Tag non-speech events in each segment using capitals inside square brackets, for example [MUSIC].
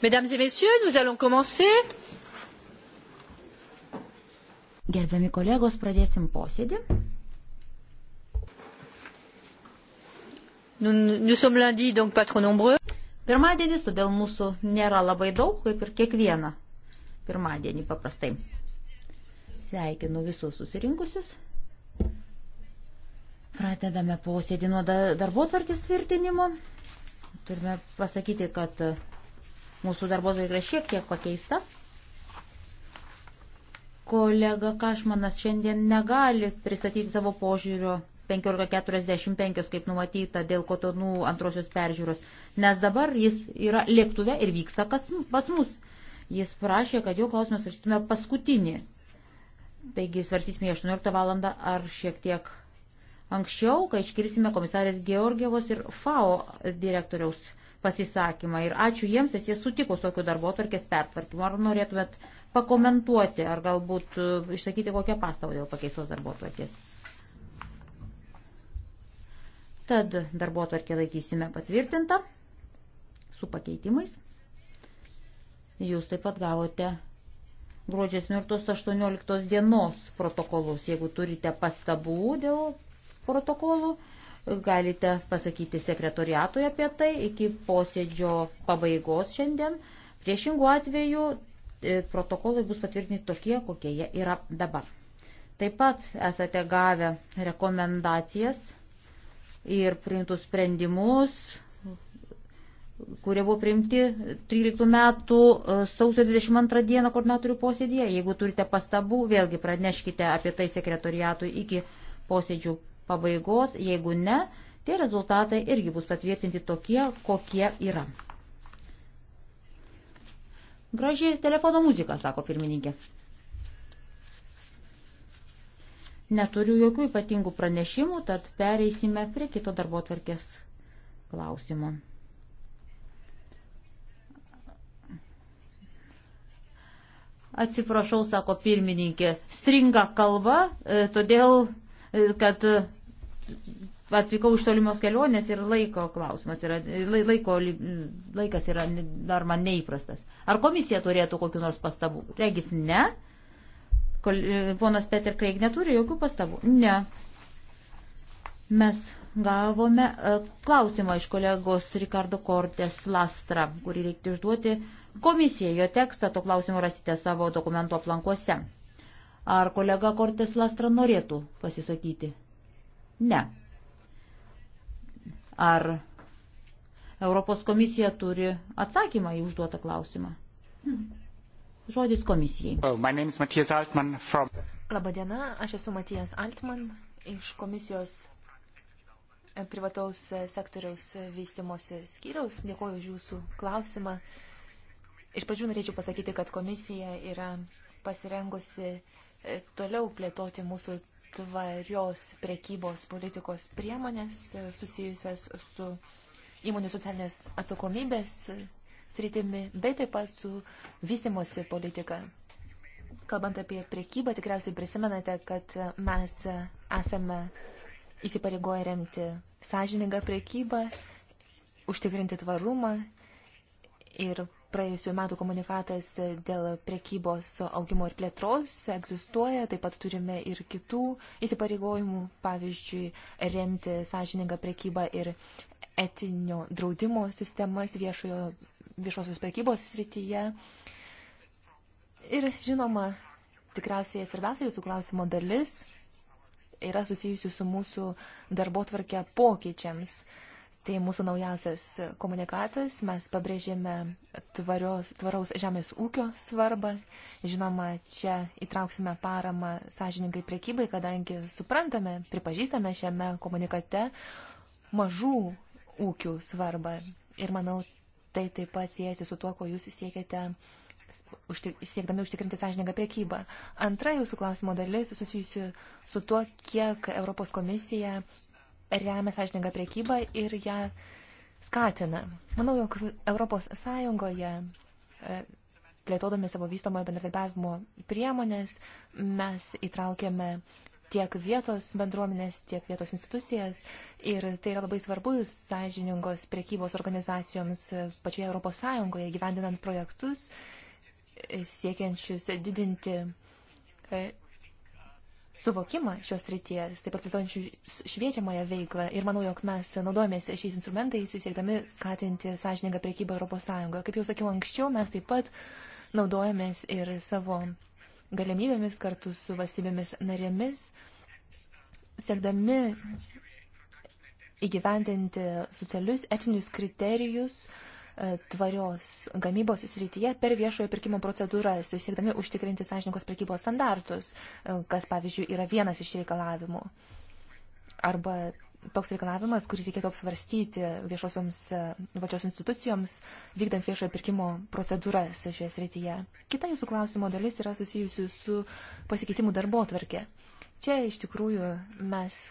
Mesdames et messieurs, nous allons commencer. Gerbiami kolegos, pradėsim posėdį. Nous, nous sommes lundi, donc pas trop nombreux. Pirmadienis, todėl mūsų nėra labai daug, kaip ir kiekvieną pirmadienį paprastai. Sveikinu visus susirinkusius. Pradedame posėdį nuo darbo tvarkės tvirtinimo. Turime pasakyti, kad Mūsų darbo tvarkė šiek tiek pakeista. Kolega Kašmanas šiandien negali pristatyti savo požiūrio 15.45, kaip numatyta, dėl kotonų antrosios peržiūros, nes dabar jis yra lėktuve ir vyksta kas, pas mus. Jis prašė, kad jo klausimas svarstytume paskutinį. Taigi svarstysime 18 val. ar šiek tiek anksčiau, kai iškirsime komisarės Georgievos ir FAO direktoriaus pasisakymą ir ačiū jiems, nes jie sutiko su tokiu darbo tarkės pertvarkymu. Ar norėtumėt pakomentuoti, ar galbūt e, išsakyti kokią pastabą dėl pakeistos darbo tarkės? Tad darbo tarkė laikysime patvirtintą su pakeitimais. Jūs taip pat gavote gruodžio 17-18 dienos protokolus, jeigu turite pastabų dėl protokolų Galite pasakyti sekretoriatui apie tai iki posėdžio pabaigos šiandien. Priešingų atveju e, protokolai bus patvirtinti tokie, kokie jie yra dabar. Taip pat esate gavę rekomendacijas ir priimtus sprendimus, kurie buvo priimti 13 metų e, sausio 22 dieną koordinatorių posėdėje. Jeigu turite pastabų, vėlgi praneškite apie tai sekretoriatui iki posėdžių pabaigos, jeigu ne, tie rezultatai irgi bus patvirtinti tokie, kokie yra. Graži telefono muzika, sako pirmininkė. Neturiu jokių ypatingų pranešimų, tad pereisime prie kito darbo tvarkės klausimo. Atsiprašau, sako pirmininkė, stringa kalba, e, todėl, e, kad atvykau iš tolimos kelionės ir laiko klausimas yra, laiko, laikas yra dar man neįprastas. Ar komisija turėtų kokiu nors pastabų? Regis ne. E, ponas Peter Kreig neturi jokių pastabų. Ne. Mes gavome e, klausimą iš kolegos Ricardo Cortės Lastra, kurį reikia išduoti komisijai. Jo tekstą to klausimo rasite savo dokumento aplankuose. Ar kolega Cortės Lastra norėtų pasisakyti? Ne. Ar Europos komisija turi atsakymą į užduotą klausimą? Žodis komisijai. Oh, from... Labadiena, aš esu Matijas Altman iš komisijos e, privataus sektoriaus vystimosi skyriaus. Dėkuoju už jūsų klausimą. Iš pradžių norėčiau pasakyti, kad komisija yra pasirengusi e, toliau plėtoti mūsų tvarios prekybos politikos priemonės susijusias su įmonių socialinės atsakomybės sritimi, bei taip pat su vystimosi politika. Kalbant apie prekybą, tikriausiai prisimenate, kad mes esame įsipareigoję remti sąžiningą prekybą, užtikrinti tvarumą ir praėjusiu metu komunikatas dėl prekybos augimo ir plėtros egzistuoja, taip pat turime ir kitų įsipareigojimų, pavyzdžiui, remti sąžiningą prekybą ir etinio draudimo sistemas viešojo, viešosios prekybos srityje. Ir žinoma, tikriausiai svarbiausia jūsų klausimo dalis yra susijusi su mūsų darbo tvarkė pokyčiams. Uh, Tai mūsų naujausias komunikatas, mes pabrėžėme tvarios, tvaraus žemės ūkio svarbą. Žinoma, čia įtrauksime paramą sąžininkai priekybai, kadangi suprantame, pripažįstame šiame komunikate mažų ūkių svarbą. Ir manau, tai taip pat siejasi su tuo, ko jūs siekiate siekdami užtikrinti sąžininką priekybą. Antra jūsų klausimo dalis susijusi su tuo, kiek Europos komisija remia sąžininką priekybą ir ją skatina. Manau, jog Europos Sąjungoje e, plėtodami savo vystomojo bendradarbiavimo priemonės mes įtraukėme tiek vietos bendruomenės, tiek vietos institucijas. Ir tai yra labai svarbu sąžiningos priekybos organizacijoms pačioje Europos Sąjungoje gyvendinant projektus, e, siekiančius didinti e, suvokimą šios ryties, taip pat plėtojančių šviečiamąją veiklą. Ir manau, jog mes naudojamės šiais instrumentais, siekdami skatinti sąžiningą priekybą ES. Kaip jau sakiau anksčiau, mes taip pat naudojamės ir savo galimybėmis kartu su valstybėmis narėmis, siekdami įgyvendinti socialius etinius kriterijus, uh, tvarios gamybos srityje per viešojo pirkimo procedūras, siekdami užtikrinti sąžininkos prekybos standartus, e, kas, pavyzdžiui, yra vienas iš reikalavimų. Arba toks reikalavimas, kurį reikėtų apsvarstyti viešosioms e, valdžios institucijoms, vykdant viešojo pirkimo procedūras šioje srityje. Kita jūsų klausimo dalis yra susijusi su pasikeitimu darbo tvarkė. Čia iš tikrųjų mes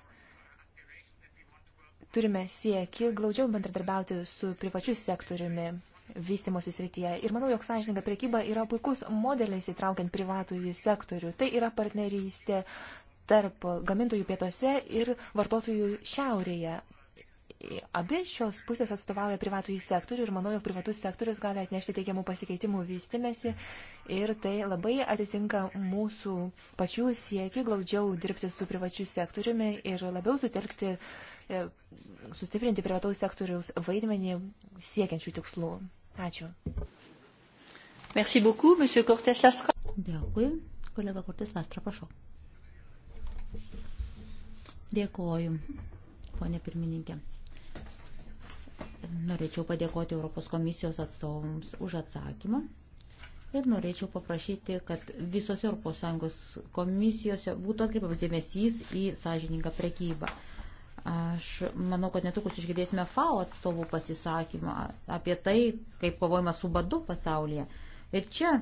turime sieki glaudžiau bendradarbiauti su privačiu sektoriumi vystimosi srityje. Ir manau, jog sąžininga priekyba yra puikus modelis įtraukiant privatų į sektorių. Tai yra partnerystė tarp gamintojų pietuose ir vartotojų šiaurėje. Abi šios pusės atstovauja privatų į sektorių ir manau, jog privatus sektorius gali atnešti teigiamų pasikeitimų vystimėsi ir tai labai atitinka mūsų pačių sieki glaudžiau dirbti su privačiu sektoriumi ir labiau sutelkti uh, E, sustiprinti privataus sektoriaus vaidmenį siekiančių tikslų. Ačiū. Merci beaucoup, monsieur Cortés Lastra. Dėkui, kolega Cortés Lastra, prašau. Dėkoju, ponė pirmininkė. Norėčiau padėkoti Europos komisijos atstovams už atsakymą ir norėčiau paprašyti, kad visose ES komisijose būtų atkreipiamas dėmesys į sąžiningą prekybą. Aš manau, kad netrukus išgirdėsime FAO atstovų pasisakymą apie tai, kaip kovojama su badu pasaulyje. Ir čia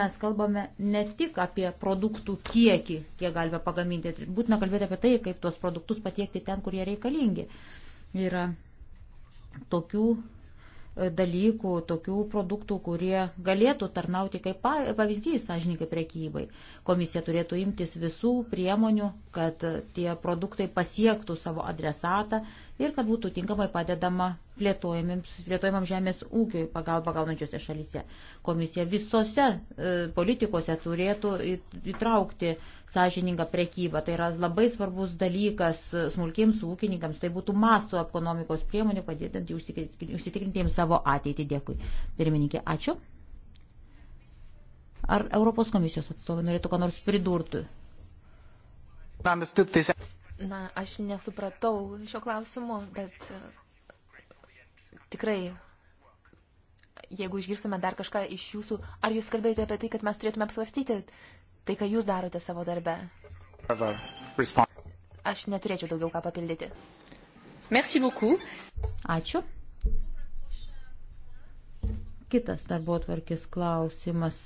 mes kalbame ne tik apie produktų kiekį, kiek galime pagaminti, būtina kalbėti apie tai, kaip tuos produktus patiekti ten, kur jie reikalingi. Yra tokių dalykų, tokių produktų, kurie galėtų tarnauti kaip pavyzdys sąžininkai prekybai. Komisija turėtų imtis visų priemonių, kad tie produktai pasiektų savo adresatą, ir kad būtų tinkamai padedama plėtojamam žemės ūkiui pagalba gaunančiose šalyse. Komisija visose e, politikose turėtų įtraukti sąžiningą prekybą. Tai yra labai svarbus dalykas smulkiems ūkininkams. Tai būtų masto ekonomikos priemonė padėdant užsitikrintiems savo ateitį. Dėkui. Pirmininkė, ačiū. Ar Europos komisijos atstovai norėtų ką nors pridurti? Na, aš nesupratau šio klausimo, bet e, tikrai, jeigu išgirstume dar kažką iš jūsų, ar jūs kalbėjote apie tai, kad mes turėtume apsvarstyti tai, ką jūs darote savo darbe? Aš neturėčiau daugiau ką papildyti. Merci beaucoup. Ačiū. Kitas darbo atvarkis klausimas.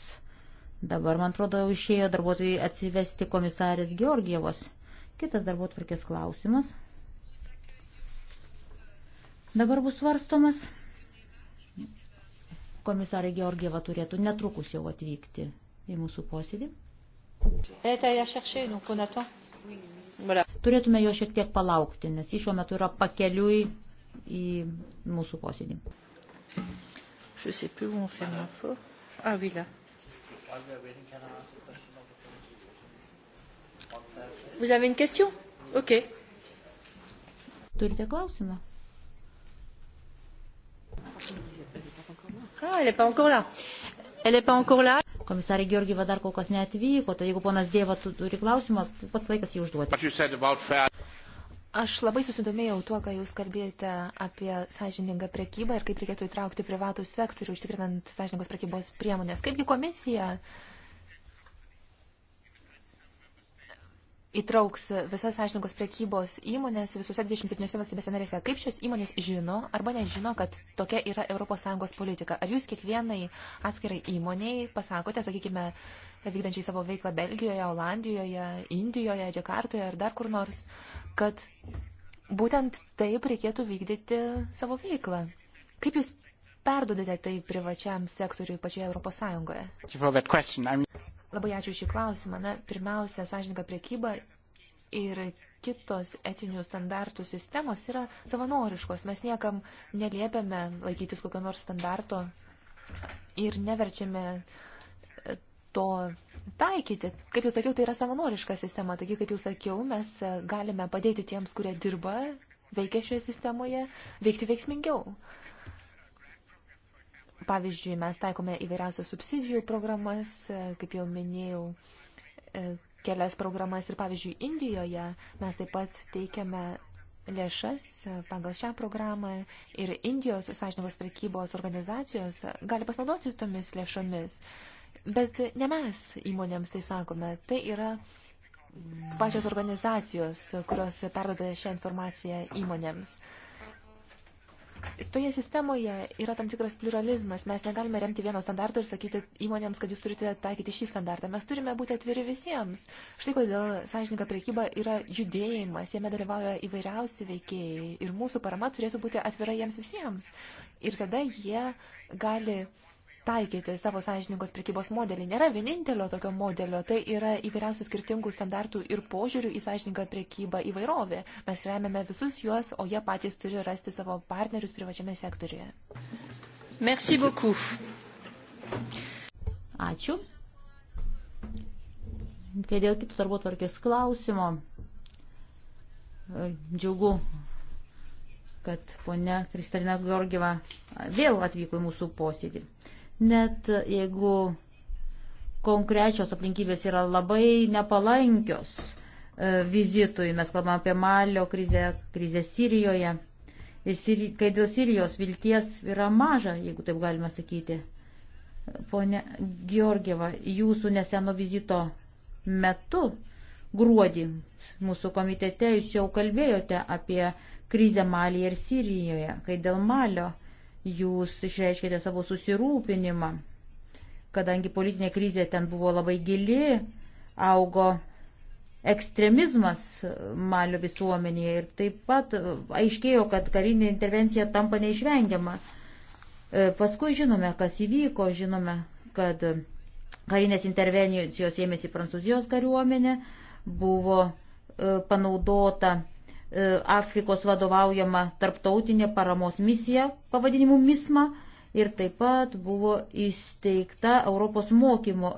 Dabar, man atrodo, jau išėjo darbuotojai atsivesti komisarės Georgievos. Kitas darbo tvarkės klausimas. Dabar bus svarstomas. Komisarė Georgieva turėtų netrukus jau atvykti į mūsų posėdį. Turėtume jo šiek tiek palaukti, nes jis šiuo metu yra pakeliui į mūsų posėdį. Je sais plus où on fait l'info. Ah oui, là. Vous avez une question? Ok. Turite klausimą? Ah, elle n'est pas encore là. Elle n'est pas encore là. Komisarė Georgieva dar kol kas neatvyko, tai jeigu ponas Dieva turi klausimą, pats laikas jį užduoti. Aš labai susidomėjau tuo, ką Jūs kalbėjote apie sąžiningą prekybą ir kaip reikėtų įtraukti privatų sektorių, užtikrinant sąžiningos prekybos priemonės. Kaipgi komisija uh, įtrauks visas sąžininkos priekybos įmonės visose 27 valstybėse narėse. Kaip šios įmonės žino arba nežino, kad tokia yra ES politika? Ar jūs kiekvienai atskirai įmoniai pasakote, sakykime, vykdančiai savo veiklą Belgijoje, Olandijoje, Indijoje, Džekartoje ar dar kur nors, kad būtent taip reikėtų vykdyti savo veiklą? Kaip jūs perdodate tai privačiam sektoriui pačioje ES? Labai ačiū šį klausimą. Na, pirmiausia, sąžininka priekyba ir kitos etinių standartų sistemos yra savanoriškos. Mes niekam neliepiame laikytis kokio nors standarto ir neverčiame e, to taikyti. Kaip jau sakiau, tai yra savanoriška sistema. Taigi, kaip jau sakiau, mes e, galime padėti tiems, kurie dirba, veikia šioje sistemoje, veikti veiksmingiau. Uh, Pavyzdžiui, mes taikome įvairiausias subsidijų programas, e, kaip jau minėjau, e, kelias programas ir pavyzdžiui, Indijoje mes taip pat teikiame lėšas e, pagal šią programą ir Indijos sąžiningos prekybos organizacijos gali pasinaudoti tomis lėšomis. Bet ne mes įmonėms tai sakome, tai yra pačios organizacijos, kurios perdada šią informaciją įmonėms. Uh, Toje sistemoje yra tam tikras pluralizmas. Mes negalime remti vieno standarto ir sakyti įmonėms, kad jūs turite taikyti šį standartą. Mes turime būti atviri visiems. Štai kodėl sąžininka priekyba yra judėjimas. Jame dalyvauja įvairiausi veikėjai. Ir mūsų parama turėtų būti atvira jiems visiems. Ir tada jie gali uh, taikyti savo sąžiningos prekybos modelį. Nėra vienintelio tokio modelio, tai yra įvairiausių skirtingų standartų ir požiūrių į sąžiningą prekybą įvairovė. Mes remiame visus juos, o jie patys turi rasti savo partnerius privačiame sektoriuje. Merci beaucoup. Ačiū. Kai dėl kitų darbo tvarkės klausimo, džiugu, kad ponia Kristalina Georgieva vėl atvyko į mūsų posėdį. Net jeigu konkrečios aplinkybės yra labai nepalankios e, vizitui, mes kalbame apie Malio krizę, krizę Sirijoje, ir kai dėl Sirijos vilties yra maža, jeigu taip galima sakyti. Pone Georgieva, jūsų neseno vizito metu gruodį mūsų komitete jūs jau kalbėjote apie krizę Malyje ir Sirijoje, kai dėl Malio jūs išreiškėte savo susirūpinimą, kadangi politinė krizė ten buvo labai gili, augo ekstremizmas Malio visuomenėje ir taip pat aiškėjo, kad karinė intervencija tampa neišvengiama. E, paskui žinome, kas įvyko, žinome, kad karinės intervencijos ėmėsi Prancūzijos kariuomenė, buvo e, panaudota E, Afrikos vadovaujama tarptautinė paramos misija pavadinimu MISMA ir taip pat buvo įsteigta Europos mokymo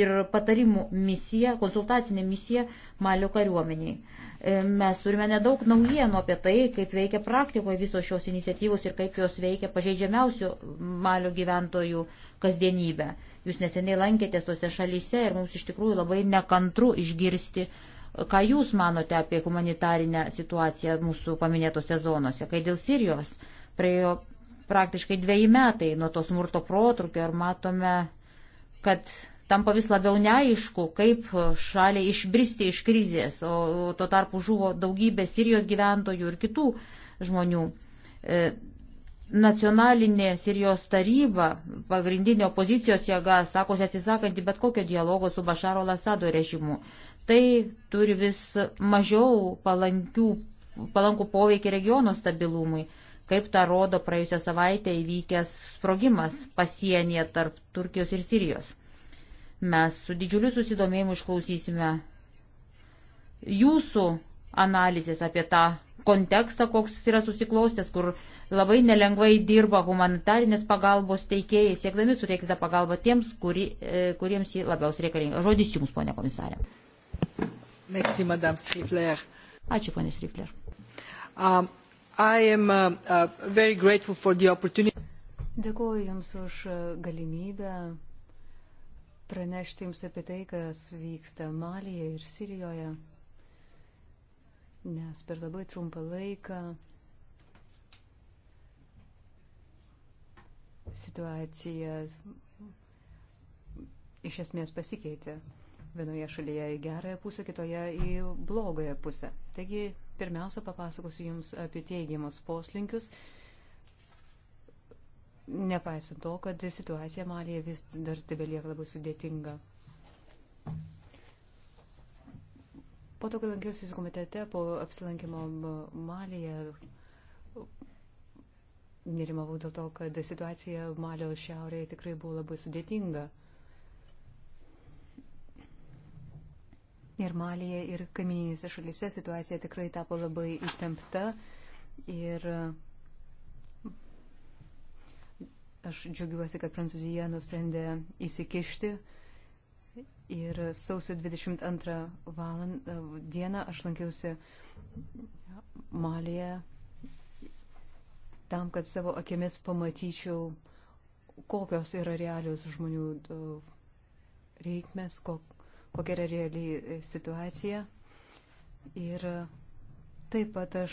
ir patarimų misija, konsultacinė misija Malio kariuomeniai. E, mes turime nedaug naujienų apie tai, kaip veikia praktikoje visos šios iniciatyvos ir kaip jos veikia pažeidžiamiausių Malio gyventojų kasdienybę. Jūs neseniai lankėtės tose šalyse ir mums iš tikrųjų labai nekantru išgirsti Ką Jūs manote apie humanitarinę situaciją mūsų paminėtose zonose, kai dėl Sirijos praėjo praktiškai dviejai metai nuo to smurto protrukio ir matome, kad tampa vis labiau neaišku, kaip šaliai išbristi iš krizės, o tuo tarpu žuvo daugybė Sirijos gyventojų ir kitų žmonių. E, nacionalinė Sirijos taryba, pagrindinė opozicijos jėga, sakosi atsisakanti bet kokio dialogo su Bašaro Lasado režimu tai turi vis mažiau palankių, palankų poveikį regiono stabilumui, kaip tą rodo praėjusią savaitę įvykęs sprogimas pasienyje tarp Turkijos ir Sirijos. Mes su didžiuliu susidomėjimu išklausysime jūsų analizės apie tą kontekstą, koks yra susiklostęs, kur labai nelengvai dirba humanitarinės pagalbos teikėjai, siekdami suteikti tą pagalbą tiems, kuri, e, kuriems ji labiausiai reikalinga. Žodis jums, ponė komisarė. Merci, Madame Strifler. Ačiū, ponė Strifler. Um, uh, uh, Dėkuoju Jums už uh, galimybę pranešti Jums apie tai, kas vyksta Malyje ir Sirijoje, nes per labai trumpą laiką situacija iš esmės pasikeitė vienoje šalyje į gerąją pusę, kitoje į blogąją pusę. Taigi, pirmiausia, papasakosiu Jums apie teigiamus poslinkius, nepaisant to, kad situacija Malėje vis dar tebelieka labai sudėtinga. Po to, kai lankiausi jūsų komitete, po apsilankimo Malėje, nerimavau dėl to, kad situacija Malio šiaurėje tikrai buvo labai sudėtinga. Ir Malija, ir kamininėse šalise situacija tikrai tapo labai įtempta. Ir mm, aš džiaugiuosi, kad Prancūzija nusprendė įsikišti. Ir sausio 22 valand, dieną aš lankiausi Malėje tam, kad savo akimis pamatyčiau, kokios yra realios žmonių uh, reikmes, kokios kokia yra realiai situacija. Ir taip pat aš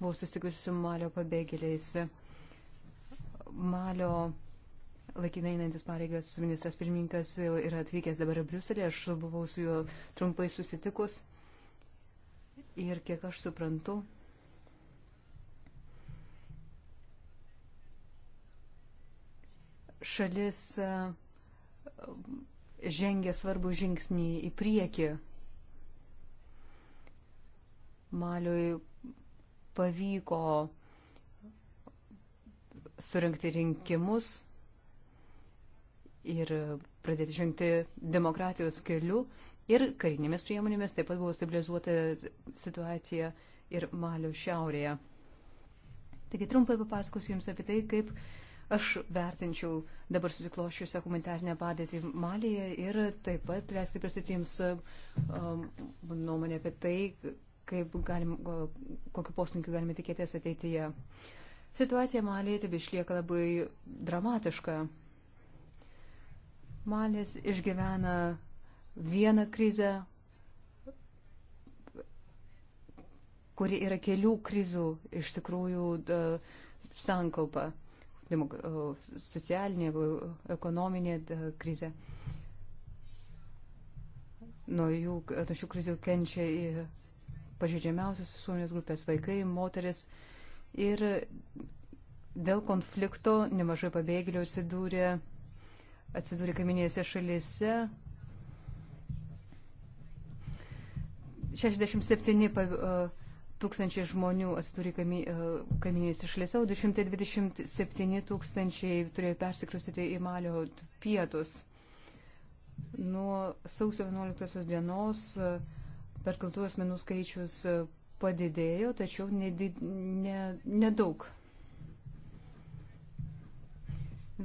buvau susitikusi su Malio pabėgėliais. Malio laikinai einantis pareigas ministras pirmininkas yra atvykęs dabar į Briuselį, aš buvau su juo trumpai susitikus. Ir kiek aš suprantu, šalis žengė svarbų žingsnį į priekį. Maliui pavyko surinkti rinkimus ir pradėti žengti demokratijos keliu ir karinėmis priemonėmis taip pat buvo stabilizuota situacija ir Malio šiaurėje. Taigi trumpai papasakosiu Jums apie tai, kaip uh, Aš vertinčiau dabar susiklošiusią humanitarnę padėtį Malyje ir taip pat leisti pristatyti jums um, nuomonę apie tai, kaip galim, kokiu poslinkiu galime tikėtis ateityje. Situacija Malyje taip išlieka labai dramatiška. Malis išgyvena vieną krizę, kuri yra kelių krizų iš tikrųjų da, sankaupa socialinė, ekonominė krize. Nuo, jų, nuo šių krizių kenčia pažeidžiamiausias visuomenės grupės - vaikai, moteris. Ir dėl konflikto nemažai pabėgėlių atsidūrė, atsidūrė kaiminėse šalyse. 67 pa, uh, tūkstančiai žmonių atsidūrė e, kaminės išlėse, o 227 tūkstančiai turėjo persikrustyti į Malio pietus. Nuo sausio 11 dienos e, perkeltų asmenų skaičius e, padidėjo, tačiau nedaug. Ne, ne, ne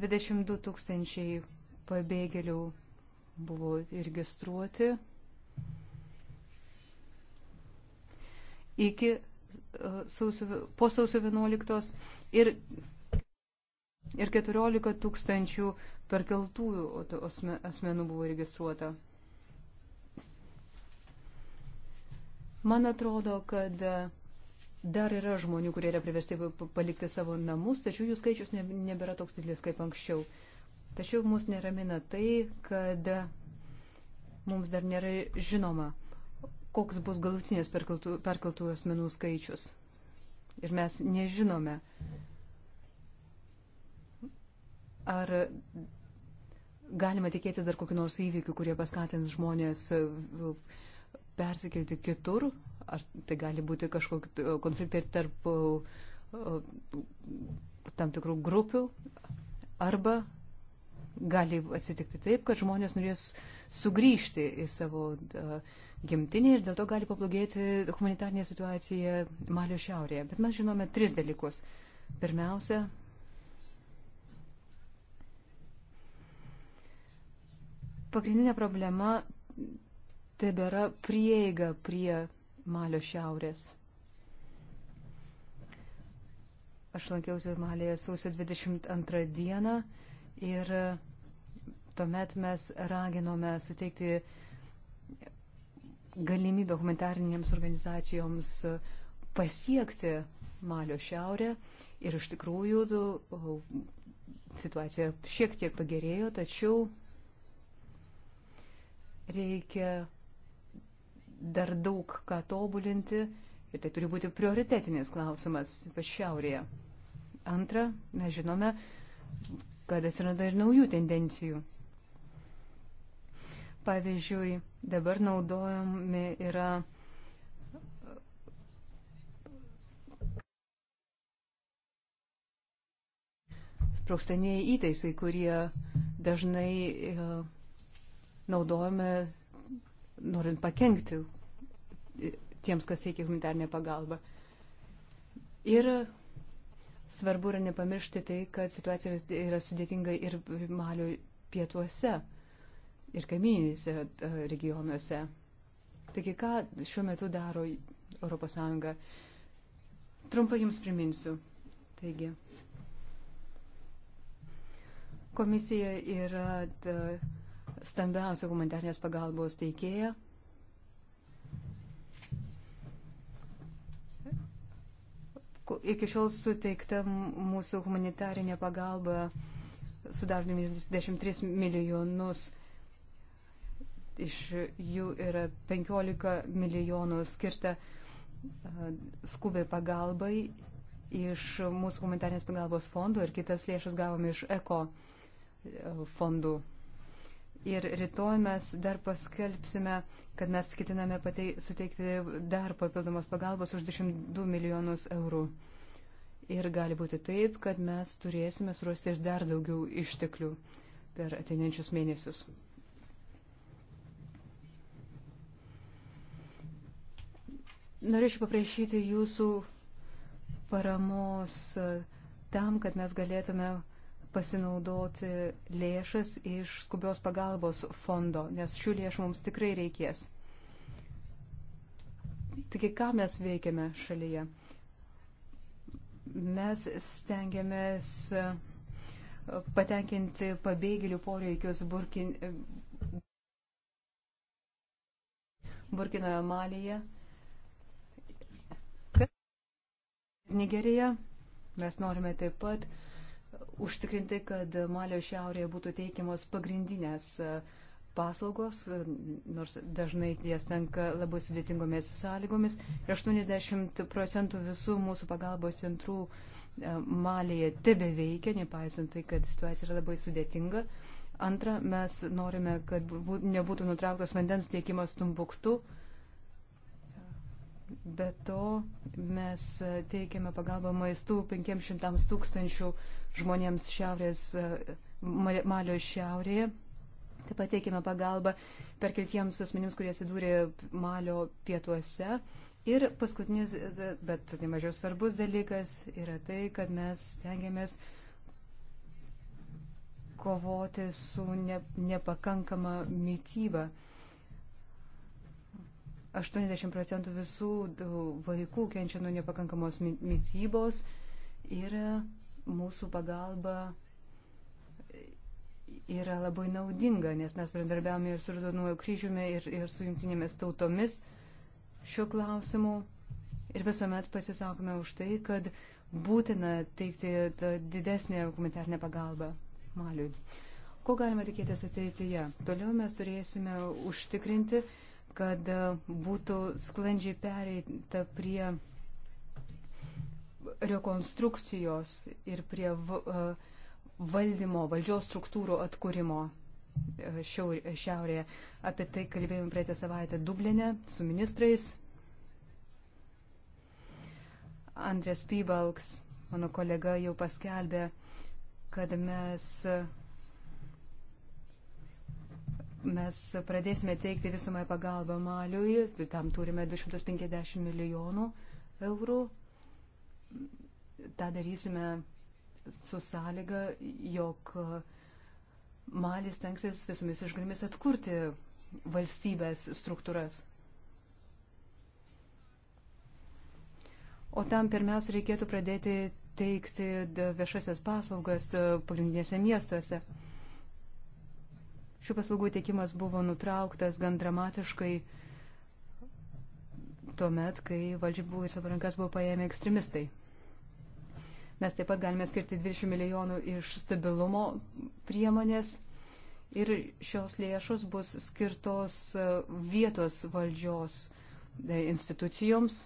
22 tūkstančiai pabėgėlių buvo registruoti. iki e, sausio, po sausio 11 ir, ir 14 tūkstančių perkeltųjų asmenų buvo registruota. Man atrodo, kad dar yra žmonių, kurie yra priversti palikti savo namus, tačiau jų skaičius nebėra toks didelis kaip anksčiau. Tačiau mus neramina tai, kad mums dar nėra žinoma, koks bus galutinės perkeltų, perkeltų asmenų skaičius. Ir mes nežinome, ar galima tikėtis dar kokiu nors įvykiu, kurie paskatins žmonės uh, persikelti kitur, ar tai gali būti kažkokie uh, konfliktai tarp uh, tam tikrų grupių, arba gali atsitikti taip, kad žmonės norės sugrįžti į savo gimtinė ir dėl to gali pablogėti humanitarnė situacija Malio šiaurėje. Bet mes žinome tris dalykus. Pirmiausia, pagrindinė problema tebėra prieiga prie Malio šiaurės. Aš lankiausi Malėje sausio 22 dieną ir tuomet mes raginome suteikti galimybę humanitarinėms organizacijoms e, pasiekti Malio šiaurę ir iš tikrųjų situacija šiek tiek pagerėjo, tačiau reikia dar daug ką tobulinti ir tai turi būti prioritetinis klausimas, ypač šiaurėje. Antra, mes žinome, kad atsiranda ir naujų tendencijų. Pavyzdžiui, dabar naudojami yra sprokstamieji įtaisai, kurie dažnai e, naudojami norint pakengti e, tiems, kas teikia humanitarnę pagalbą. Ir svarbu yra nepamiršti tai, kad situacija yra sudėtinga ir Malio pietuose ir kaiminėse e, regionuose. Taigi, ką šiuo metu daro ES? Trumpai jums priminsiu. Taigi, komisija yra e, stambiausia humanitarnės pagalbos teikėja. Iki šiol suteikta mūsų humanitarinė pagalba sudaro 93 milijonus eurų Iš jų yra 15 milijonų skirta skubiai pagalbai iš mūsų humanitarnės pagalbos fondų ir kitas lėšas gavome iš ECO fondų. Ir rytoj mes dar paskelbsime, kad mes ketiname patei, suteikti dar papildomos pagalbos už 22 milijonus eurų. Ir gali būti taip, kad mes turėsime surasti ir dar daugiau išteklių per ateinančius mėnesius. Norėčiau paprašyti jūsų paramos e, tam, kad mes galėtume pasinaudoti lėšas iš skubios pagalbos fondo, nes šių lėšų mums tikrai reikės. Taigi, ką mes veikiame šalyje? Mes stengiamės e, patenkinti pabėgėlių poreikius Burkin... Burkinoje Malyje. Nigerija. Mes norime taip pat užtikrinti, kad Malio šiaurėje būtų teikiamos pagrindinės e, paslaugos, nors dažnai jas tenka labai sudėtingomis sąlygomis. 80 procentų visų mūsų pagalbos centrų e, Malėje tebe veikia, nepaisant tai, kad situacija yra labai sudėtinga. Antra, mes norime, kad nebūtų nutrauktas vandens tiekimas Tumbuktu. Uh, Be to mes teikiame pagalbą maistų 500 tūkstančių žmonėms šiaurės, e, Malio šiaurėje. Taip pat teikiame pagalbą perkeltiems asmenims, kurie atsidūrė Malio pietuose. Ir paskutinis, e, bet nemažiau tai svarbus dalykas yra tai, kad mes tengiamės kovoti su ne, nepakankama mytyba. Uh, 80 procentų visų vaikų kenčia nuo nepakankamos mytybos ir mūsų pagalba yra labai naudinga, nes mes bendarbiavome ir su Rudonuoju kryžiumi, ir, ir su jungtinėmis tautomis šiuo klausimu. Ir visuomet pasisakome už tai, kad būtina teikti didesnį humanitarnę pagalbą Maliui. Ko galima tikėtis ateityje? Toliau mes turėsime užtikrinti, kad e, būtų sklandžiai pereita prie rekonstrukcijos ir prie e, valdymo, valdžios struktūrų atkūrimo e, šiaurėje. Apie tai kalbėjome praeitą savaitę Dublinė su ministrais. Andrės Pybalks, mano kolega, jau paskelbė, kad mes mes pradėsime teikti visumą pagalbą Maliui, tam turime 250 milijonų eurų. Ta darysime su sąlyga, jog Malis tenksis visomis išgalimis atkurti valstybės struktūras. O tam pirmiausia reikėtų pradėti teikti viešasias paslaugas pagrindinėse miestuose. Šių paslaugų tiekimas buvo nutrauktas gan dramatiškai tuomet, kai valdžia buvo į savo rankas buvo paėmę ekstremistai. Mes taip pat galime skirti 20 milijonų iš stabilumo priemonės ir šios lėšos bus skirtos e, vietos valdžios e, institucijoms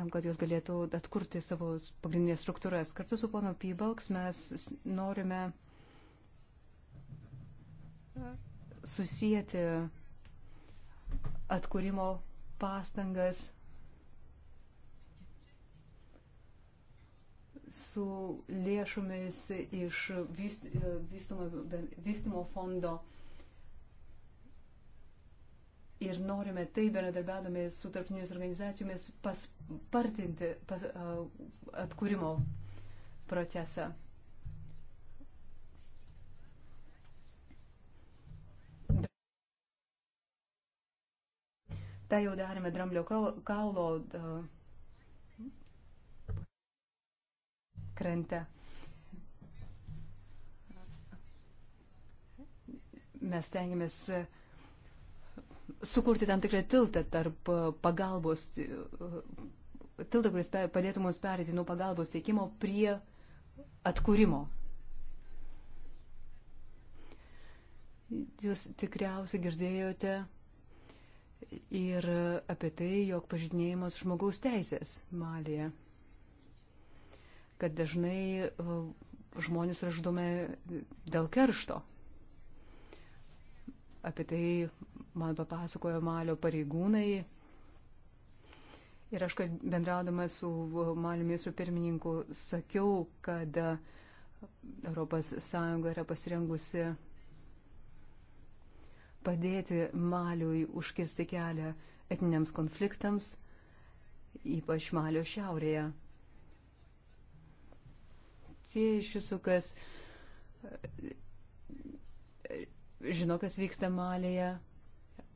tam, kad jos galėtų atkurti savo pagrindinės struktūras. Kartu su pono Pybalks mes norime susijęti atkūrimo pastangas su lėšomis iš vystimo fondo. Ir norime tai, bendradarbiaudami su tarptautinėmis organizacijomis, paspartinti pas, atkūrimo procesą. Tai jau darėme dramblio kaulo e, krante. Mes tengiamės e, sukurti tam tikrą tiltą tarp e, pagalbos, tiltą, kuris padėtų mums perėti nuo pagalbos teikimo prie atkūrimo. Jūs tikriausiai girdėjote ir apie tai, jog pažydinėjimas žmogaus teisės Malėje, kad dažnai e, žmonės yra žudomi dėl keršto. Apie tai man papasakojo Malio pareigūnai. Ir aš, kad bendraudama su Malio ministru pirmininku, sakiau, kad ES yra pasirengusi padėti Maliui užkirsti kelią etiniams konfliktams, ypač Malio šiaurėje. Tie iš jūsų, kas e, žino, kas vyksta Malėje,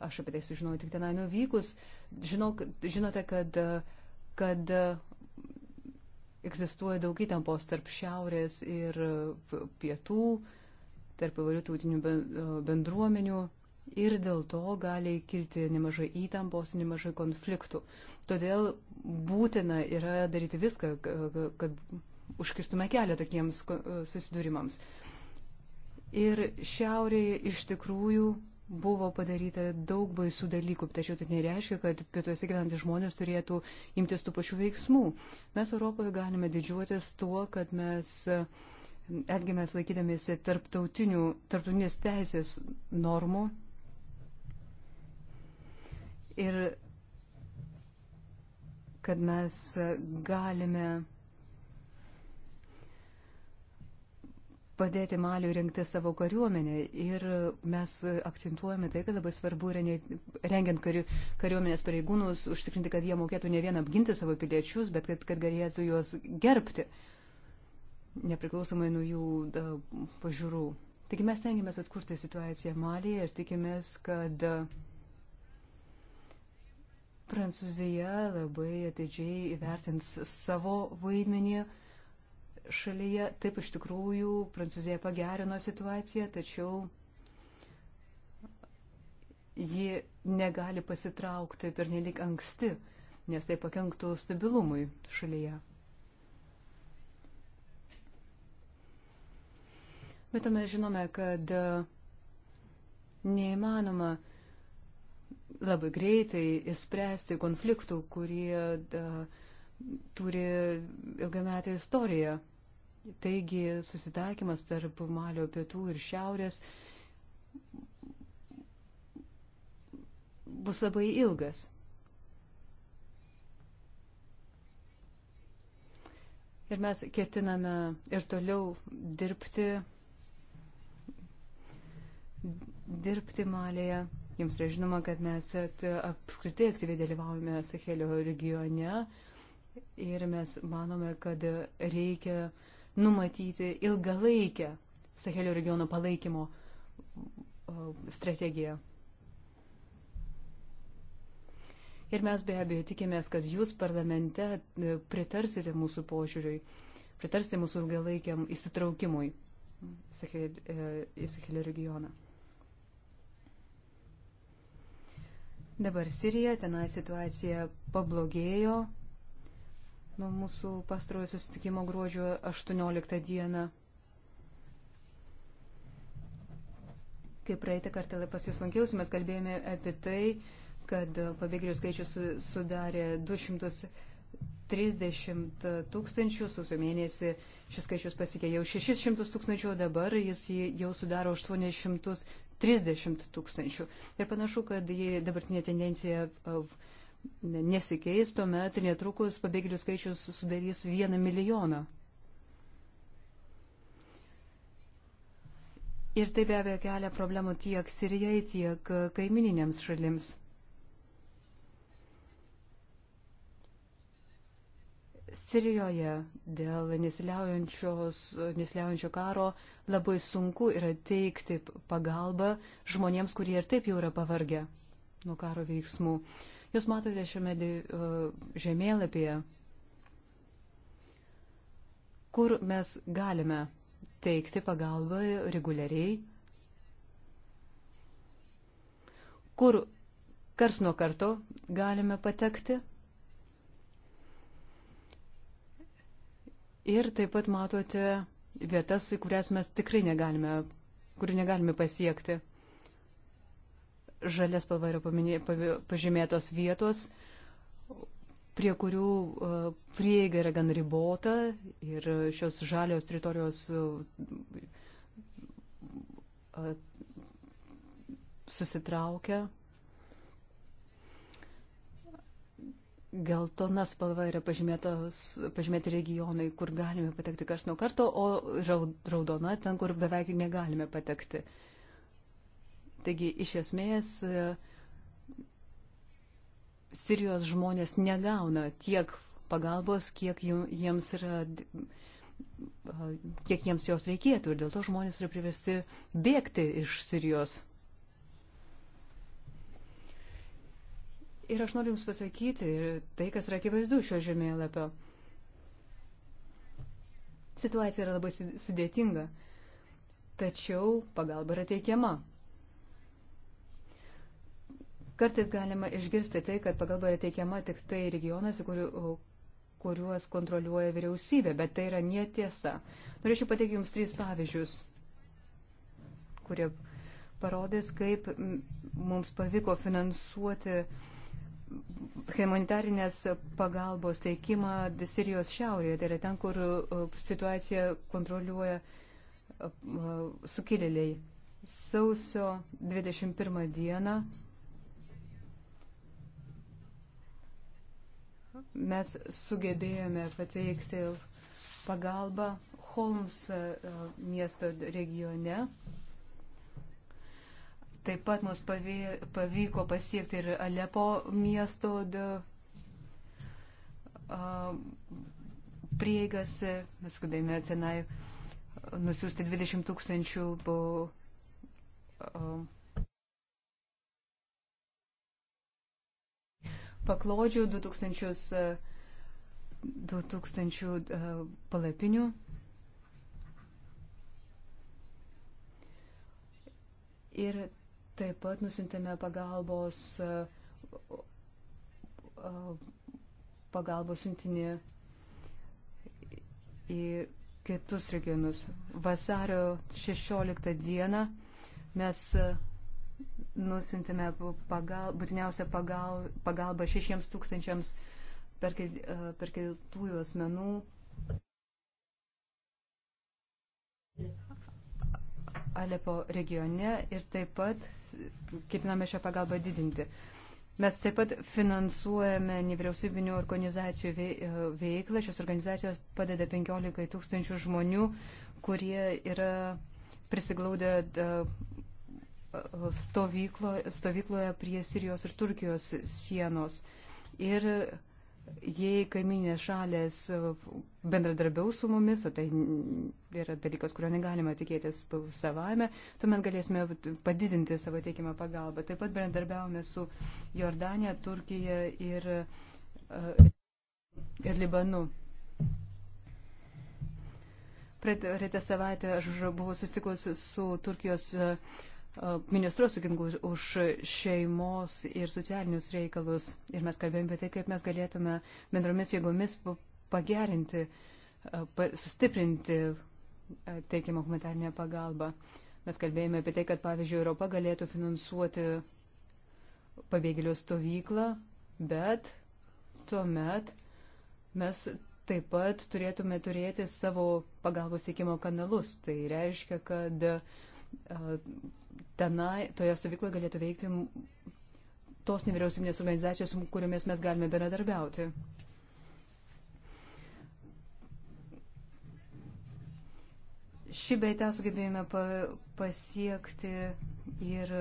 aš apie tai sužinojau tik tenai nuvykus, žinau, žinote, kad, e, kad e, egzistuoja daug įtampos tarp šiaurės ir pietų, tarp įvairių tautinių bendruomenių ir dėl to gali kilti nemažai įtampos, nemažai konfliktų. Todėl būtina yra daryti viską, kad užkirstume kelią tokiems susidūrimams. Ir šiaurėje iš tikrųjų buvo padaryta daug baisų dalykų, tačiau tai nereiškia, kad pietuose gyventi žmonės turėtų imtis tų pačių veiksmų. Mes Europoje galime didžiuotis tuo, kad mes atgimės e, laikydamėsi tarptautinės teisės normų ir kad mes galime padėti Maliui rinkti savo kariuomenę. Ir mes akcentuojame tai, kad labai svarbu yra ne, rengiant kari, kariuomenės pareigūnus užtikrinti, kad jie mokėtų ne vien apginti savo piliečius, bet kad, kad galėtų juos gerbti, nepriklausomai nuo jų da, pažiūrų. Taigi mes tengiamės atkurti situaciją Malyje ir tikimės, kad da, Prancūzija labai atidžiai įvertins savo vaidmenį šalyje. Taip iš tikrųjų, Prancūzija pagerino situaciją, tačiau ji negali pasitraukti per nelik anksti, nes tai pakenktų stabilumui šalyje. Bet mes žinome, kad neįmanoma labai greitai įspręsti konfliktų, kurie da, turi ilgametę istoriją. Taigi susitaikymas tarp Malio pietų ir šiaurės bus labai ilgas. Ir mes ketiname ir toliau dirbti, dirbti Malėje. Jums yra žinoma, kad mes apskritai aktyviai dalyvaujame Sahelio regione ir mes manome, kad reikia numatyti ilgalaikę Sahelio regiono palaikymo strategiją. Ir mes be abejo tikimės, kad jūs parlamente e, pritarsite mūsų požiūriui, pritarsite mūsų ilgalaikiam įsitraukimui e, į Sahelio regioną. Dabar Sirija, tenai situacija pablogėjo nuo mūsų pastarojo susitikimo gruodžio 18 dieną. Kai praeitą kartą pas jūs lankiausi, mes kalbėjome apie tai, kad pabėgėlių skaičius sudarė 230 tūkstančių, sausio mėnesį šis skaičius pasikė jau 600 tūkstančių, o dabar jis jau sudaro 800 30 tūkstančių. Ir panašu, kad jei dabartinė tendencija nesikeis, tuomet netrukus pabėgėlių skaičius sudarys vieną milijoną. Ir tai be abejo kelia problemų tiek Sirijai, tiek kaimininėms šalims. Sirijoje dėl nesiliaujančio karo labai sunku yra teikti pagalbą žmonėms, kurie ir taip jau yra pavargę nuo karo veiksmų. Jūs matote šiame e, žemėlapyje, kur mes galime teikti pagalbą reguliariai, kur kars nuo karto galime patekti Ir taip pat matote vietas, į kurias mes tikrai negalime, kurių negalime pasiekti. Žalės spalva yra paminė, pažymėtos vietos, prie kurių e, prieiga yra gan ribota ir šios žalios teritorijos e, e, susitraukia geltona spalva yra pažymėti regionai, kur galime patekti kas nuo karto, o raudona ten, kur beveik negalime patekti. Taigi, iš esmės, Sirijos žmonės negauna tiek pagalbos, kiek jiems, yra, kiek jiems jos reikėtų ir dėl to žmonės yra priversti bėgti iš Sirijos. Ir aš noriu Jums pasakyti tai, kas yra akivaizdu šio žemėlapio. Situacija yra labai sudėtinga, tačiau pagalba yra teikiama. Kartais galima išgirsti tai, kad pagalba yra teikiama tik tai regionuose, kurių, kuriuos kontroliuoja vyriausybė, bet tai yra netiesa. Norėčiau pateikti Jums trys pavyzdžius, kurie parodys, kaip mums pavyko finansuoti uh, humanitarinės pagalbos teikimą Sirijos šiaurėje, tai yra ten, kur uh, situaciją kontroliuoja uh, sukilėliai. Sausio 21 dieną mes sugebėjome pateikti pagalbą Holmes uh, miesto regione. Taip pat mums pavyko pasiekti ir Alepo miesto prieigas. Mes skubėjome tenai nusiųsti 20 tūkstančių paklodžių, 2000, 2000 palapinių. Ir Taip pat nusintėme pagalbos, e, pagalbos siuntinį į kitus regionus. Vasario 16 dieną mes e, nusintėme pagal, būtiniausią pagal, pagalbą 6 tūkstančiams e, perkeltųjų asmenų. Alepo regione ir taip pat ketiname šią pagalbą didinti. Mes taip pat finansuojame nevyriausybinių organizacijų e, veiklą. Šios organizacijos padeda 15 tūkstančių žmonių, kurie yra prisiglaudę e, stovyklo, stovykloje prie Sirijos ir Turkijos sienos. Ir jei kaiminės šalės e, bendradarbiaus su mumis, o tai yra dalykas, kurio negalima tikėtis savame, tuomet galėsime padidinti savo teikimą pagalbą. Taip pat bendradarbiavome su Jordanija, Turkija ir, e, ir Libanu. Praeitą savaitę aš buvau sustikus su Turkijos uh, E, ministrus atsakingus už šeimos ir socialinius reikalus. Ir mes kalbėjome apie tai, kaip mes galėtume bendromis jėgomis pagerinti, e, sustiprinti e, teikiamą humanitarnę pagalbą. Mes kalbėjome apie tai, kad pavyzdžiui Europa galėtų finansuoti pabėgėlių stovyklą, bet tuomet mes taip pat turėtume turėti savo pagalbos teikimo kanalus. Tai reiškia, kad tenai, toje stovykloje galėtų veikti tos nevyriausybinės organizacijos, su kuriomis mes galime bendradarbiauti. Šį beitą sugebėjome pa pasiekti ir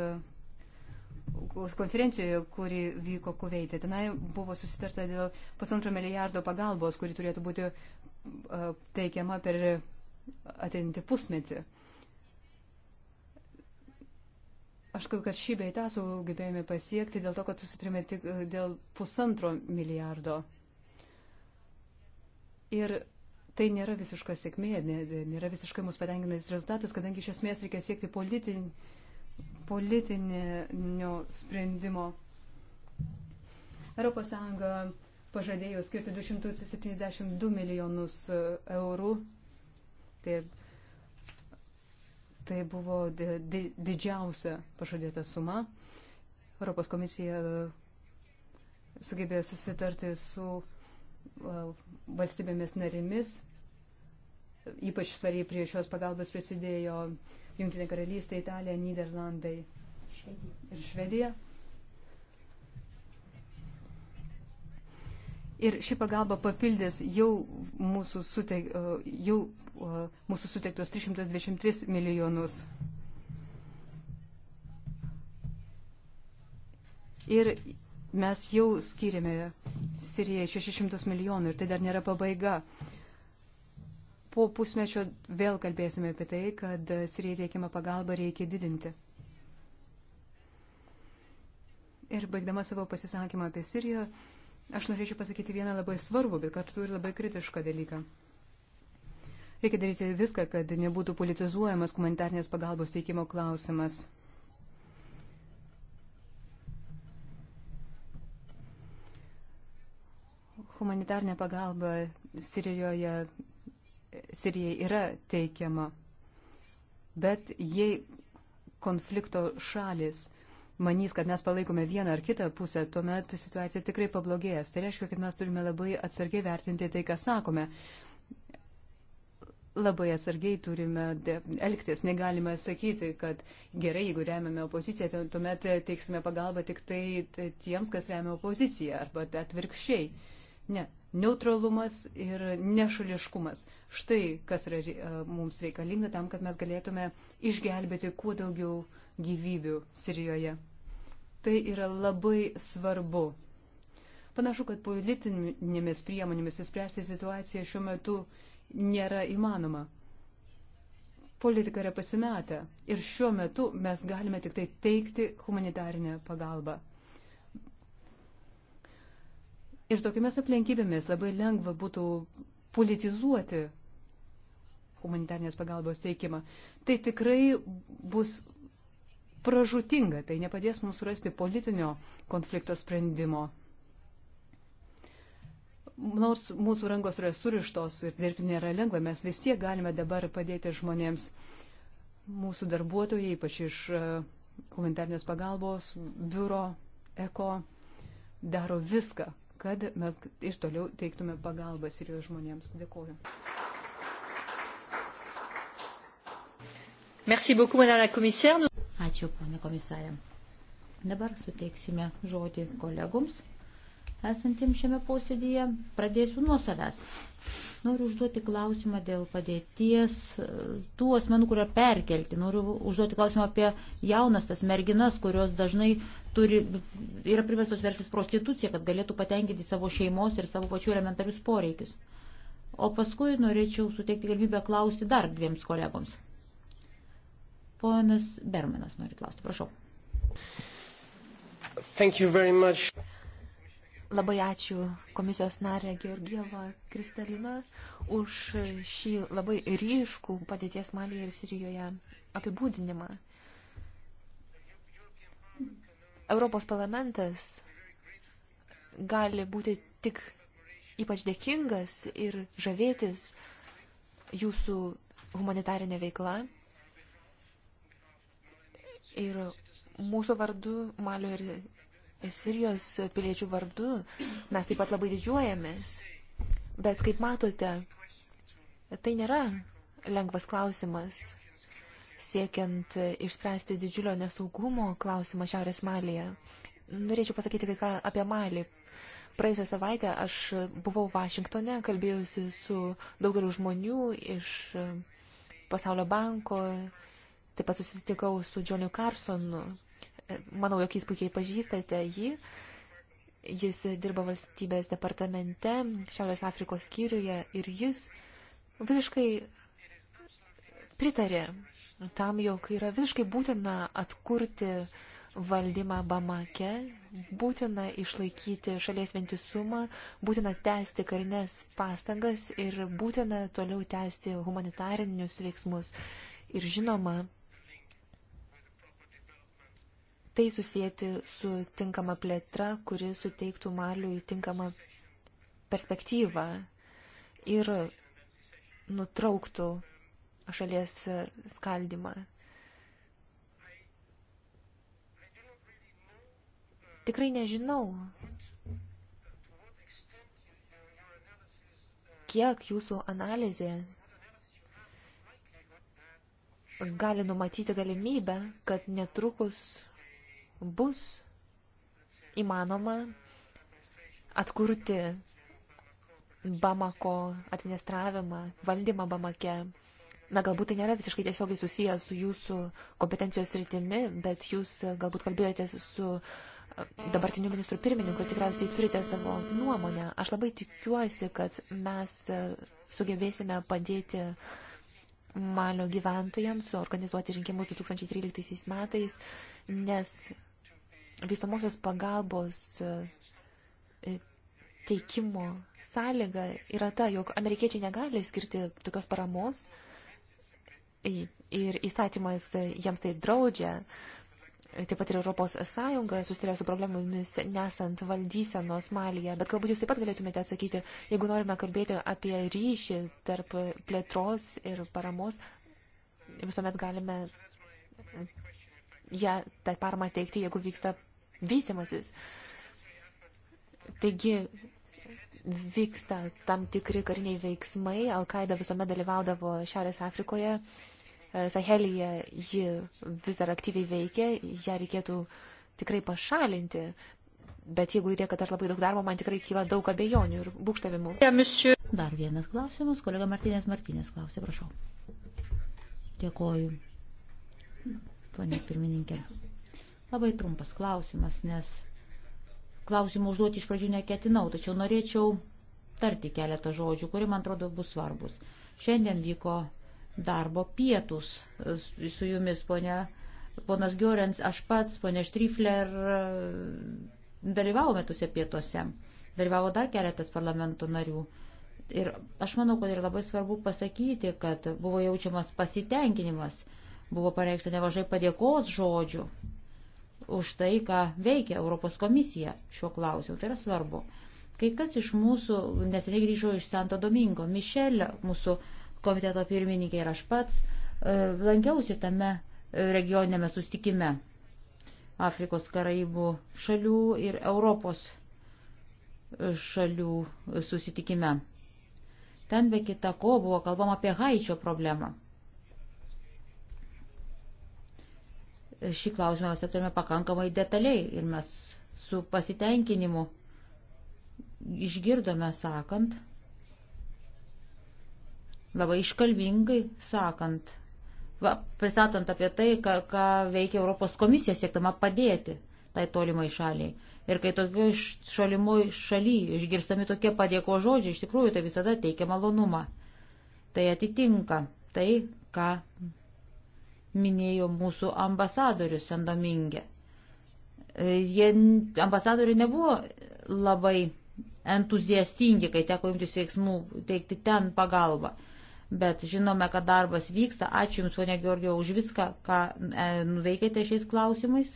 konferencijoje, kuri vyko Kuveitė. Tenai buvo susitarta dėl pusantro milijardo pagalbos, kuri turėtų būti teikiama per ateinantį pusmetį. Aš kalbu, kad šį beitą sugebėjome pasiekti dėl to, kad susitrėmė tik e, dėl pusantro milijardo. Ir tai nėra visiška sėkmė, nėra visiškai mūsų patenkinantis rezultatas, kadangi iš esmės reikia siekti politin, politinio sprendimo. ES pažadėjo skirti 272 milijonus e, eurų. Tai tai buvo di didžiausia pažadėta suma. Europos komisija e, sugebėjo susitarti su e, valstybėmis narimis. Ypač svariai prie šios pagalbos prisidėjo Junktinė karalystė, Italija, Niderlandai ir Švedija. Ir ši pagalba papildys jau mūsų suteik, e, jau mūsų suteiktos 323 milijonus. Ir mes jau skiriame Sirijai 600 milijonų ir tai dar nėra pabaiga. Po pusmečio vėl kalbėsime apie tai, kad Sirijai teikiamą pagalbą reikia didinti. Ir baigdama savo pasisakymą apie Siriją, aš norėčiau pasakyti vieną labai svarbų, bet kartu ir labai kritišką dalyką. Reikia daryti viską, kad nebūtų politizuojamas humanitarnės pagalbos teikimo klausimas. Humanitarnė pagalba Sirijoje, Sirijai yra teikiama, bet jei konflikto šalis manys, kad mes palaikome vieną ar kitą pusę, tuomet situacija tikrai pablogės. Tai reiškia, kad mes turime labai atsargiai vertinti tai, ką sakome labai atsargiai turime elgtis. Negalime sakyti, kad gerai, jeigu remiame opoziciją, tuomet teiksime pagalbą tik tai tiems, kas remia opoziciją, arba atvirkščiai. Ne. Neutralumas ir nešališkumas. Štai kas yra mums reikalinga tam, kad mes galėtume išgelbėti kuo daugiau gyvybių Sirijoje. Tai yra labai svarbu. Panašu, kad politinėmis priemonėmis įspręsti situaciją šiuo metu uh, nėra įmanoma. Politika yra pasimetę ir šiuo metu mes galime tik tai teikti humanitarinę pagalbą. Ir tokiamis aplinkybėmis labai lengva būtų politizuoti humanitarnės pagalbos teikimą. Tai tikrai bus pražutinga, tai nepadės mums surasti politinio konflikto sprendimo nors mūsų rankos yra surištos ir dirbti nėra lengva, mes vis tiek galime dabar padėti žmonėms. Mūsų darbuotojai, ypač iš e, humanitarnės pagalbos, biuro, eko, daro viską, kad mes ir toliau teiktume pagalbą Sirijos žmonėms. Dėkuoju. Merci beaucoup, madame la commissaire. Ačiū, ponė komisarė. Dabar suteiksime žodį kolegoms esantiems šiame posėdėje. Pradėsiu nuo savęs. Noriu užduoti klausimą dėl padėties e, tų asmenų, kurie perkelti. Noriu užduoti klausimą apie jaunas tas merginas, kurios dažnai turi, yra privestos versis prostituciją, kad galėtų patenkinti savo šeimos ir savo pačių elementarius poreikius. O paskui norėčiau suteikti galimybę klausti dar dviems kolegoms. Ponas Bermanas nori klausti, prašau. Thank you very much. Labai ačiū komisijos narė Georgieva Kristalina už šį labai ryškų padėties Malėje ir Sirijoje apibūdinimą. Europos parlamentas gali būti tik ypač dėkingas ir žavėtis jūsų humanitarinė veikla. Ir mūsų vardu Malio ir Sirijos piliečių vardu. Mes taip pat labai didžiuojamės. Bet kaip matote, tai nėra lengvas klausimas. Siekiant išspręsti didžiulio nesaugumo klausimą Šiaurės Malyje. Norėčiau pasakyti kai ką apie Malį. Praėjusią savaitę aš buvau Vašingtone, kalbėjusi su daugeliu žmonių iš Pasaulio banko, taip pat susitikau su Džoniu Carsonu, Manau, jog jūs puikiai pažįstate jį. Jis dirba valstybės departamente Šiaurės Afrikos skyriuje ir jis visiškai pritarė tam, jog yra visiškai būtina atkurti valdymą Bamake, būtina išlaikyti šalies vientisumą, būtina tęsti karinės pastangas ir būtina toliau tęsti humanitarinius veiksmus. Ir žinoma, tai susijęti su tinkama plėtra, kuri suteiktų Maliui tinkamą perspektyvą ir nutrauktų šalies skaldimą. Tikrai nežinau, kiek jūsų analizė gali numatyti galimybę, kad netrukus bus įmanoma atkurti Bamako administravimą, valdymą Bamake. Na, galbūt tai nėra visiškai tiesiogiai susijęs su jūsų kompetencijos rytimi, bet jūs e, galbūt kalbėjote su e, dabartiniu ministru pirmininku, tikriausiai turite savo nuomonę. Aš labai tikiuosi, kad mes e, sugebėsime padėti Malio gyventojams organizuoti rinkimus 2013 metais, nes vystomosios pagalbos e, e, teikimo sąlyga yra ta, jog amerikiečiai negali skirti tokios paramos ir įstatymas jiems tai draudžia. Taip pat ir Europos Sąjunga susitarė su problemomis nesant valdysenos Malyje. Bet galbūt jūs taip pat galėtumėte atsakyti, jeigu norime kalbėti apie ryšį tarp plėtros ir paramos, visuomet galime ją ja, tą paramą teikti, jeigu vyksta vystimasis. Taigi vyksta tam tikri kariniai veiksmai. Al-Qaeda visuomet dalyvaudavo Šiaurės Afrikoje. E, Sahelyje ji vis dar aktyviai veikia, ją reikėtų tikrai pašalinti, bet jeigu lieka dar labai daug darbo, man tikrai kyla daug abejonių ir būkštavimų. Dar vienas klausimas, kolega Martinės Martinės klausė, prašau. Dėkoju, ponė pirmininkė. Labai trumpas klausimas, nes klausimų užduoti iš pradžių neketinau, tačiau norėčiau tarti keletą žodžių, kurie man atrodo bus svarbus. Šiandien vyko darbo pietus e, su jumis, ponia, ponas Giorens, aš pats, ponia Štrifler, e, dalyvavome tuose pietuose. Dalyvavo dar keletas parlamento narių. Ir aš manau, kad yra labai svarbu pasakyti, kad buvo jaučiamas pasitenkinimas, buvo pareikšta nemažai padėkos žodžių už tai, ką veikia Europos komisija šiuo klausimu. Tai yra svarbu. Kai kas iš mūsų neseniai grįžo iš Santo Domingo, Mišelė, mūsų komiteto pirmininkė ir aš pats, e, lankiausi tame regioninėme sustikime Afrikos karaibų šalių ir Europos šalių susitikime. Ten be kita ko buvo kalbama apie haičio problemą. šį klausimą mes aptarėme pakankamai detaliai ir mes su pasitenkinimu išgirdome sakant, labai iškalbingai sakant, va, pristatant apie tai, ką, ką veikia Europos komisija siektama padėti tai tolimai šaliai. Ir kai tokio šalimoj šaly išgirstami tokie padėko žodžiai, iš tikrųjų tai visada teikia malonumą. Tai atitinka tai, ką minėjo mūsų ambasadorius Sendomingė. E, jie ambasadoriai nebuvo labai entuziastingi, kai teko imtis veiksmų teikti ten pagalbą. Bet žinome, kad darbas vyksta. Ačiū Jums, ponė Georgija, už viską, ką e, nuveikėte šiais klausimais.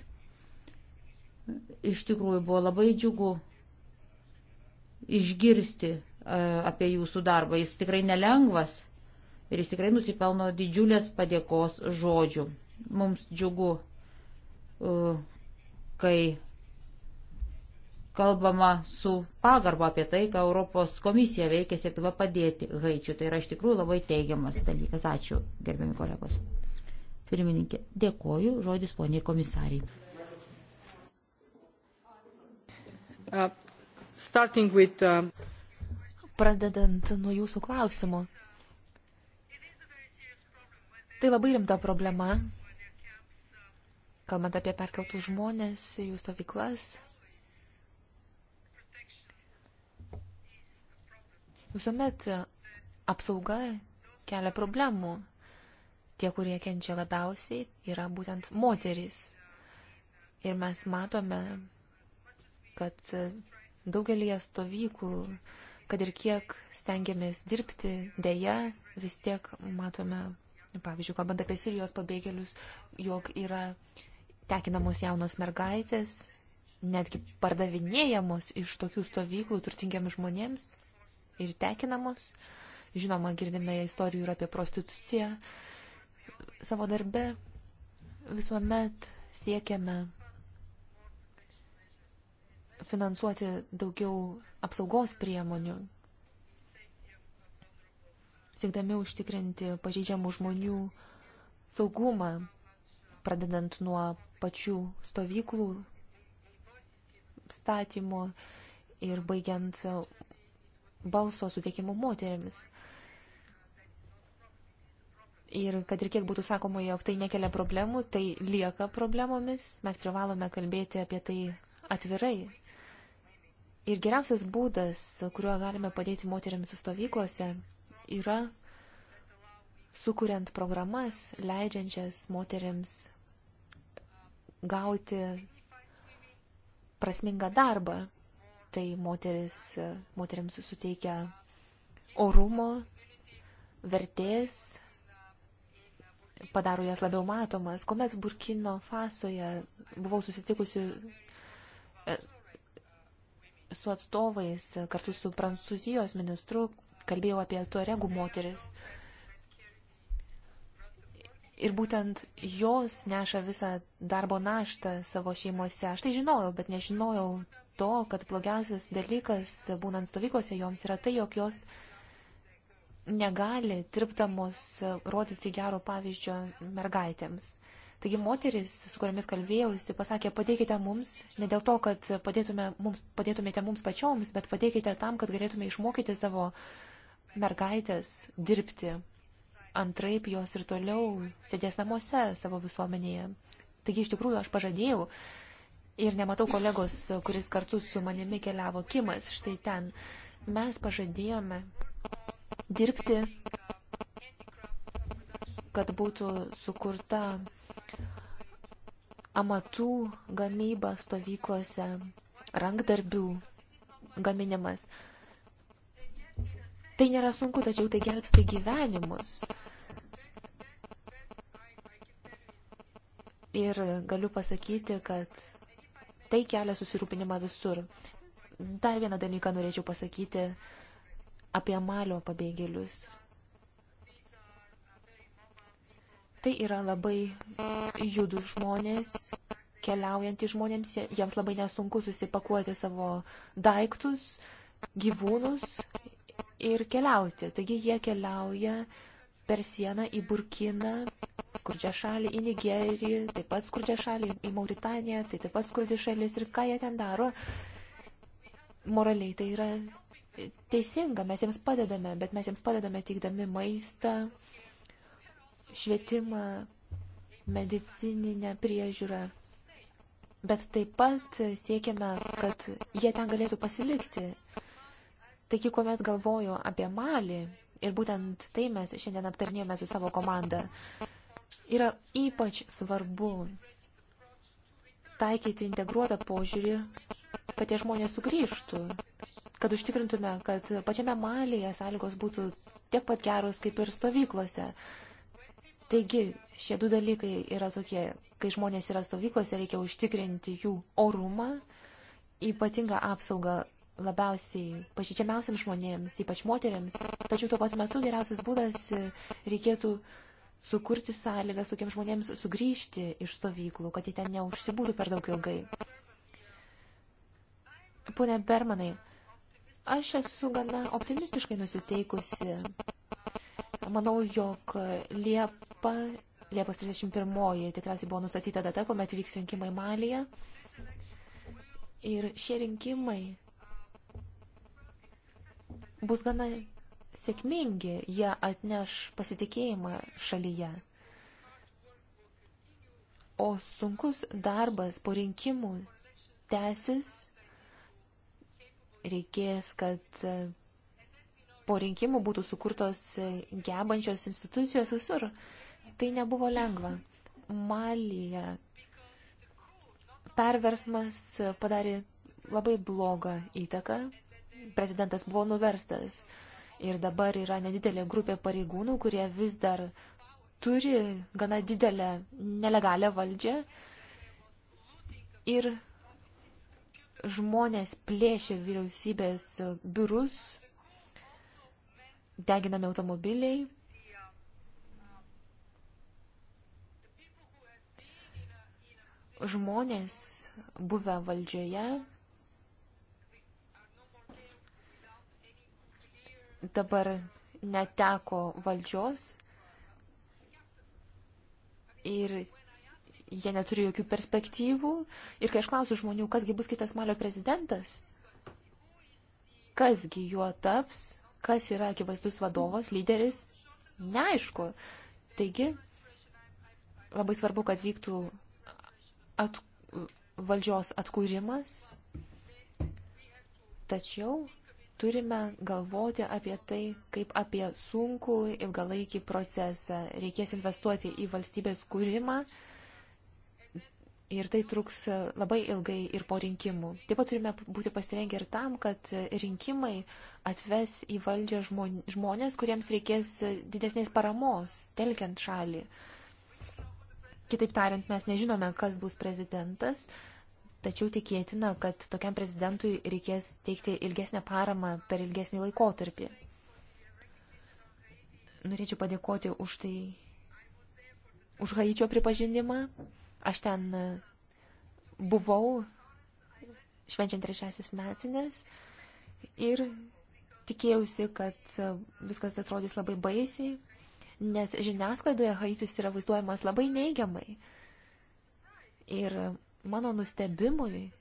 Iš tikrųjų buvo labai džiugu išgirsti e, apie Jūsų darbą. Jis tikrai nelengvas ir jis tikrai nusipelno didžiulės padėkos žodžių. Mums džiugu, e, kai kalbama su pagarba apie tai, ką Europos komisija veikia siekdama padėti Haičiu. Tai yra iš tikrųjų labai teigiamas dalykas. Ačiū, gerbiami kolegos. Pirmininkė, dėkoju. Žodis poniai komisariai. Uh, with, uh... Pradedant nuo jūsų klausimų Tai labai rimta problema, kalbant apie perkeltų žmonės, jų stovyklas. Visuomet apsauga kelia problemų. Tie, kurie kenčia labiausiai, yra būtent moterys. Ir mes matome, kad daugelį stovyklų, kad ir kiek stengiamės dirbti, dėja vis tiek matome pavyzdžiui, kalbant apie Sirijos pabėgėlius, jog yra tekinamos jaunos mergaitės, netgi pardavinėjamos iš tokių stovyklų turtingiams žmonėms ir tekinamos. Žinoma, girdime istorijų ir apie prostituciją. Savo darbe visuomet siekiame finansuoti daugiau apsaugos priemonių, siekdami užtikrinti pažeidžiamų žmonių saugumą, pradedant nuo pačių stovyklų statymo ir baigiant balso suteikimu moteriamis. Ir kad ir kiek būtų sakoma, jog tai nekelia problemų, tai lieka problemomis. Mes privalome kalbėti apie tai atvirai. Ir geriausias būdas, kuriuo galime padėti moteriams stovyklose, yra sukuriant programas, leidžiančias moteriams gauti prasmingą darbą. Tai moteris, moteriams suteikia orumo, vertės, padaro jas labiau matomas. Kuomet Burkino Fasoje buvau susitikusi e, su atstovais kartu su prancūzijos ministru, kalbėjau apie tuaregų moteris. Ir būtent jos neša visą darbo naštą savo šeimose. Aš tai žinojau, bet nežinojau to, kad blogiausias dalykas, būnant stovyklose joms, yra tai, jog jos negali, dirbdamos, rodyti gero pavyzdžio mergaitėms. Taigi moteris, su kuriamis kalbėjausi, pasakė, padėkite mums, ne dėl to, kad padėtume, mums, padėtumėte mums pačioms, bet padėkite tam, kad galėtume išmokyti savo mergaitės dirbti, antraip jos ir toliau sėdės namuose savo visuomenėje. Taigi iš tikrųjų aš pažadėjau ir nematau kolegos, kuris kartu su manimi keliavo Kimas štai ten. Mes pažadėjome dirbti, kad būtų sukurta amatų gamyba stovyklose, rankdarbių gaminimas. Tai nėra sunku, tačiau tai gelbsti gyvenimus. Ir galiu pasakyti, kad tai kelia susirūpinimą visur. Dar vieną dalyką norėčiau pasakyti apie Malio pabėgėlius. Tai yra labai judų žmonės, keliaujantys žmonėms, jiems labai nesunku susipakuoti savo daiktus, gyvūnus ir keliauti. Taigi jie keliauja per sieną į Burkiną, skurdžią šalį, į Nigeriją, taip pat skurdžią šalį, į Mauritaniją, tai taip pat skurdžią šalis ir ką jie ten daro. Moraliai tai yra teisinga, mes jiems padedame, bet mes jiems padedame teikdami maistą, švietimą, medicininę priežiūrą. Bet taip pat siekiame, kad jie ten galėtų pasilikti Taigi, kuomet galvoju apie Malį, ir būtent tai mes šiandien aptarnėjome su savo komanda, yra ypač svarbu taikyti integruotą požiūrį, kad tie žmonės sugrįžtų, kad užtikrintume, kad pačiame Malyje sąlygos būtų tiek pat geros, kaip ir stovyklose. Taigi, šie du dalykai yra tokie, kai žmonės yra stovyklose, reikia užtikrinti jų orumą, ypatingą apsaugą labiausiai pažydžiamiausiams žmonėms, ypač moteriams. Tačiau tuo pat metu geriausias būdas e, reikėtų sukurti sąlygas tokiems žmonėms sugrįžti iš stovyklų, kad jie ten neužsibūtų per daug ilgai. Pone Bermanai, aš esu gana optimistiškai nusiteikusi. Manau, jog Liepa, Liepos 31 tikriausiai buvo nustatyta data, kuomet vyks rinkimai Malyje. Ir šie rinkimai bus gana sėkmingi, jie atneš pasitikėjimą šalyje. O sunkus darbas po rinkimų tęsis, reikės, kad e, po rinkimų būtų sukurtos e, gebančios institucijos visur. Tai nebuvo lengva. Malija perversmas padarė labai blogą įtaką prezidentas buvo nuverstas. Ir dabar yra nedidelė grupė pareigūnų, kurie vis dar turi gana didelę nelegalią valdžią. Ir žmonės plėšė vyriausybės biurus, deginami automobiliai. Žmonės buvę valdžioje dabar neteko valdžios ir jie neturi jokių perspektyvų. Ir kai aš klausiu žmonių, kasgi bus kitas Malio prezidentas, kasgi juo taps, kas yra akivaizdus vadovas, lyderis, neaišku. Taigi, labai svarbu, kad vyktų at, valdžios atkūrimas. Tačiau Turime galvoti apie tai, kaip apie sunkų ilgalaikį procesą. Reikės investuoti į valstybės kūrimą ir tai truks labai ilgai ir po rinkimų. Taip pat turime būti pasirengę ir tam, kad rinkimai atves į valdžią žmonės, kuriems reikės didesnės paramos, telkiant šalį. Kitaip tariant, mes nežinome, kas bus prezidentas, tačiau tikėtina, kad tokiam prezidentui reikės teikti ilgesnę paramą per ilgesnį laikotarpį. Norėčiau padėkoti už tai, už Haičio pripažinimą. Aš ten e, buvau švenčiant trečiasis metinės ir tikėjausi, kad e, viskas atrodys labai baisiai, nes žiniasklaidoje Haitis yra vaizduojamas labai neigiamai. Ir mano nustebimui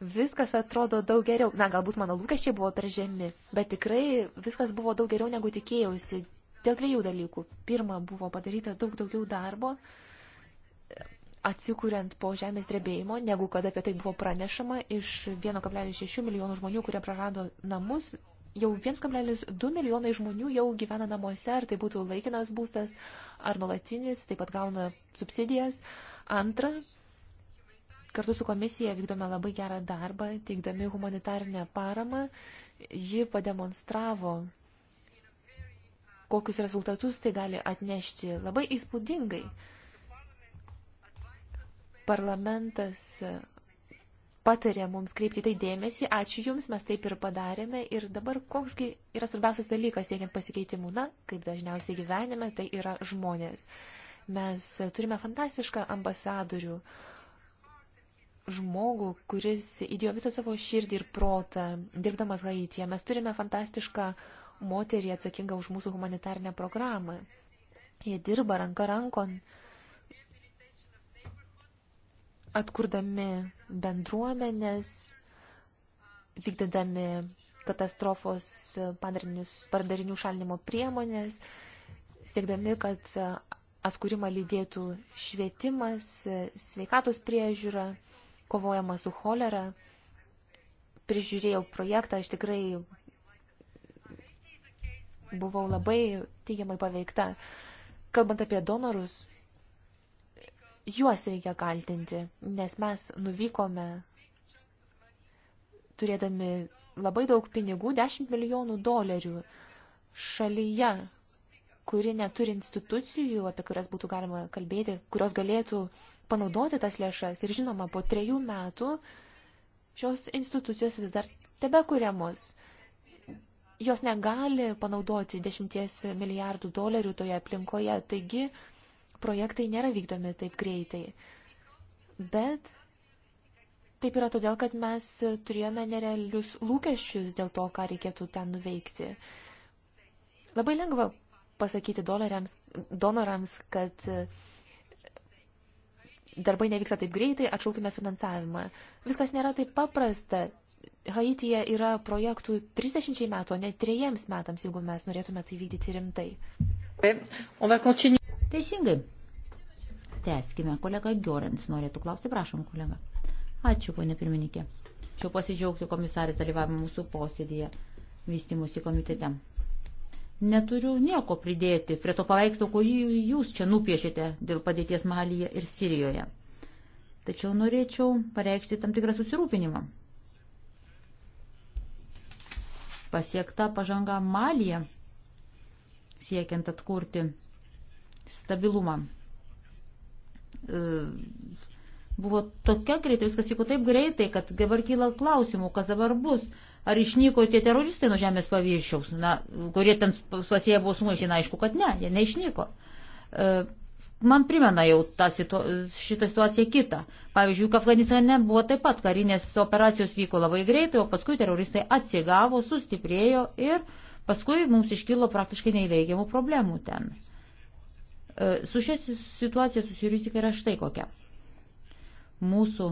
viskas atrodo daug geriau. Na, galbūt mano lūkesčiai buvo per žemi, bet tikrai viskas buvo daug geriau negu tikėjausi. Dėl dviejų dalykų. Pirma, buvo padaryta daug daugiau darbo, atsikuriant po žemės drebėjimo, negu kad apie tai buvo pranešama iš 1,6 milijonų žmonių, kurie prarado namus, jau 1,2 milijonai žmonių jau gyvena namuose, ar tai būtų laikinas būstas, ar nuolatinis, taip pat gauna subsidijas. Antra, kartu su komisija vykdome labai gerą darbą, teikdami humanitarinę paramą. Ji pademonstravo, kokius rezultatus tai gali atnešti labai įspūdingai. Parlamentas patarė mums kreipti tai dėmesį. Ačiū Jums, mes taip ir padarėme. Ir dabar koksgi yra svarbiausias dalykas siekiant pasikeitimų? Na, kaip dažniausiai gyvenime, tai yra žmonės. Mes turime fantastišką ambasadorių, žmogų, kuris įdėjo visą savo širdį ir protą, dirbdamas Haityje. Mes turime fantastišką moterį atsakingą už mūsų humanitarnę programą. Jie dirba ranka rankon, atkurdami bendruomenės, vykdydami katastrofos padarinių šalinimo priemonės, siekdami, kad atskūrimą lydėtų švietimas, sveikatos priežiūra, kovojama su cholera. Prižiūrėjau projektą, aš tikrai buvau labai teigiamai paveikta. Kalbant apie donorus, juos reikia kaltinti, nes mes nuvykome turėdami labai daug pinigų, 10 milijonų dolerių šalyje, kuri neturi institucijų, apie kurias būtų galima kalbėti, kurios galėtų panaudoti tas lėšas. Ir žinoma, po trejų metų šios institucijos vis dar tebe kuriamos. Jos negali panaudoti 10 milijardų dolerių toje aplinkoje, taigi projektai nėra vykdomi taip greitai. Bet taip yra todėl, kad mes turėjome nerealius lūkesčius dėl to, ką reikėtų ten nuveikti. Labai lengva pasakyti doleriams, donorams, kad e, darbai nevyksta taip greitai, atšaukime finansavimą. Viskas nėra taip paprasta. Haityje yra projektų 30 metų, o ne 3 metams, jeigu mes norėtume tai vykdyti rimtai. On va continuer. Teisingai. Teskime, kolega Giorens norėtų klausti, prašom, kolega. Ačiū, ponė pirmininkė. Čia pasidžiaugti komisarės dalyvavimą mūsų posėdėje vystimusi komitete. Neturiu nieko pridėti prie to paveikslo, kurį jūs čia nupiešėte dėl padėties Malyje ir Sirijoje. Tačiau norėčiau pareikšti tam tikrą susirūpinimą. Pasiekta pažanga Malyje, siekiant atkurti stabilumą. E, buvo tokia greitai, viskas vyko taip greitai, kad dabar kyla klausimų, kas dabar bus. Ar išnyko tie teroristai nuo žemės paviršiaus, na, kurie ten pasieja buvo sumaišyti, aišku, kad ne, jie neišnyko e, man primena jau tą situ, šitą situaciją kitą. Pavyzdžiui, Afganistane buvo taip pat karinės operacijos vyko labai greitai, o paskui teroristai atsigavo, sustiprėjo ir paskui mums iškilo praktiškai neįveikiamų problemų ten. E, su šia situacija susijusi yra štai kokia. Mūsų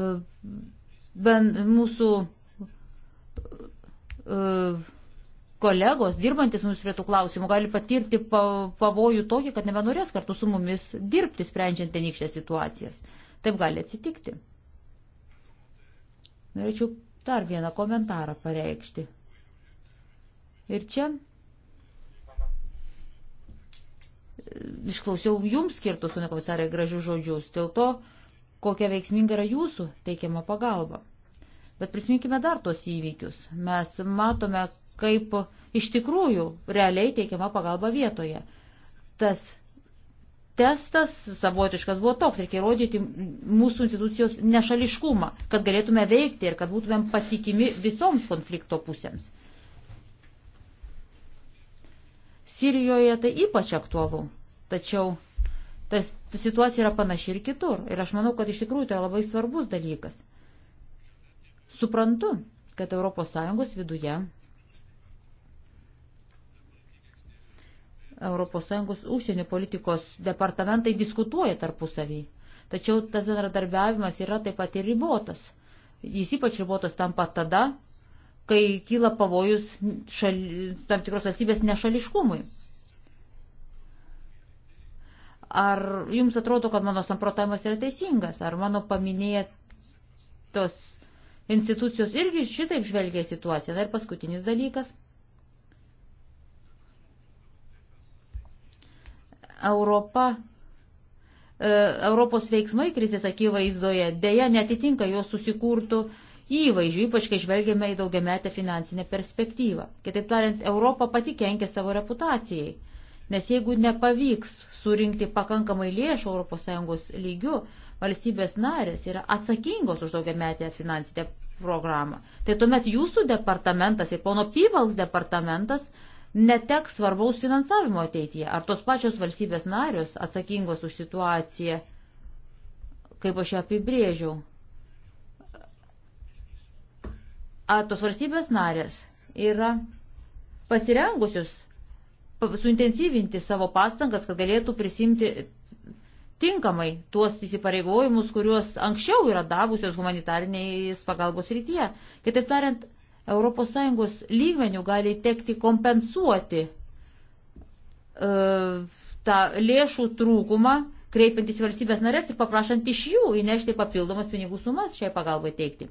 e, ben, mūsų e, kolegos, dirbantis mums prie tų klausimų, gali patirti pavojų tokį, kad nebenorės kartu su mumis dirbti, sprendžiant tenykštės situacijas. Taip gali atsitikti. Norėčiau dar vieną komentarą pareikšti. Ir čia e, išklausiau jums skirtus, ponė komisarė, gražius žodžius, dėl to, kokia veiksminga yra jūsų teikiama pagalba. Bet prisiminkime dar tos įvykius. Mes matome, kaip iš tikrųjų realiai teikiama pagalba vietoje. Tas testas savotiškas buvo toks, reikia įrodyti mūsų institucijos nešališkumą, kad galėtume veikti ir kad būtumėm patikimi visoms konflikto pusėms. Sirijoje tai ypač aktualu. Tačiau tas, ta situacija yra panaši ir kitur. Ir aš manau, kad iš tikrųjų tai yra labai svarbus dalykas. Suprantu, kad ES viduje, ES užsienio politikos departamentai diskutuoja tarpusavį. Tačiau tas bendradarbiavimas yra taip pat ir ribotas. Jis ypač ribotas tampa tada, kai kyla pavojus šali, tam tikros valstybės nešališkumui. Ar jums atrodo, kad mano samprotavimas yra teisingas, ar mano paminėtos institucijos irgi šitaip žvelgia situaciją? Na ir paskutinis dalykas. Europa, e, Europos veiksmai krizės akivaizdoje dėja netitinka jos susikurtų e, įvaizdžių, ypač kai žvelgiame į daugiametę finansinę perspektyvą. Kitaip tariant, Europa pati kenkia savo reputacijai, nes jeigu nepavyks surinkti pakankamai lėšų ES lygių, valstybės narės yra atsakingos už daugiametę finansinę programą. Tai tuomet jūsų departamentas ir pono Pyvalks departamentas neteks svarbaus finansavimo ateityje. Ar tos pačios valstybės narios atsakingos už situaciją, kaip aš ją apibrėžiau, ar tos valstybės narės yra pasirengusius suintensyvinti savo pastangas, kad galėtų prisimti tinkamai tuos įsipareigojimus, kuriuos anksčiau yra davusios humanitariniais pagalbos rytyje. Kitaip tariant, ES lygmenių gali tekti kompensuoti e, tą lėšų trūkumą, kreipiantis valstybės narės ir paprašant iš jų įnešti papildomas pinigų sumas šiai pagalbai teikti.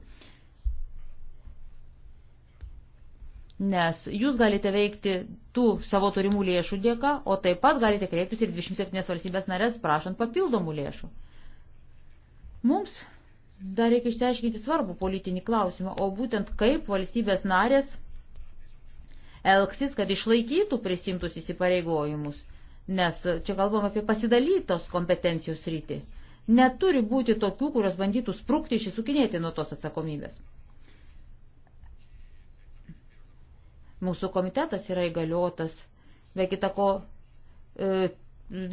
nes jūs galite veikti tų savo turimų lėšų dėka, o taip pat galite kreiptis ir 27 valstybės narės prašant papildomų lėšų. Mums dar reikia išteiškinti svarbų politinį klausimą, o būtent kaip valstybės narės elgsis, kad išlaikytų prisimtus įsipareigojimus, nes čia kalbam apie pasidalytos kompetencijos rytį. Neturi būti tokių, kurios bandytų sprukti išsisukinėti nuo tos atsakomybės. Mūsų komitetas yra įgaliotas, be kita ko, e,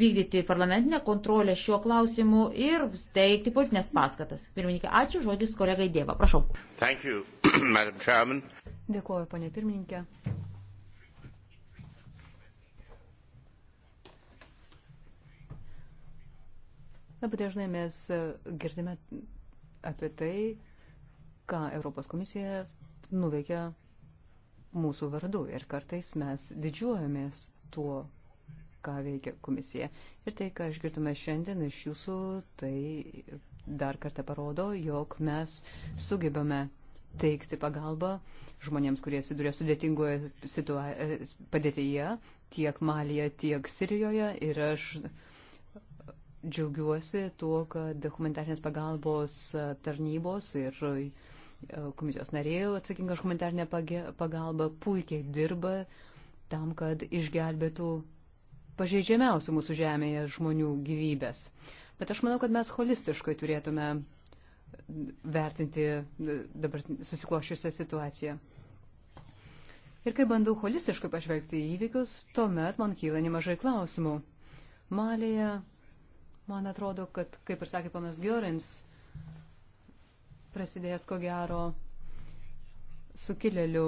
vykdyti parlamentinę kontrolę šiuo klausimu ir steigti politinės paskatas. Pirmininkė, ačiū žodis kolegai Dėva. Prašau. Thank you, [CLEARS THROAT] Dėkuoju, ponė pirmininkė. Labai dažnai mes e, girdime apie tai, ką Europos komisija nuveikia mūsų vardu ir kartais mes didžiuojamės tuo, ką veikia komisija. Ir tai, ką išgirdome šiandien iš jūsų, tai dar kartą parodo, jog mes sugebame teikti pagalbą žmonėms, kurie sidurė sudėtingoje padėtyje tiek Malija, tiek Sirijoje. Ir aš džiaugiuosi tuo, kad humanitarnės pagalbos tarnybos ir uh, komisijos narėjų atsakinga už humanitarnę pagalbą puikiai dirba tam, kad išgelbėtų pažeidžiamiausių mūsų žemėje žmonių gyvybės. Bet aš manau, kad mes holistiškai turėtume vertinti dabar susiklošiusią situaciją. Ir kai bandau holistiškai pažvelgti į įvykius, tuomet man kyla nemažai klausimų. Malėje, man atrodo, kad, kaip ir sakė panas Giorins, prasidėjęs ko gero sukilėlių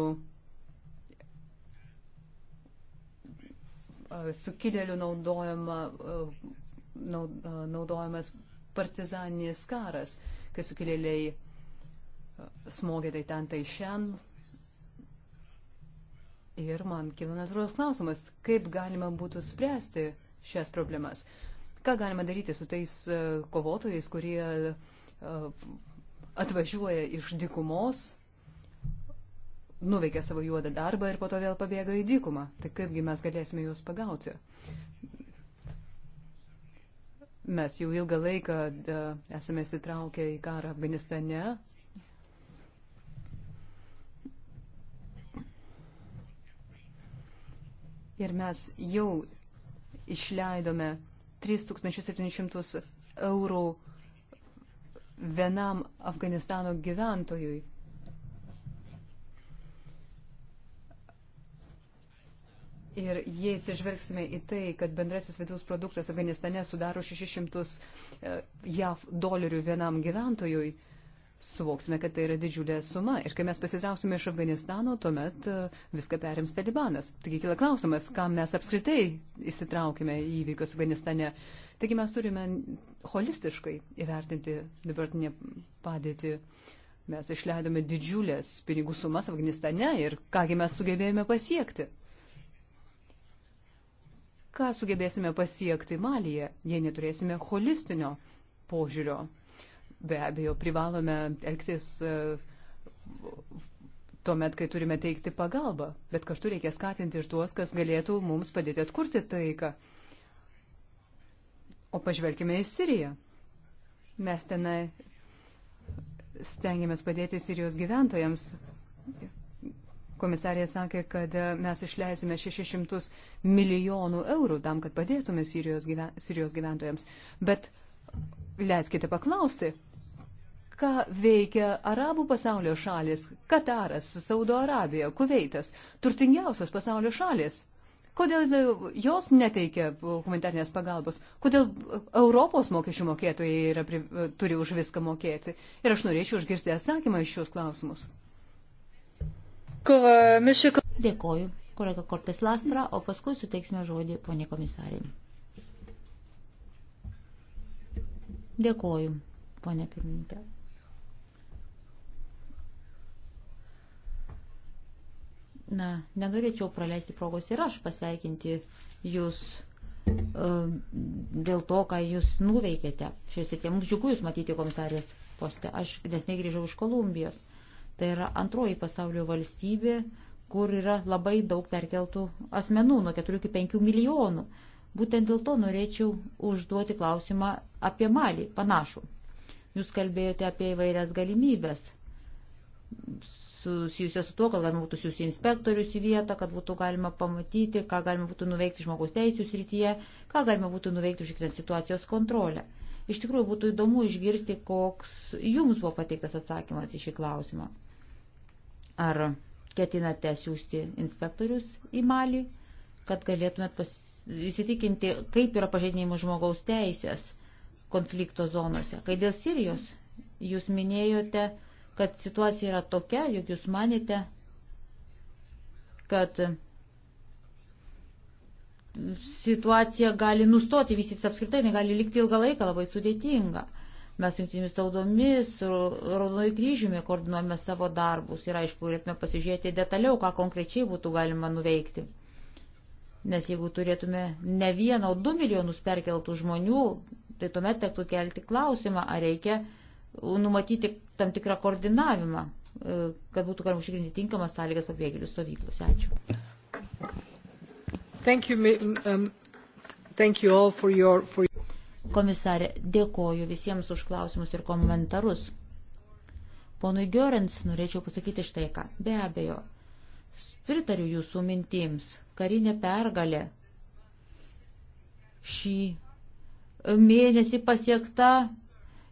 sukilėlių naudojama, naudojamas partizaninis karas, kai sukilėliai smogė tai ten, tai šiandien. Ir man kilo natūralus klausimas, kaip galima būtų spręsti šias problemas. Ką galima daryti su tais kovotojais, kurie atvažiuoja iš dykumos, nuveikia savo juodą darbą ir po to vėl pabėga į dykumą. Tai kaipgi mes galėsime juos pagauti? Mes jau ilgą laiką e, esame įsitraukę į karą Afganistane. Ir mes jau išleidome 3700 eurų vienam Afganistano gyventojui. Ir jei atsižvelgsime į tai, kad bendrasis vidaus produktas Afganistane sudaro 600 e, JAV dolerių vienam gyventojui, suvoksime, kad tai yra didžiulė suma. Ir kai mes pasitrauksime iš Afganistano, tuomet e, viską perims talibanas. Taigi kila klausimas, kam mes apskritai įsitraukime į įvykius Afganistane. Taigi mes turime holistiškai įvertinti dabartinę padėtį. Mes išleidome didžiulės pinigų sumas Afganistane ir kągi mes sugebėjome pasiekti. Ką sugebėsime pasiekti Malyje, jei neturėsime holistinio požiūrio Be abejo, privalome elgtis e, tuomet, kai turime teikti pagalbą, bet kažtu reikia skatinti ir tuos, kas galėtų mums padėti atkurti taiką. O pažvelkime į Siriją. Mes tenai stengiamės padėti Sirijos gyventojams. Komisarė sakė, kad e, mes išleisime 600 milijonų eurų tam, kad padėtume Sirijos, gyven, Sirijos gyventojams. Bet leiskite paklausti, ką veikia arabų pasaulio šalis - Kataras, Saudo Arabija, Kuveitas - turtingiausios pasaulio šalis. Kodėl jos neteikia humanitarnės pagalbos? Kodėl Europos mokesčių mokėtojai yra, turi už viską mokėti? Ir aš norėčiau išgirsti atsakymą iš šios klausimus. E, Dėkoju, kolega Kortes Lastra, o paskui suteiksime žodį ponė komisariai. Dėkoju, ponė pirmininkė. Na, nenorėčiau praleisti progos ir aš pasveikinti jūs uh, dėl to, ką jūs nuveikėte. Šiais ir tie mums džiugu jūs matyti komisarės poste. Aš nesnei grįžau iš Kolumbijos. Tai yra antroji pasaulio valstybė, kur yra labai daug perkeltų asmenų, nuo 4 iki 5 milijonų. Būtent dėl to norėčiau užduoti klausimą apie malį, panašų. Jūs kalbėjote apie įvairias galimybės susijusia su tuo, kad galima būtų siūsti inspektorius į vietą, kad būtų galima pamatyti, ką galima būtų nuveikti žmogaus teisų srityje, ką galima būtų nuveikti užtikrinant situacijos kontrolę. Iš tikrųjų būtų įdomu išgirsti, koks jums buvo pateiktas atsakymas į šį klausimą. Ar ketinate siūsti inspektorius į Malį, kad galėtumėt pas... įsitikinti, kaip yra pažeidinėjimų žmogaus teisės konflikto zonose. Kai dėl Sirijos jūs minėjote, kad situacija yra tokia, jog jūs manėte, kad situacija gali nustoti, vystytis apskritai, negali likti ilgą laiką, labai sudėtinga. Mes jungtinėmis tautomis, Raudonoji kryžiumi koordinuojame savo darbus ir aišku, turėtume pasižiūrėti detaliau, ką konkrečiai būtų galima nuveikti. Nes jeigu turėtume ne vieną, o du milijonus perkeltų žmonių, tai tuomet tektų kelti klausimą, ar reikia numatyti tam tikrą koordinavimą, e, kad būtų galima užtikrinti tinkamas sąlygas pabėgėlių stovyklose. Ačiū. Thank you, um, thank you all for your, for... Komisarė, dėkoju visiems už klausimus ir komentarus. Ponui Giorens norėčiau pasakyti štai ką. Be abejo, pritariu jūsų mintims. Karinė pergalė šį mėnesį pasiekta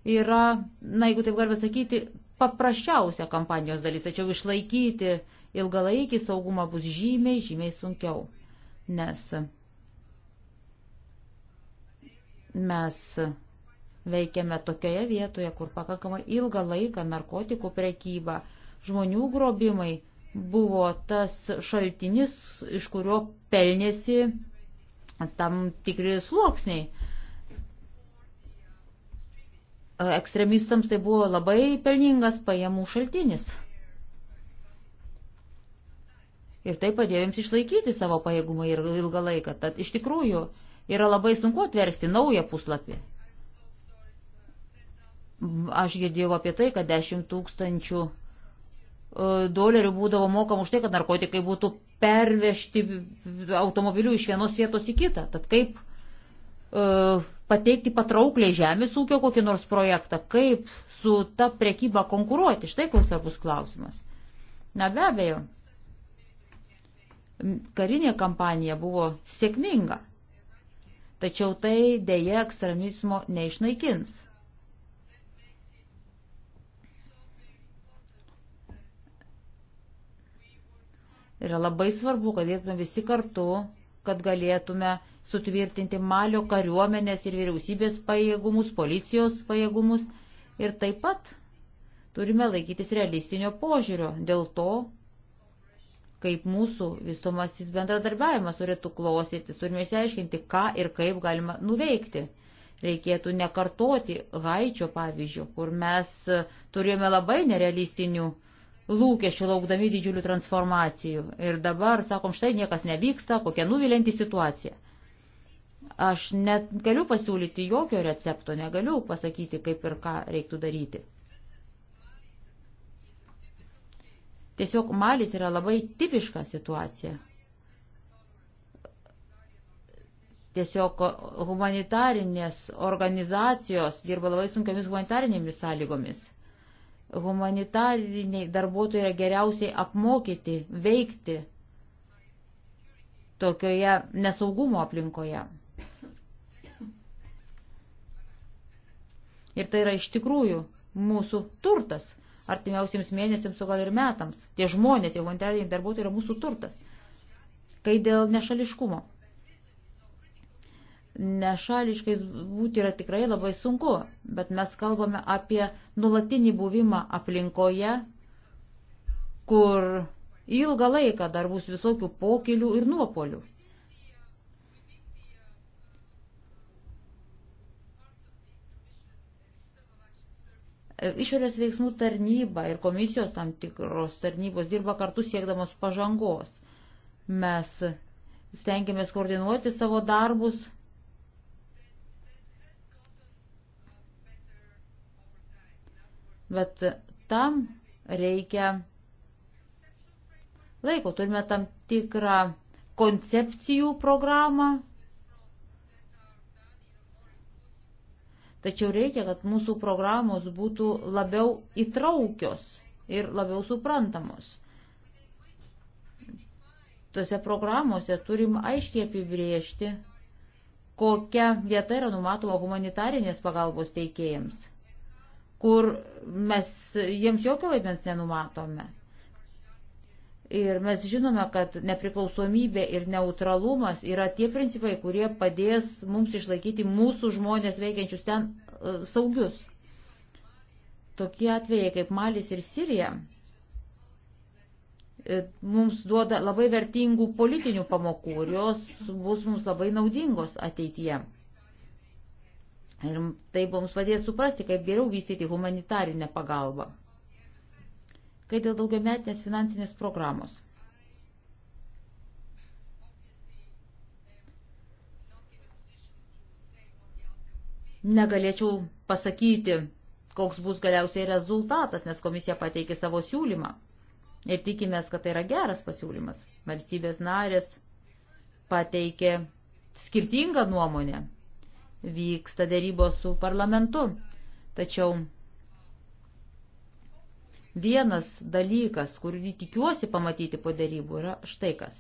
yra, na jeigu taip galima sakyti, paprasčiausia kampanijos dalis, tačiau išlaikyti ilgalaikį saugumą bus žymiai, žymiai sunkiau, nes mes veikiame tokioje vietoje, kur pakankamai ilgą laiką narkotikų prekyba, žmonių grobimai buvo tas šaltinis, iš kurio pelnėsi tam tikri sluoksniai ekstremistams tai buvo labai pelningas pajamų šaltinis. Ir tai padėjo jums išlaikyti savo pajėgumą ir ilgą laiką. Tad iš tikrųjų yra labai sunku atversti naują puslapį. Aš girdėjau apie tai, kad 10 tūkstančių e, dolerių būdavo mokama už tai, kad narkotikai būtų pervežti automobiliu iš vienos vietos į kitą. Tad kaip uh, pateikti patraukliai žemės ūkio kokį nors projektą, kaip su ta prekyba konkuruoti. Štai kur svarbus klausimas. Na be abejo, karinė kampanija buvo sėkminga, tačiau tai dėja ekstremizmo neišnaikins. Yra labai svarbu, kad dirbtume visi kartu kad galėtume sutvirtinti Malio kariuomenės ir vyriausybės pajėgumus, policijos pajėgumus ir taip pat turime laikytis realistinio požiūrio dėl to, kaip mūsų visumasis bendradarbiavimas turėtų klostytis, turime išsiaiškinti, ką ir kaip galima nuveikti. Reikėtų nekartoti Haičio pavyzdžių, kur mes turėjome labai nerealistinių uh, lūkesčių, laukdami didžiulių transformacijų. Ir dabar, sakom, štai niekas nevyksta, kokia nuvilinti situacija. Aš net galiu pasiūlyti jokio recepto, negaliu pasakyti, kaip ir ką reiktų daryti. Tiesiog malis yra labai tipiška situacija. Tiesiog humanitarinės organizacijos dirba labai sunkiamis humanitarinėmis sąlygomis humanitariniai darbuotojai yra geriausiai apmokyti veikti tokioje nesaugumo aplinkoje. Ir tai yra iš tikrųjų mūsų turtas. Artimiausiams mėnesiams, o gal ir metams. Tie žmonės, humanitariniai darbuotojai yra mūsų turtas. Kai dėl nešališkumo nešališkais būti yra tikrai labai sunku, bet mes kalbame apie nulatinį buvimą aplinkoje, kur ilgą laiką dar bus visokių pokelių ir nuopolių. Išorės veiksmų tarnyba ir komisijos tam tikros tarnybos dirba kartu siekdamos pažangos. Mes stengiamės koordinuoti savo darbus Bet tam reikia laiko. Turime tam tikrą koncepcijų programą. Tačiau reikia, kad mūsų programos būtų labiau įtraukios ir labiau suprantamos. Tuose programuose turim aiškiai apibriežti, kokia vieta yra numatoma humanitarinės pagalbos teikėjams kur mes jiems jokio vaidmens nenumatome. Ir mes žinome, kad nepriklausomybė ir neutralumas yra tie principai, kurie padės mums išlaikyti mūsų žmonės veikiančius ten e, saugius. Tokie atvejai kaip Malis ir Sirija e, mums duoda labai vertingų politinių pamokų ir jos bus mums labai naudingos ateityje. Ir tai mums padės suprasti, kaip geriau vystyti humanitarinę pagalbą. Kai dėl daugiametinės finansinės programos. Negalėčiau pasakyti, koks bus galiausiai rezultatas, nes komisija pateikė savo siūlymą. Ir tikimės, kad tai yra geras pasiūlymas. Valstybės narės pateikė skirtingą nuomonę vyksta dėrybos su parlamentu. Tačiau vienas dalykas, kurį tikiuosi pamatyti po dėrybų, yra štai kas.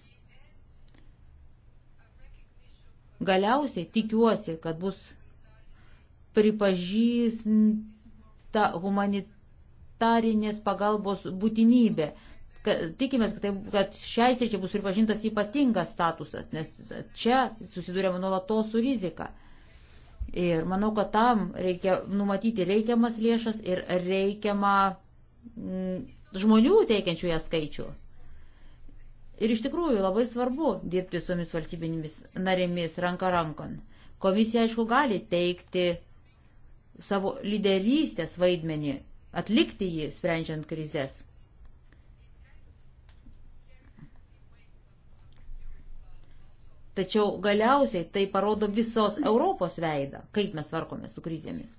Galiausiai tikiuosi, kad bus pripažįsta humanitarinės pagalbos būtinybė. Tikimės, kad, tai, kad šiai sričiai bus pripažintas ypatingas statusas, nes čia susidurėme nuolatos su rizika. Ir manau, kad tam reikia numatyti reikiamas lėšas ir reikiamą mm, žmonių teikiančių ją skaičių. Ir iš tikrųjų labai svarbu dirbti su jomis valstybinėmis narėmis ranka rankon. Komisija, aišku, gali teikti savo lyderystės vaidmenį, atlikti jį, sprendžiant krizės. Tačiau galiausiai tai parodo visos Europos veidą, kaip mes varkome su krizėmis.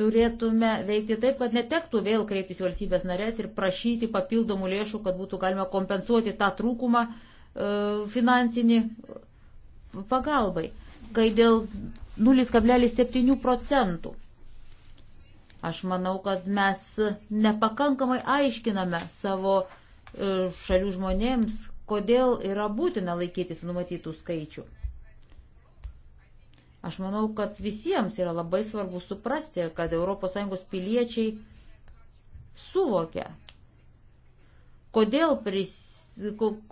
Turėtume veikti taip, kad netektų vėl kreiptis valstybės narės ir prašyti papildomų lėšų, kad būtų galima kompensuoti tą trūkumą e, finansinį pagalbai, kai dėl 0,7 procentų. Aš manau, kad mes nepakankamai aiškiname savo E, šalių žmonėms, kodėl yra būtina laikytis numatytų skaičių. Aš manau, kad visiems yra labai svarbu suprasti, kad ES piliečiai suvokia, kodėl, pris,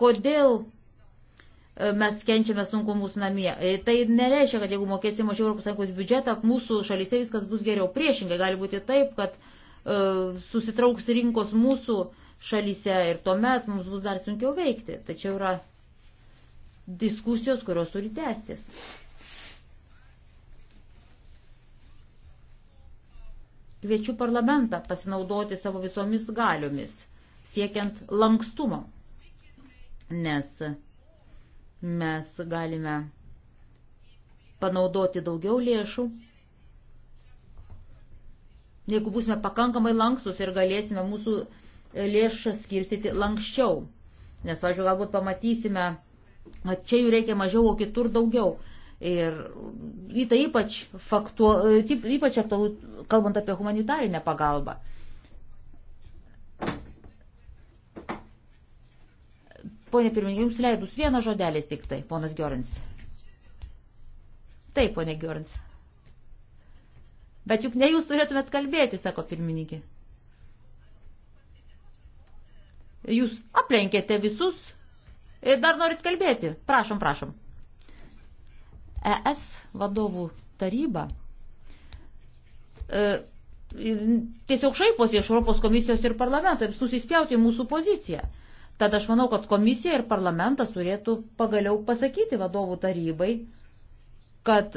kodėl e, mes kenčiame sunkumus namie. E, tai nereiškia, kad jeigu mokėsim už ES biudžetą, mūsų šalyse viskas bus geriau. Priešingai gali būti taip, kad e, susitrauks rinkos mūsų šalyse ir tuomet mums bus dar sunkiau veikti. Tačiau yra diskusijos, kurios turi tęstis. Kviečiu parlamentą pasinaudoti savo visomis galiomis, siekiant lankstumo, nes mes galime panaudoti daugiau lėšų, jeigu būsime pakankamai lankstus ir galėsime mūsų lėšas skirstyti lankščiau. Nes, važiuoju, galbūt pamatysime, kad čia jų reikia mažiau, o kitur daugiau. Ir į tai ypač, faktu, ypač aktualu, kalbant apie humanitarinę pagalbą. Pone pirmininkai, jums leidus vieną žodelį tik tai, ponas Giorins. Taip, ponė Giorins. Bet juk ne jūs turėtumėt kalbėti, sako pirmininkė. Jūs aplenkėte visus ir dar norit kalbėti. Prašom, prašom. ES vadovų taryba e, tiesiog šaiposi iš Europos komisijos ir parlamento ir susispjauti į mūsų poziciją. Tad aš manau, kad komisija ir parlamentas turėtų pagaliau pasakyti vadovų tarybai, kad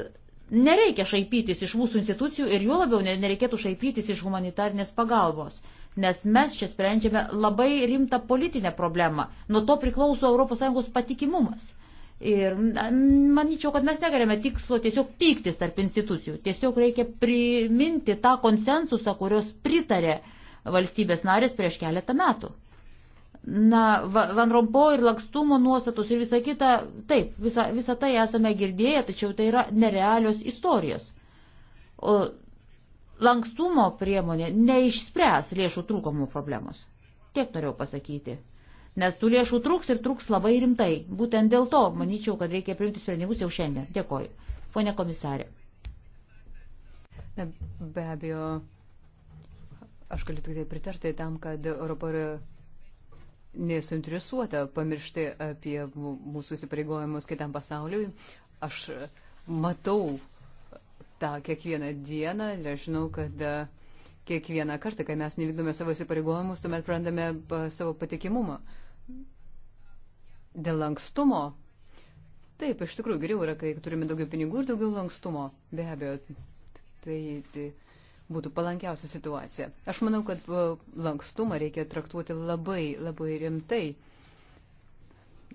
nereikia šaipytis iš mūsų institucijų ir juo labiau nereikėtų šaipytis iš humanitarnės pagalbos nes mes čia sprendžiame labai rimtą politinę problemą. Nuo to priklauso ES patikimumas. Ir manyčiau, kad mes negalime tikslo tiesiog pyktis tarp institucijų. Tiesiog reikia priminti tą konsensusą, kurios pritarė valstybės narės prieš keletą metų. Na, Van Rompo ir lakstumo nuostatus ir visa kita, taip, visa, visa tai esame girdėję, tačiau tai yra nerealios istorijos. O lankstumo priemonė neišspręs lėšų trūkumo problemos. Tiek norėjau pasakyti. Nes tų lėšų trūks ir trūks labai rimtai. Būtent dėl to, manyčiau, kad reikia priimti sprendimus jau šiandien. Dėkoju. Pone komisarė. Na, be abejo, aš galiu tik tai pritarti tam, kad Europa yra nesuinteresuota pamiršti apie mūsų įsipareigojimus kitam pasauliui. Aš matau tą kiekvieną dieną ir aš žinau, kad e, kiekvieną kartą, kai mes nevykdome savo įsipareigojimus, tuomet prarandame e, savo patikimumą. Dėl lankstumo. Taip, iš tikrųjų geriau yra, kai turime daugiau pinigų ir daugiau lankstumo. Be abejo, tai, tai būtų palankiausia situacija. Aš manau, kad e, lankstumą reikia traktuoti labai, labai rimtai.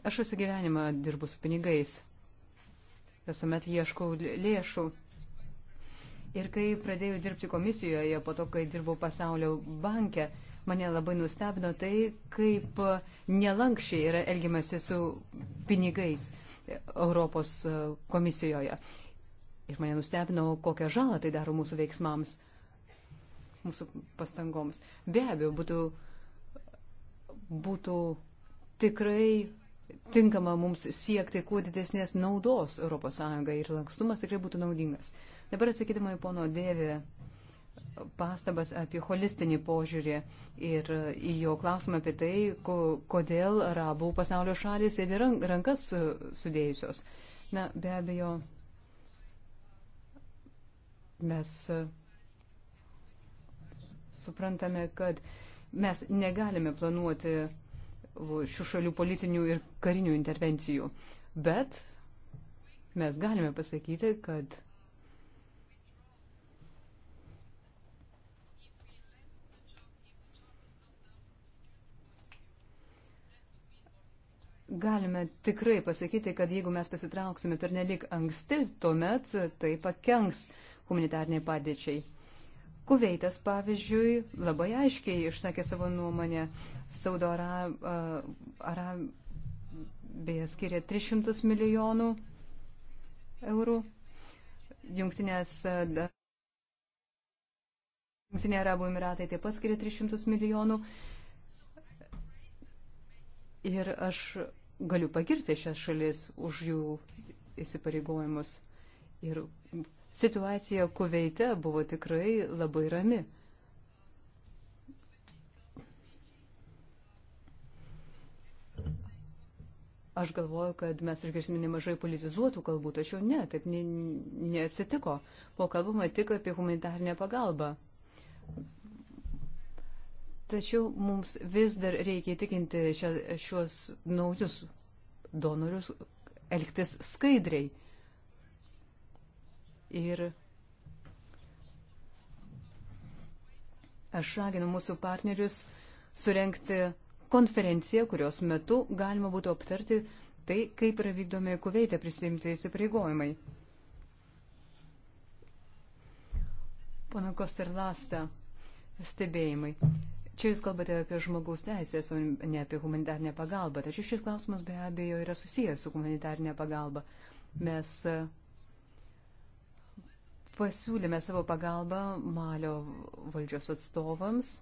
Aš visą gyvenimą dirbu su pinigais. Visuomet ieškau lėšų. Li Ir kai pradėjau dirbti komisijoje, po to, kai dirbau pasaulio banke, mane labai nustebino tai, kaip nelankščiai yra elgiamasi su pinigais Europos e, komisijoje. Ir mane nustebino, kokią žalą tai daro mūsų veiksmams, mūsų pastangoms. Be abejo, būtų, būtų tikrai tinkama mums siekti kuo didesnės naudos ES ir lankstumas tikrai būtų naudingas. Dabar atsakydama į pono dėvę pastabas apie holistinį požiūrį ir į jo klausimą apie tai, ko, kodėl arabų pasaulio šalis sėdi rankas sudėjusios. Na, be abejo, mes e, suprantame, kad mes negalime planuoti šių šalių politinių ir karinių intervencijų, bet mes galime pasakyti, kad galime tikrai pasakyti, kad jeigu mes pasitrauksime per nelik anksti, tuomet tai pakenks humanitarniai padėčiai. Kuveitas, pavyzdžiui, labai aiškiai išsakė savo nuomonę. Saudo Arabija skiria 300 milijonų eurų. Jungtinės. Jungtinė Arabų Emiratai taip pat skiria 300 milijonų. Ir aš galiu pagirti šias šalis už jų įsipareigojimus. Ir situacija kuveite buvo tikrai labai rami. Aš galvoju, kad mes išgirsime nemažai politizuotų kalbų, tačiau ne, taip nesitiko. Buvo kalbama tik apie humanitarnę pagalbą. Tačiau mums vis dar reikia įtikinti šia, šios naujus donorius elgtis skaidriai. Ir aš raginu mūsų partnerius surenkti konferenciją, kurios metu galima būtų aptarti tai, kaip yra vykdomi kuveitė prisimti įsipareigojimai. Pana Kosterlasta, stebėjimai. Čia jūs kalbate apie žmogaus teisės, o ne apie humanitarnę pagalbą. Tačiau šis klausimas be abejo yra susijęs su humanitarnė pagalba. Mes e, pasiūlėme savo pagalbą Malio valdžios atstovams.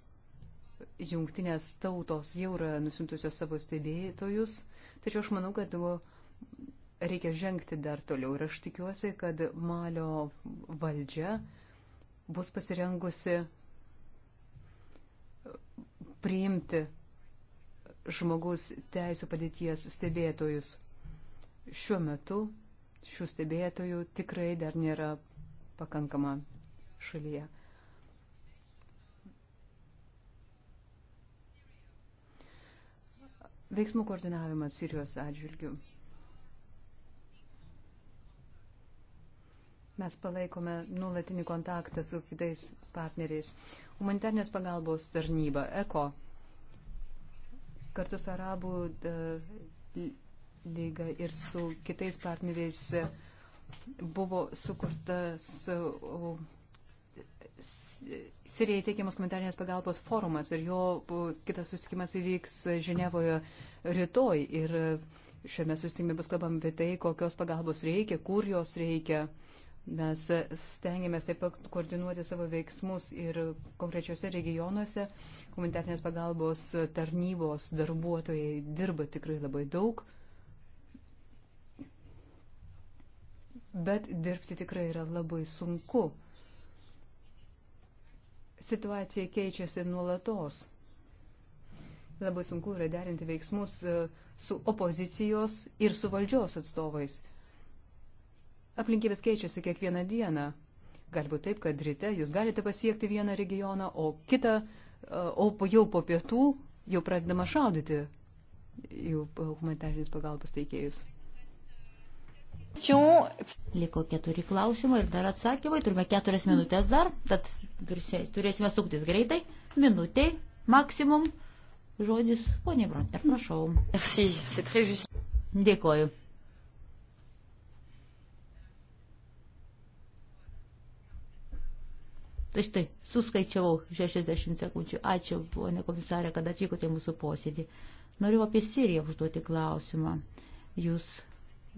Jungtinės tautos jau yra nusintusios savo stebėtojus. Tačiau aš manau, kad reikia žengti dar toliau. Ir aš tikiuosi, kad Malio valdžia bus pasirengusi priimti žmogus teisų padėties stebėtojus. Šiuo metu šių stebėtojų tikrai dar nėra pakankama šalyje. Veiksmų koordinavimas Sirijos atžvilgių. Mes palaikome nuolatinį kontaktą su kitais partneriais humanitarnės pagalbos tarnyba, ECO, kartu su Arabų e, lyga ir su kitais partneriais e, buvo sukurtas Sirijai teikiamos humanitarnės pagalbos forumas ir jo kitas susitikimas įvyks Ženevoje rytoj. Ir e, šiame susitikime bus kalbama apie tai, kokios pagalbos reikia, kur jos reikia. Uh, Mes stengiamės taip pat koordinuoti savo veiksmus ir konkrečiose regionuose. Humanitarnės pagalbos tarnybos darbuotojai dirba tikrai labai daug. Bet dirbti tikrai yra labai sunku. Situacija keičiasi nuolatos. Labai sunku yra derinti veiksmus e, su opozicijos ir su valdžios atstovais aplinkybės keičiasi kiekvieną dieną. Galbūt taip, kad ryte jūs galite pasiekti vieną regioną, o kitą, e, o jau po pietų jau pradedama šaudyti jų humanitarinis pagalbos teikėjus. Liko keturi klausimai ir dar atsakymai. Turime keturias minutės dar, tad turėsime suktis greitai. Minutiai, maksimum. Žodis, ponė Bronter, prašau. Merci, c'est très juste. Dėkoju. Tai štai, suskaičiavau 60 sekundžių. Ačiū, ponė komisarė, kad atvykote į mūsų posėdį. Noriu apie Siriją užduoti klausimą. Jūs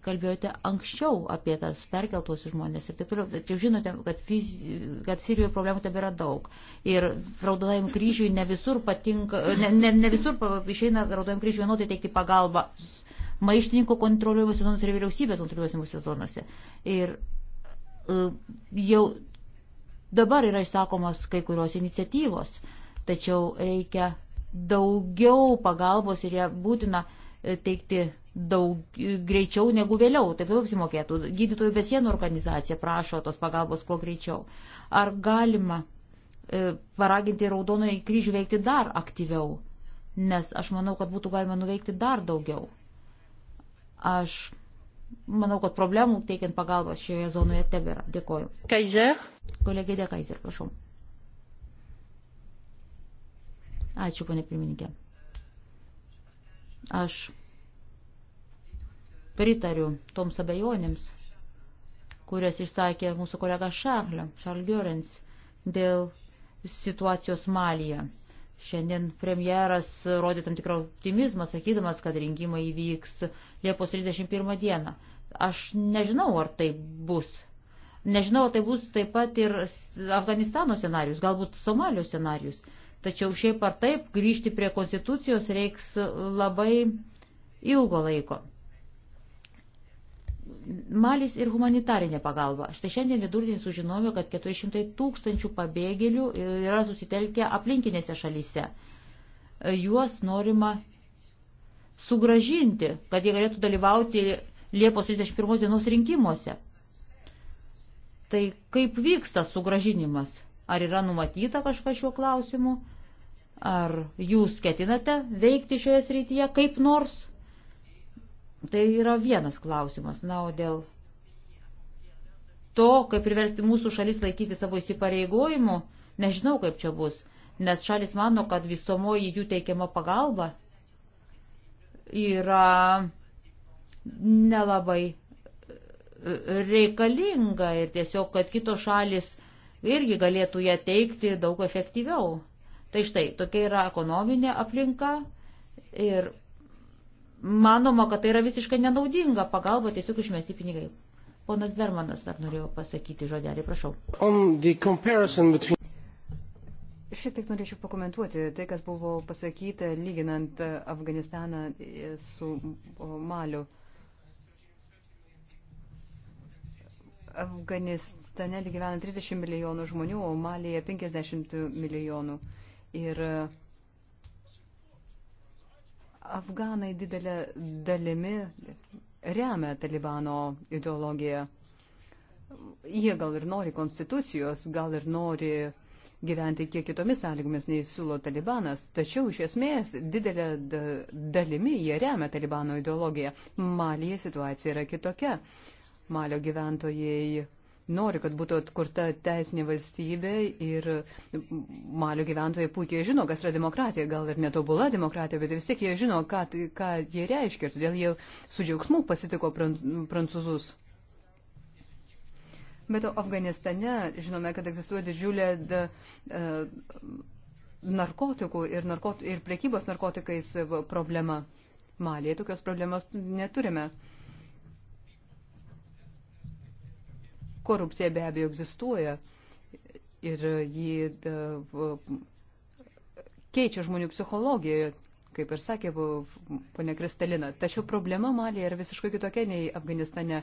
kalbėjote anksčiau apie tas perkeltos žmonės ir taip toliau, tačiau žinote, kad, fiz... kad Sirijoje problemų tebėra daug. Ir raudonajam kryžiui ne visur patinka, ne, ne, ne visur išeina raudonajam kryžiui vienodai teikti pagalbą maištininkų kontroliuojamos zonos ir vyriausybės kontroliuojamos zonose. Ir e, jau Dabar yra išsakomos kai kurios iniciatyvos, tačiau reikia daugiau pagalbos ir ją būtina e, teikti daug e, greičiau negu vėliau, taip jau apsimokėtų. Gydytojų besienų organizacija prašo tos pagalbos kuo greičiau. Ar galima e, paraginti raudonąjį kryžių veikti dar aktyviau? Nes aš manau, kad būtų galima nuveikti dar daugiau. Aš manau, kad problemų teikiant pagalbą šioje zonoje tebėra. Dėkoju. Kaiser. Kolegė De Kaiser, prašau. Ačiū, ponė pirmininkė. Aš pritariu toms abejonėms, kurias išsakė mūsų kolega Šarlio, Šarl Giorens, dėl situacijos Malyje. Šiandien premjeras rodė tam tikrą optimizmą, sakydamas, kad rinkimai įvyks Liepos 31 dieną. Aš nežinau, ar tai bus. Nežinau, ar tai bus taip pat ir Afganistano scenarius, galbūt Somalijos scenarius. Tačiau šiaip ar taip grįžti prie konstitucijos reiks labai ilgo laiko. Malis ir humanitarinė pagalba. Štai šiandien vidurdienį sužinojome, kad 400 tūkstančių pabėgėlių yra susitelkę aplinkinėse šalyse. E, juos norima sugražinti, kad jie galėtų dalyvauti Liepos 31 dienos rinkimuose. Tai kaip vyksta sugražinimas? Ar yra numatyta kažkas šiuo klausimu? Ar jūs ketinate veikti šioje srityje kaip nors? Tai yra vienas klausimas. Na, o dėl to, kaip priversti mūsų šalis laikyti savo įsipareigojimų, nežinau, kaip čia bus, nes šalis mano, kad visomoji jų teikiama pagalba yra nelabai e, reikalinga ir tiesiog, kad kitos šalis irgi galėtų ją teikti daug efektyviau. Tai štai, tokia yra ekonominė aplinka ir manoma, kad tai yra visiškai nenaudinga pagalba, tiesiog išmesti pinigai. Ponas Bermanas dar norėjo pasakyti žodelį, prašau. Between... Šiek tiek norėčiau pakomentuoti tai, kas buvo pasakyta, lyginant e, Afganistaną e, su Maliu. Afganistane gyvena 30 milijonų žmonių, o Malėje 50 milijonų. Ir uh, Afganai didelė dalimi remia Talibano ideologiją. Jie gal ir nori konstitucijos, gal ir nori gyventi kiek kitomis sąlygomis nei siūlo Talibanas, tačiau iš esmės didelė dalimi jie remia Talibano ideologiją. Malyje situacija yra kitokia. Malio gyventojai nori, kad būtų atkurta teisinė valstybė ir Malio gyventojai puikiai žino, kas yra demokratija, gal ir netobula demokratija, bet vis tiek jie žino, ką, ką jie reiškia ir todėl jie su džiaugsmu pasitiko prancūzus. Bet Afganistane žinome, kad egzistuoja didžiulė da, uh, narkotikų ir, narkot, ir priekybos narkotikais problema. Malėje tokios problemos neturime. Uh, Korupcija be abejo egzistuoja ir ji da, keičia žmonių psichologiją, kaip ir sakė ponė Kristalina. Tačiau problema Malėje yra visiškai kitokia nei Afganistane.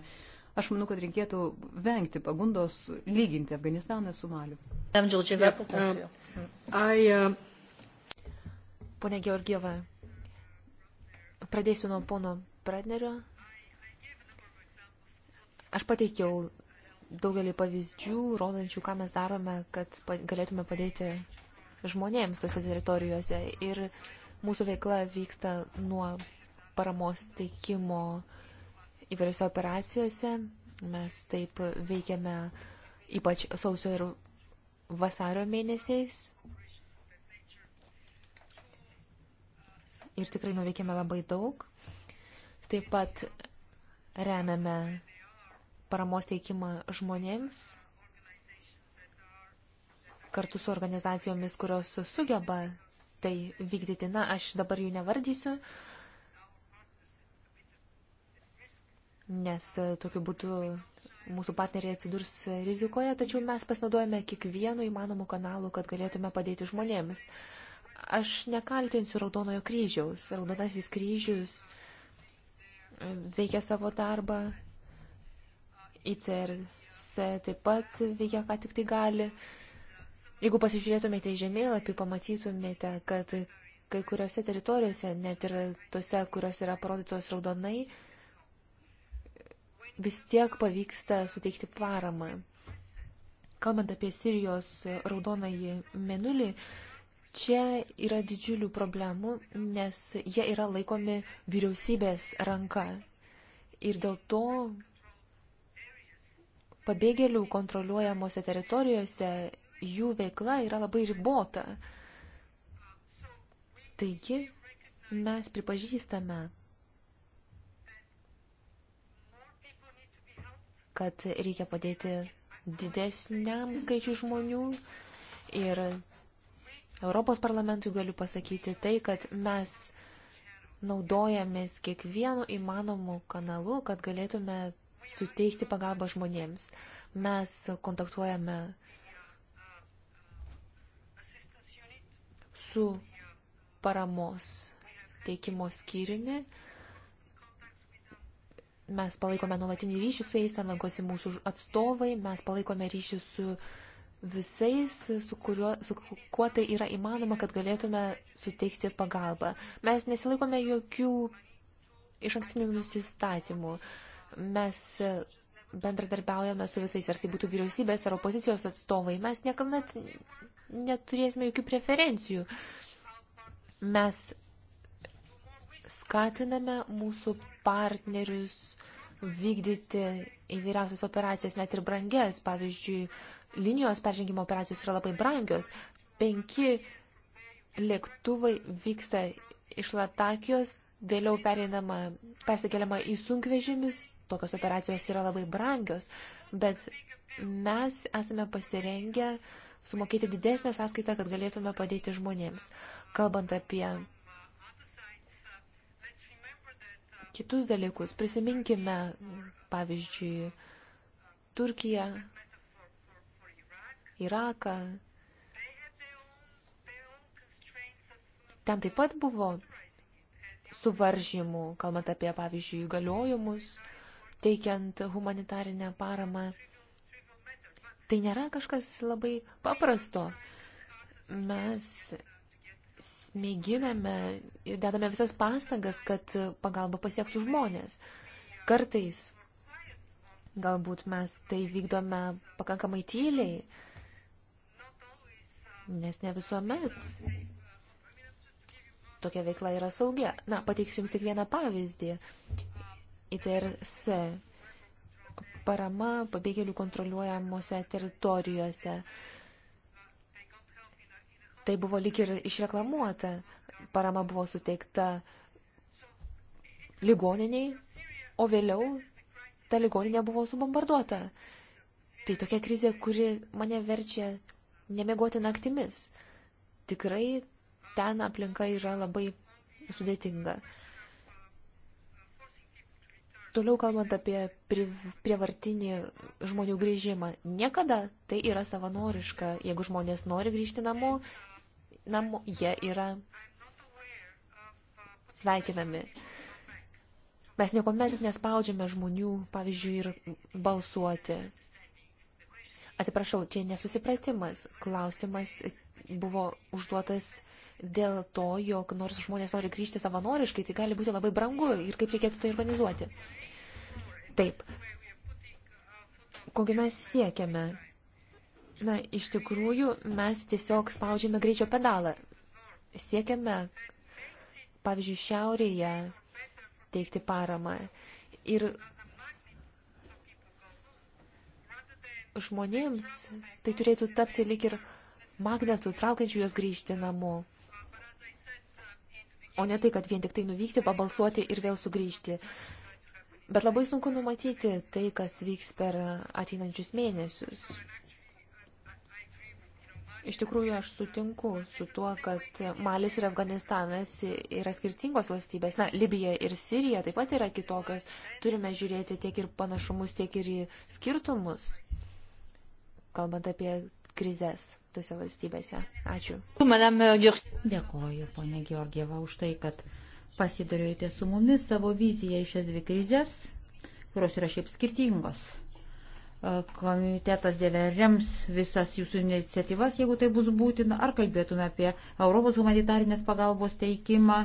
Aš manau, kad reikėtų vengti pagundos lyginti Afganistaną su Maliu. Um, uh, Pone Georgieva, pradėsiu nuo pono Bradnerio. Aš pateikiau daugelį pavyzdžių, rodančių, ką mes darome, kad galėtume padėti žmonėms tose teritorijose. Ir mūsų veikla vyksta nuo paramos teikimo įvairiose operacijose. Mes taip veikiame ypač sausio ir vasario mėnesiais. Ir tikrai nuveikėme labai daug. Taip pat remiame paramos teikimą žmonėms kartu su organizacijomis, kurios sugeba tai vykdyti. Na, aš dabar jų nevardysiu, nes tokiu būdu mūsų partneriai atsidurs rizikoje, tačiau mes pasinaudojame kiekvienu įmanomu kanalu, kad galėtume padėti žmonėms. Aš nekaltinsiu Raudonojo kryžiaus. Raudonasis kryžius veikia savo darbą, ICRC taip pat veikia, ką tik tai gali. Jeigu pasižiūrėtumėte į žemėlapį, pamatytumėte, kad kai kuriuose teritorijose, net ir tose, kurios yra parodytos raudonai, vis tiek pavyksta suteikti paramą. Kalbant apie Sirijos raudonąjį menulį, čia yra didžiulių problemų, nes jie yra laikomi vyriausybės ranka. Ir dėl to pabėgėlių kontroliuojamose teritorijose jų veikla yra labai ribota. Taigi, mes pripažįstame, kad reikia padėti didesniam skaičiu žmonių ir Europos parlamentui galiu pasakyti tai, kad mes naudojamės kiekvienu įmanomu kanalu, kad galėtume suteikti pagalbą žmonėms. Mes kontaktuojame su paramos teikimo skyriumi. Mes palaikome nuolatinį ryšį su jais, ten lankosi mūsų atstovai, mes palaikome ryšį su visais, su, kuriuo, su kuo tai yra įmanoma, kad galėtume suteikti pagalbą. Mes nesilaikome jokių iš ankstinių nusistatymų. Uh, Mes bendradarbiaujame su visais, ar tai būtų vyriausybės ar opozicijos atstovai. Mes niekuomet neturėsime jokių preferencijų. Mes skatiname mūsų partnerius vykdyti įvairiausias operacijas, net ir brangias. Pavyzdžiui, linijos peržengimo operacijos yra labai brangios. Penki lėktuvai vyksta iš Latakijos, vėliau pereinama, persikeliama į sunkvežimius, tokios operacijos yra labai brangios, bet mes esame pasirengę sumokėti didesnę sąskaitą, kad galėtume padėti žmonėms. Kalbant apie kitus dalykus, prisiminkime, pavyzdžiui, Turkiją, Iraką. Ten taip pat buvo suvaržymų, kalbant apie, pavyzdžiui, įgaliojimus teikiant humanitarinę paramą. Tai nėra kažkas labai paprasto. Mes mėginame ir dedame visas pastangas, kad pagalba pasiektų žmonės. Kartais galbūt mes tai vykdome pakankamai tyliai, nes ne visuomet tokia veikla yra saugia. Na, pateiksiu jums tik vieną pavyzdį. ICRC parama pabėgėlių kontroliuojamuose teritorijuose. Tai buvo lyg ir išreklamuota. Parama buvo suteikta ligoniniai, o vėliau ta ligoninė buvo subombarduota. Tai tokia krizė, kuri mane verčia nemiegoti naktimis. Tikrai ten aplinka yra labai sudėtinga. Toliau kalbant apie prievartinį žmonių grįžimą, niekada tai yra savanoriška. Jeigu žmonės nori grįžti namo, namo jie yra sveikinami. Mes niekuomet nespaudžiame žmonių, pavyzdžiui, ir balsuoti. Atsiprašau, čia nesusipratimas. Klausimas buvo užduotas dėl to, jog nors žmonės nori grįžti savanoriškai, tai gali būti labai brangu ir kaip reikėtų tai organizuoti. Taip. Kogi mes siekiame? Na, iš tikrųjų, mes tiesiog spaudžiame greičio pedalą. Siekiame, pavyzdžiui, šiaurėje teikti paramą. Ir žmonėms tai turėtų tapti lik ir magnetų, traukiančių juos grįžti namo o ne tai, kad vien tik tai nuvykti, pabalsuoti ir vėl sugrįžti. Bet labai sunku numatyti tai, kas vyks per ateinančius mėnesius. Iš tikrųjų, aš sutinku su tuo, kad Malis ir Afganistanas yra skirtingos valstybės. Na, Libija ir Sirija taip pat yra kitokios. Turime žiūrėti tiek ir panašumus, tiek ir skirtumus, kalbant apie krizės tose valstybėse. Ačiū. Dėkoju, ponė Georgieva, už tai, kad pasidalėjote su mumis savo viziją iš šias dvi krizės, kurios yra šiaip skirtingos. Komitetas dėlė rems visas jūsų iniciatyvas, jeigu tai bus būtina, ar kalbėtume apie Europos humanitarinės pagalbos teikimą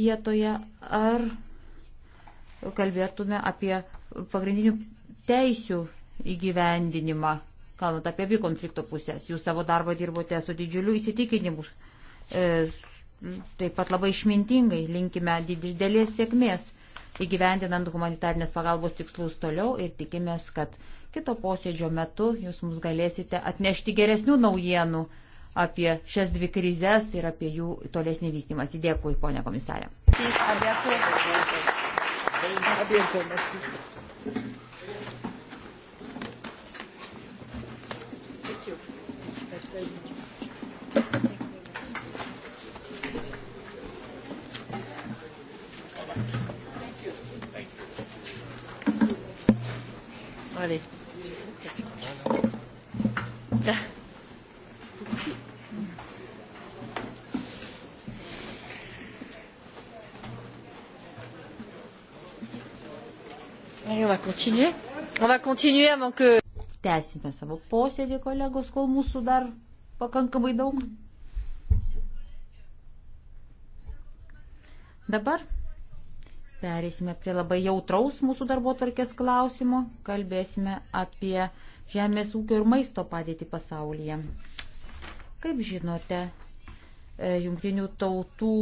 vietoje, ar kalbėtume apie pagrindinių teisių įgyvendinimą kalbant apie abi konflikto pusės. Jūs savo darbą dirbote su didžiuliu įsitikinimu, e, taip pat labai išmintingai linkime didelės sėkmės įgyvendinant humanitarnės pagalbos tikslus toliau ir tikimės, kad kito posėdžio metu jūs mums galėsite atnešti geresnių naujienų apie šias dvi krizės ir apie jų tolesnį vystimąsi. Dėkui, ponė komisarė. Allez. Allez, on va continuer. On va continuer avant que. Tęsime savo posėdį, kolegos, kol mūsų dar pakankamai daug. Dabar perėsime prie labai jautraus mūsų darbo tarkės klausimo. Kalbėsime apie žemės ūkio ir maisto padėtį pasaulyje. Kaip žinote, e, jungtinių tautų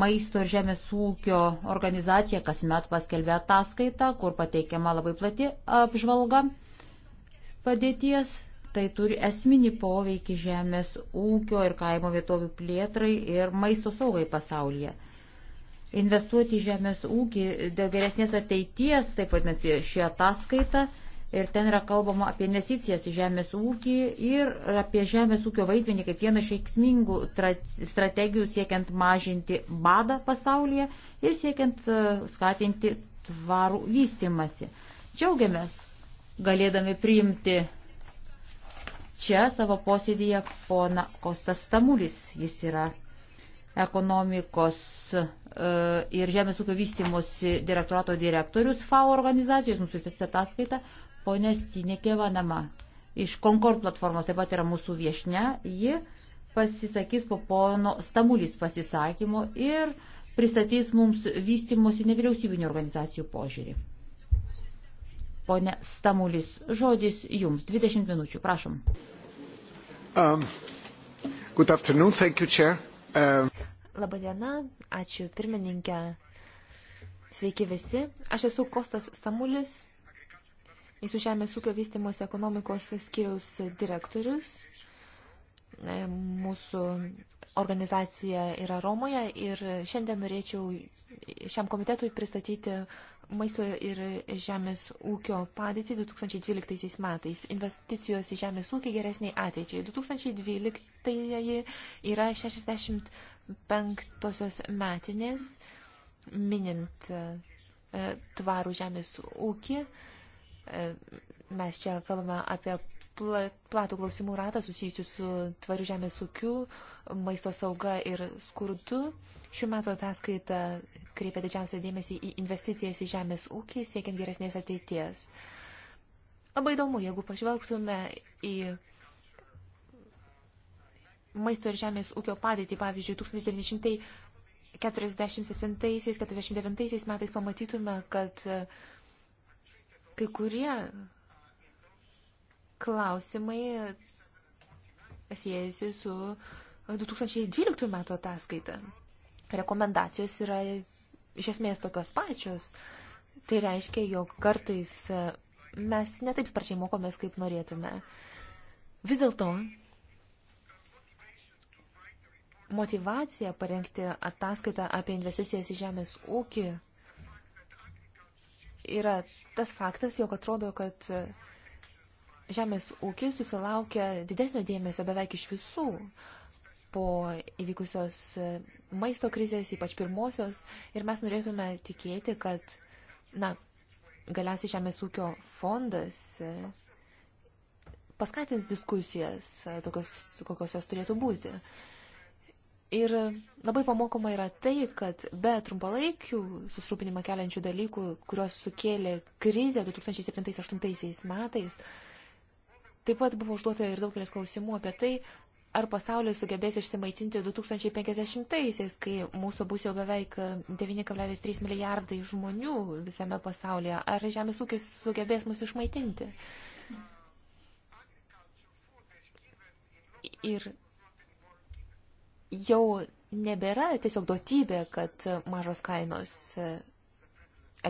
maisto ir žemės ūkio organizacija kasmet paskelbė ataskaitą, kur pateikiama labai plati apžvalga padėties Tai turi esminį poveikį žemės ūkio ir kaimo vietovių plėtrai ir maisto saugai pasaulyje. Investuoti į žemės ūkį dėl geresnės ateities, taip vadinasi, ši ataskaita ir ten yra kalbama apie investicijas į žemės ūkį ir apie žemės ūkio vaidmenį kaip vieną iš veiksmingų strategijų siekiant mažinti badą pasaulyje ir siekiant e, skatinti tvarų vystimasi. Džiaugiamės galėdami priimti čia savo posėdėje pona Kostas Stamulis. Jis yra ekonomikos e, ir žemės ūkio vystimosi direktorato direktorius FAO organizacijos, mums pristatys ataskaitą, ponė Stinekė Vanama. Iš Concord platformos taip pat yra mūsų viešne, ji pasisakys po pono Stamulys pasisakymo ir pristatys mums vystimosi nevyriausybinio organizacijų požiūrį. Pone Stamulis, žodis jums. 20 minučių, prašom. Um, good afternoon, thank you, chair. Um... Labadiena, ačiū pirmininkė. Sveiki visi. Aš esu Kostas Stamulis. Esu Žemės ūkio vystimosi ekonomikos skyriaus direktorius. E, mūsų organizacija yra Romoje ir šiandien norėčiau šiam komitetui pristatyti maisto ir žemės ūkio padėtį 2012 metais. Investicijos į žemės ūkį geresniai ateičiai. 2012 yra 65-osios metinės minint e, tvarų žemės ūkį. E, mes čia kalbame apie platų klausimų ratą susijusių su tvariu žemės ūkiu, maisto sauga ir skurdu. Šiuo metu ataskaita kreipia didžiausią dėmesį į investicijas į žemės ūkį, siekiant geresnės ateities. Labai įdomu, jeigu pažvelgtume į maisto ir žemės ūkio padėtį, pavyzdžiui, 1947-49 metais pamatytume, kad kai kurie klausimai siejasi su uh, 2012 metų ataskaitą. Rekomendacijos yra iš esmės tokios pačios. Tai reiškia, jog kartais e, mes netaip sparčiai mokomės, kaip norėtume. Vis dėlto motivacija parengti ataskaitą apie investicijas į žemės ūkį yra tas faktas, jog atrodo, kad žemės ūkis susilaukia didesnio dėmesio beveik iš visų po įvykusios maisto krizės, ypač pirmosios, ir mes norėtume tikėti, kad, na, galiausiai Žemės ūkio fondas e, paskatins diskusijas, e, tokios, kokios jos turėtų būti. Ir labai pamokoma yra tai, kad be trumpalaikių susirūpinimą keliančių dalykų, kurios sukėlė krizę 2007-2008 metais, taip pat buvo užduota ir daugelis klausimų apie tai, ar pasaulis sugebės išsimaitinti 2050-aisiais, kai mūsų bus jau beveik 9,3 milijardai žmonių visame pasaulyje, ar žemės ūkis sugebės mus išmaitinti. Ir jau nebėra tiesiog duotybė, kad mažos kainos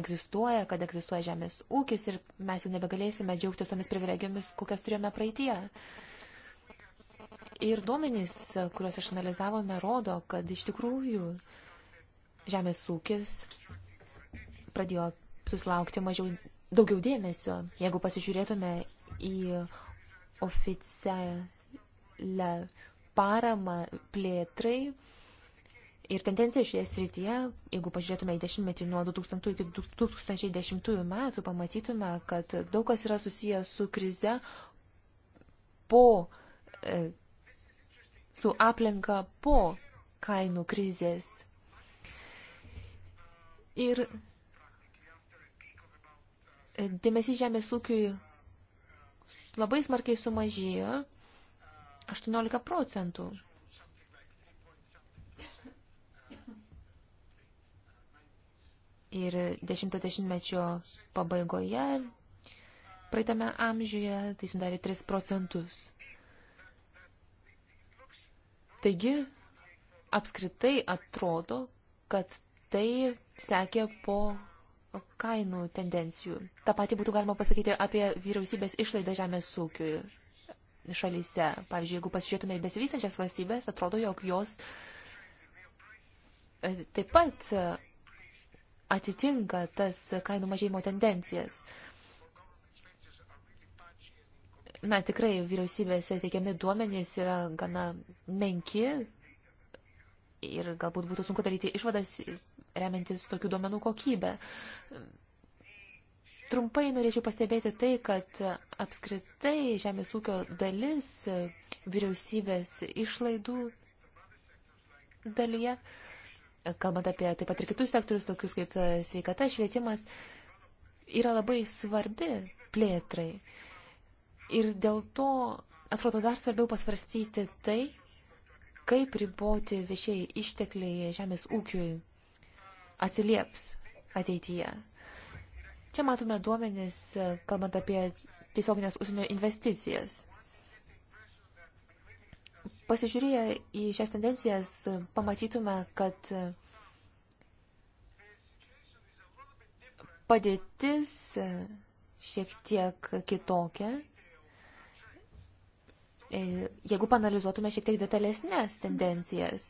egzistuoja, kad egzistuoja žemės ūkis ir mes jau nebegalėsime džiaugtis tomis privilegijomis, kokias turėjome praeitie. Ir duomenys, kuriuos išanalizavome, rodo, kad iš tikrųjų žemės ūkis pradėjo susilaukti mažiau, daugiau dėmesio. Jeigu pasižiūrėtume į oficialią paramą plėtrai ir tendenciją šioje srityje, jeigu pažiūrėtume į dešimtmetį nuo 2000 iki 2010 metų, pamatytume, kad daug kas yra susijęs su krize po e, su aplinka po kainų krizės. Ir dėmesys žemės ūkiui labai smarkiai sumažėjo 18 procentų. Ir 10-mečio pabaigoje, praeitame amžiuje, tai sudarė 3 procentus. Taigi, apskritai atrodo, kad tai sekė po kainų tendencijų. Ta pati būtų galima pasakyti apie vyriausybės išlaidą žemės ūkiui šalyse. Pavyzdžiui, jeigu pasižiūrėtume į besivystančias valstybės, atrodo, jog jos e, taip pat e, atitinka tas kainų mažėjimo tendencijas. Na, tikrai vyriausybėse teikiami duomenys yra gana menki ir galbūt būtų sunku daryti išvadas remiantis tokių duomenų kokybę. Trumpai norėčiau pastebėti tai, kad apskritai žemės ūkio dalis vyriausybės išlaidų dalyje, kalbant apie taip pat ir kitus sektorius, tokius kaip sveikata, švietimas, yra labai svarbi plėtrai. Ir dėl to atrodo dar svarbiau pasvarstyti tai, kaip riboti viešieji ištekliai žemės ūkiui atsilieps ateityje. Čia matome duomenis, kalbant apie tiesioginės užsienio investicijas. Pasižiūrėję į šias tendencijas, pamatytume, kad padėtis šiek tiek kitokia E, jeigu panalizuotume šiek tiek detalesnės tendencijas.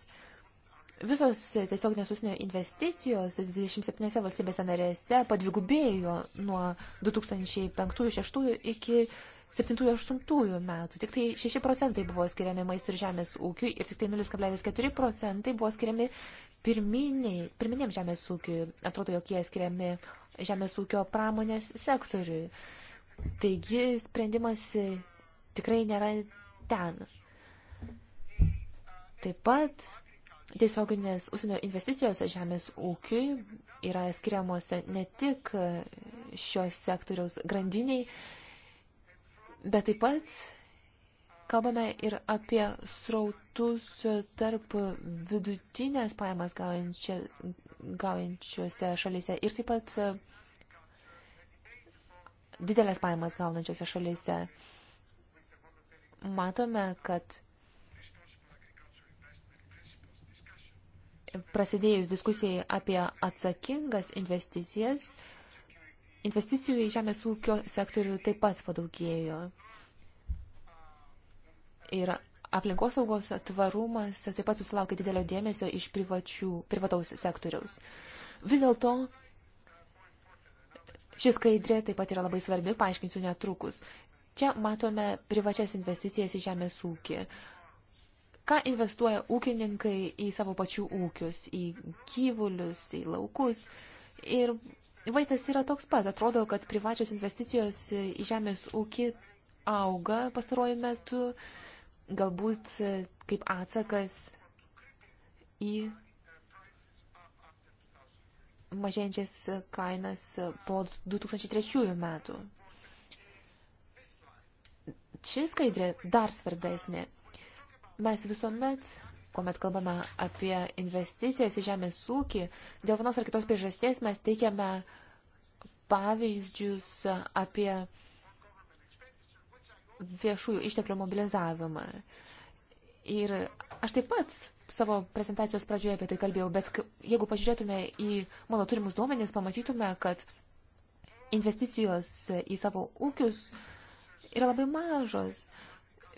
Visos tiesiog nesusinio investicijos 27 valstybėse narėse padvigubėjo nuo 2005-2006 iki 2007-2008 metų. Tik tai 6 procentai buvo skiriami maisto ir žemės ūkiui ir tik tai 0,4 procentai buvo skiriami pirminiai, pirminiam žemės ūkiui. Atrodo, jog jie skiriami žemės ūkio pramonės sektoriui. Taigi sprendimas tikrai nėra ten. Taip pat tiesioginės užsienio investicijos žemės ūkiui yra skiriamos ne tik šios sektoriaus grandiniai, bet taip pat kalbame ir apie srautus tarp vidutinės pajamas gaujančia, gaujančiose šalyse ir taip pat didelės pajamas gaunančiose šalyse matome, kad prasidėjus diskusijai apie atsakingas investicijas, investicijų į žemės ūkio sektorių taip pat padaugėjo. Ir aplinkosaugos tvarumas taip pat susilaukė didelio dėmesio iš privačių, privataus sektoriaus. Vis dėlto ši skaidrė taip pat yra labai svarbi, paaiškinsiu netrukus. Čia matome privačias investicijas į žemės ūkį. Ką investuoja ūkininkai į savo pačių ūkius, į gyvulius, į laukus. Ir vaizdas yra toks pat. Atrodo, kad privačios investicijos į žemės ūkį auga pastaruoju metu, galbūt kaip atsakas į mažėjančias kainas po 2003 metų. Ši skaidrė dar svarbesnė. Mes visuomet, kuomet kalbame apie investicijas į žemės ūkį, dėl vienos ar kitos priežasties mes teikiame pavyzdžius apie viešųjų išteklių mobilizavimą. Ir aš taip pat savo prezentacijos pradžioje apie tai kalbėjau, bet jeigu pažiūrėtume į mano turimus duomenys, pamatytume, kad investicijos į savo ūkius uh, yra labai mažos.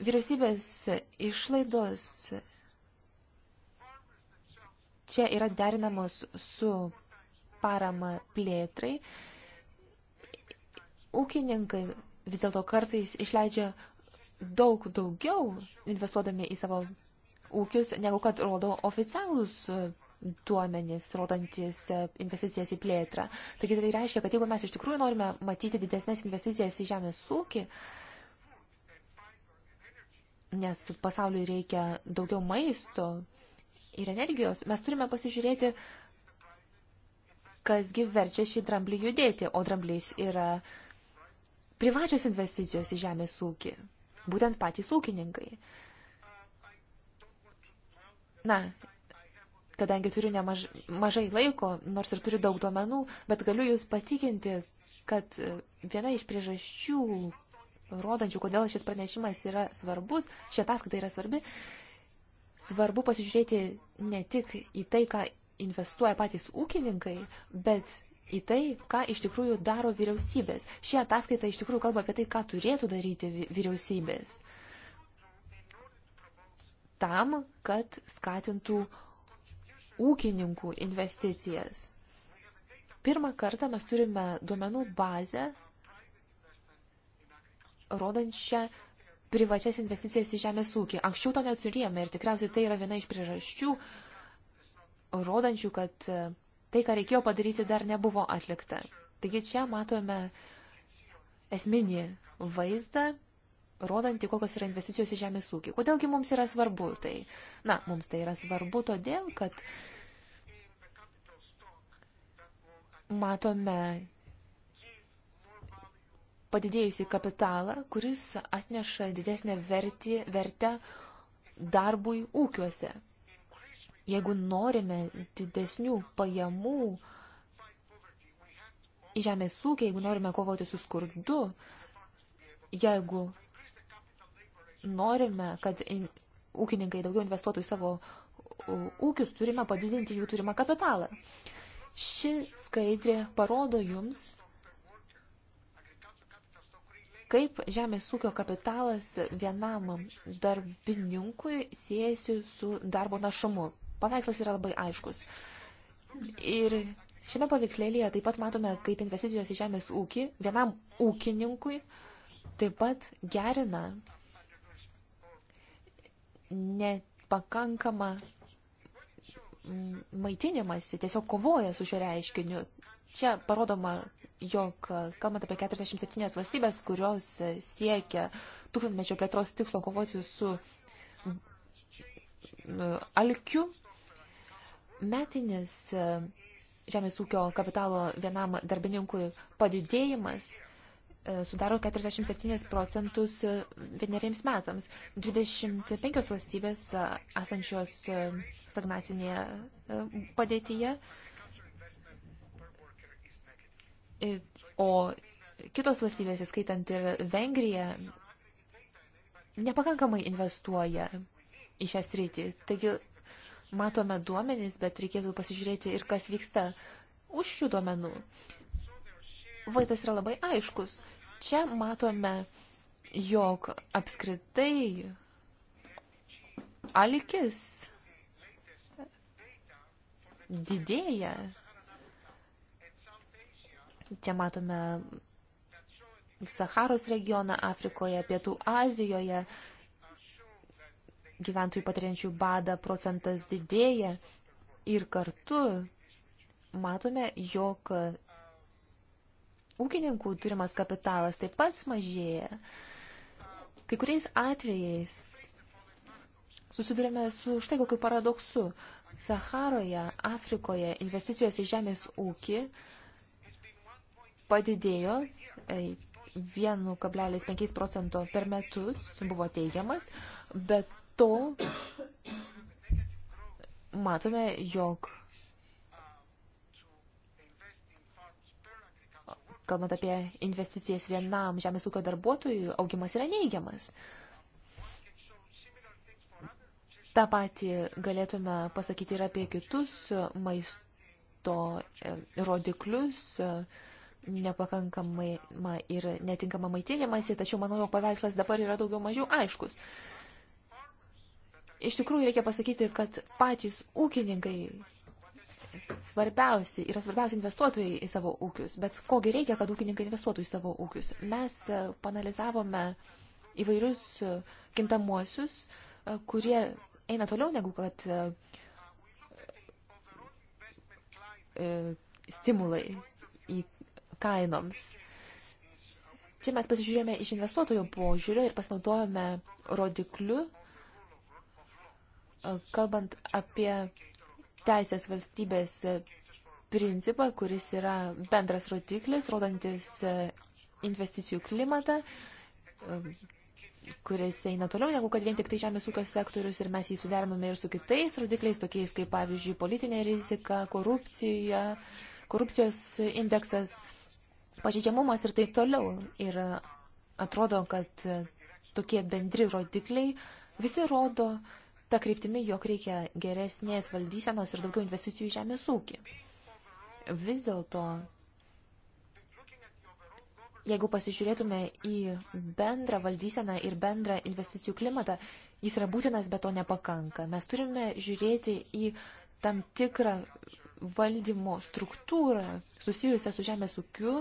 Vyriausybės išlaidos čia yra derinamos su parama plėtrai. Ūkininkai vis dėlto kartais išleidžia daug daugiau investuodami į savo ūkius, negu kad rodo oficialūs duomenys, rodantis e, investicijas į plėtrą. Taigi tai reiškia, kad jeigu mes iš tikrųjų norime matyti didesnės investicijas į žemės ūkį, uh, nes pasauliui reikia daugiau maisto ir energijos, mes turime pasižiūrėti, kasgi verčia šį dramblį judėti, o dramblys yra privačios investicijos į žemės ūkį, būtent patys ūkininkai. Na, kadangi turiu nemaž, mažai laiko, nors ir turiu daug duomenų, bet galiu Jūs patikinti, kad viena iš priežasčių, rodančių, kodėl šis pranešimas yra svarbus, šie ataskaita yra svarbi. Svarbu pasižiūrėti ne tik į tai, ką investuoja patys ūkininkai, bet į tai, ką iš tikrųjų daro vyriausybės. Šie ataskaita iš tikrųjų kalba apie tai, ką turėtų daryti vyriausybės. Tam, kad skatintų ūkininkų investicijas. Pirmą kartą mes turime duomenų bazę rodančią privačias investicijas į žemės ūkį. Anksčiau to neturėjome ir tikriausiai tai yra viena iš priežasčių, rodančių, kad e, tai, ką reikėjo padaryti, dar nebuvo atlikta. Taigi čia matome esminį vaizdą, rodantį, kokios yra investicijos į žemės ūkį. Kodėlgi mums yra svarbu tai? Na, mums tai yra svarbu todėl, kad matome padidėjusi kapitalą, kuris atneša didesnę vertį, vertę darbui ūkiuose. Jeigu norime didesnių pajamų į žemės ūkį, jeigu norime kovoti su skurdu, jeigu norime, kad ūkininkai daugiau investuotų į savo ūkius, turime padidinti jų turimą kapitalą. Ši skaidrė parodo jums, kaip žemės ūkio kapitalas vienam darbininkui siejasi su darbo našumu. Paveikslas yra labai aiškus. Ir šiame paveikslėlėje taip pat matome, kaip investicijos į žemės ūkį vienam ūkininkui taip pat gerina nepakankamą maitinimąsi, tiesiog kovoja su šiuo reiškiniu. Čia parodoma, jog e, kalbant apie 47 valstybės, kurios e, siekia tūkstantmečio plėtros tikslo kovoti su e, alkiu, metinis žemės ūkio kapitalo vienam darbininkui padidėjimas sudaro 47 procentus vieneriems metams. 25 valstybės esančios stagnacinėje padėtyje O kitos valstybės, įskaitant ir Vengriją, nepakankamai investuoja į šią sritį. Taigi matome duomenys, bet reikėtų pasižiūrėti ir kas vyksta už šių duomenų. Vaizdas yra labai aiškus. Čia matome, jog apskritai alkis didėja Čia matome Saharos regioną Afrikoje, Pietų Azijoje, gyventojų patiriančių badą procentas didėja ir kartu matome, jog ūkininkų turimas kapitalas taip pat mažėja. Kai kuriais atvejais susidurime su štai kokiu paradoksu. Saharoje, Afrikoje investicijos į žemės ūkį uh, padidėjo 1,5 e, procento per metus, buvo teigiamas, bet to matome, jog kalbant apie investicijas vienam žemės ūkio darbuotojui, augimas yra neigiamas. Ta patį galėtume pasakyti ir apie kitus maisto e, rodiklius, rodiklius e, nepakankamai ir netinkamą maitinimąsi, tačiau manau, jo paveikslas dabar yra daugiau mažiau aiškus. Iš tikrųjų, reikia pasakyti, kad patys ūkininkai svarbiausi, yra svarbiausi investuotojai į savo ūkius, bet kogi reikia, kad ūkininkai investuotų į savo ūkius. Mes e, panalizavome įvairius e, kintamuosius, e, kurie eina toliau negu kad stimulai kainoms. Čia mes pasižiūrėjome iš investuotojo požiūrio ir pasinaudojome rodikliu, kalbant apie teisės valstybės principą, kuris yra bendras rodiklis, rodantis investicijų klimatą, kuris eina toliau negu kad vien tik tai žemės ūkio sektorius ir mes jį suderinome ir su kitais rodikliais, tokiais kaip pavyzdžiui politinė rizika, korupcija, korupcijos indeksas pažeidžiamumas ir taip toliau. Ir e, atrodo, kad e, tokie bendri rodikliai visi rodo tą kryptimį, jog reikia geresnės valdysenos ir daugiau investicijų į žemės ūkį. Vis dėlto, jeigu pasižiūrėtume į bendrą valdyseną ir bendrą investicijų klimatą, jis yra būtinas, bet to nepakanka. Mes turime žiūrėti į tam tikrą valdymo struktūrą susijusią su žemės ūkiu,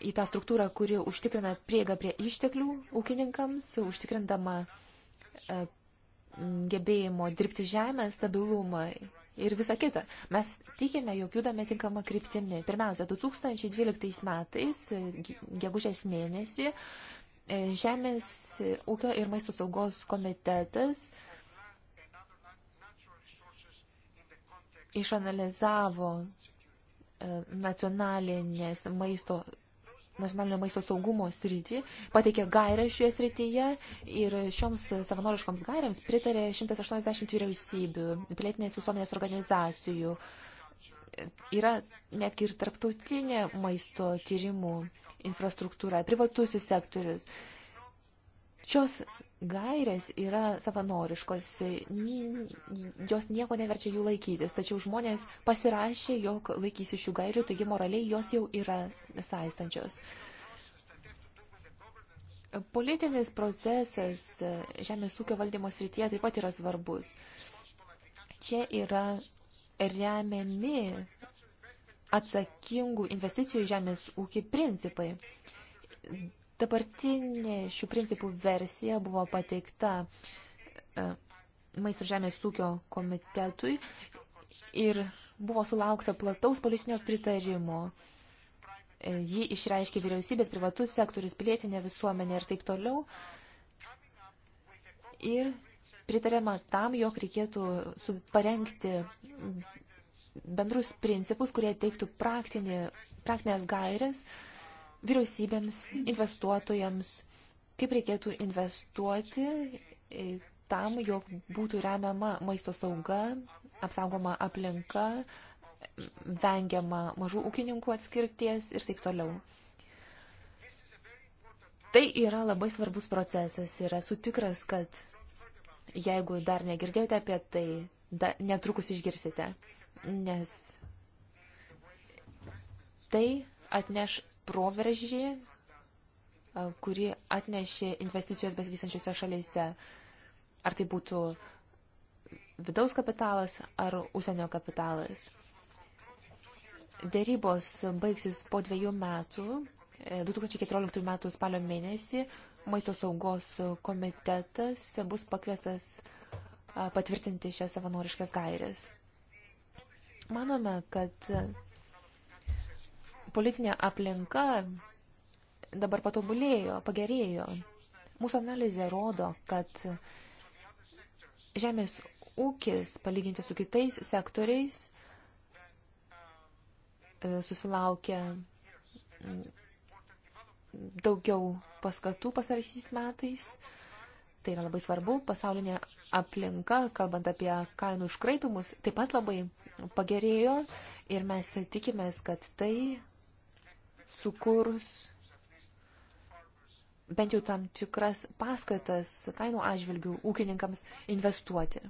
į tą struktūrą, kuri užtikrina prieigą prie išteklių ūkininkams, užtikrindama e, gebėjimo dirbti žemę, stabilumą ir visa kita. Mes tikime, jog judame tinkamą kryptimį. Pirmiausia, 2012 metais, e, gegužės mėnesį, e, Žemės ūkio ir maisto saugos komitetas išanalizavo e, nacionalinės maisto nacionalinio maisto saugumo sritį, pateikė gairę šioje srityje ir šioms savanoriškoms gairėms pritarė 180 vyriausybių, pilietinės visuomenės organizacijų. Yra netgi ir tarptautinė maisto tyrimų infrastruktūra, privatusis sektorius. Šios gairės yra savanoriškos, jos nieko neverčia jų laikytis, tačiau žmonės pasirašė, jog laikysi šių gairių, taigi moraliai jos jau yra saistančios. Politinis procesas žemės ūkio valdymo srityje taip pat yra svarbus. Čia yra remiami atsakingų investicijų į žemės ūkį principai Dabartinė šių principų versija buvo pateikta e, Maisto žemės ūkio komitetui ir buvo sulaukta plataus politinio pritarimo. E, Jį išreiškė vyriausybės, privatus sektorius, pilietinė visuomenė ir taip toliau. Ir pritarėma tam, jog reikėtų parengti bendrus principus, kurie teiktų praktinį, praktinės gairės, uh, vyriausybėms, investuotojams, kaip reikėtų investuoti tam, jog būtų remiama maisto sauga, apsaugoma aplinka, vengiama mažų ūkininkų atskirties ir taip toliau. Tai yra labai svarbus procesas ir esu tikras, kad jeigu dar negirdėjote apie tai, da, netrukus išgirsite, nes tai atneš proveržį, kurį atnešė investicijos besivysančiose šalyse. Ar tai būtų vidaus kapitalas ar užsienio kapitalas. Dėrybos baigsis po dviejų metų, 2014 e, metų spalio mėnesį, maisto saugos komitetas bus pakviestas patvirtinti šias savanoriškas gairės. Manome, kad politinė aplinka dabar patobulėjo, pagerėjo. Mūsų analizė rodo, kad žemės ūkis, palyginti su kitais sektoriais, e, susilaukia mm, daugiau paskatų pasarašys metais. Tai yra labai svarbu. Pasaulinė aplinka, kalbant apie kainų iškraipimus, taip pat labai pagerėjo ir mes tikimės, kad tai sukurs bent jau tam tikras paskatas kainų atžvilgių ūkininkams investuoti.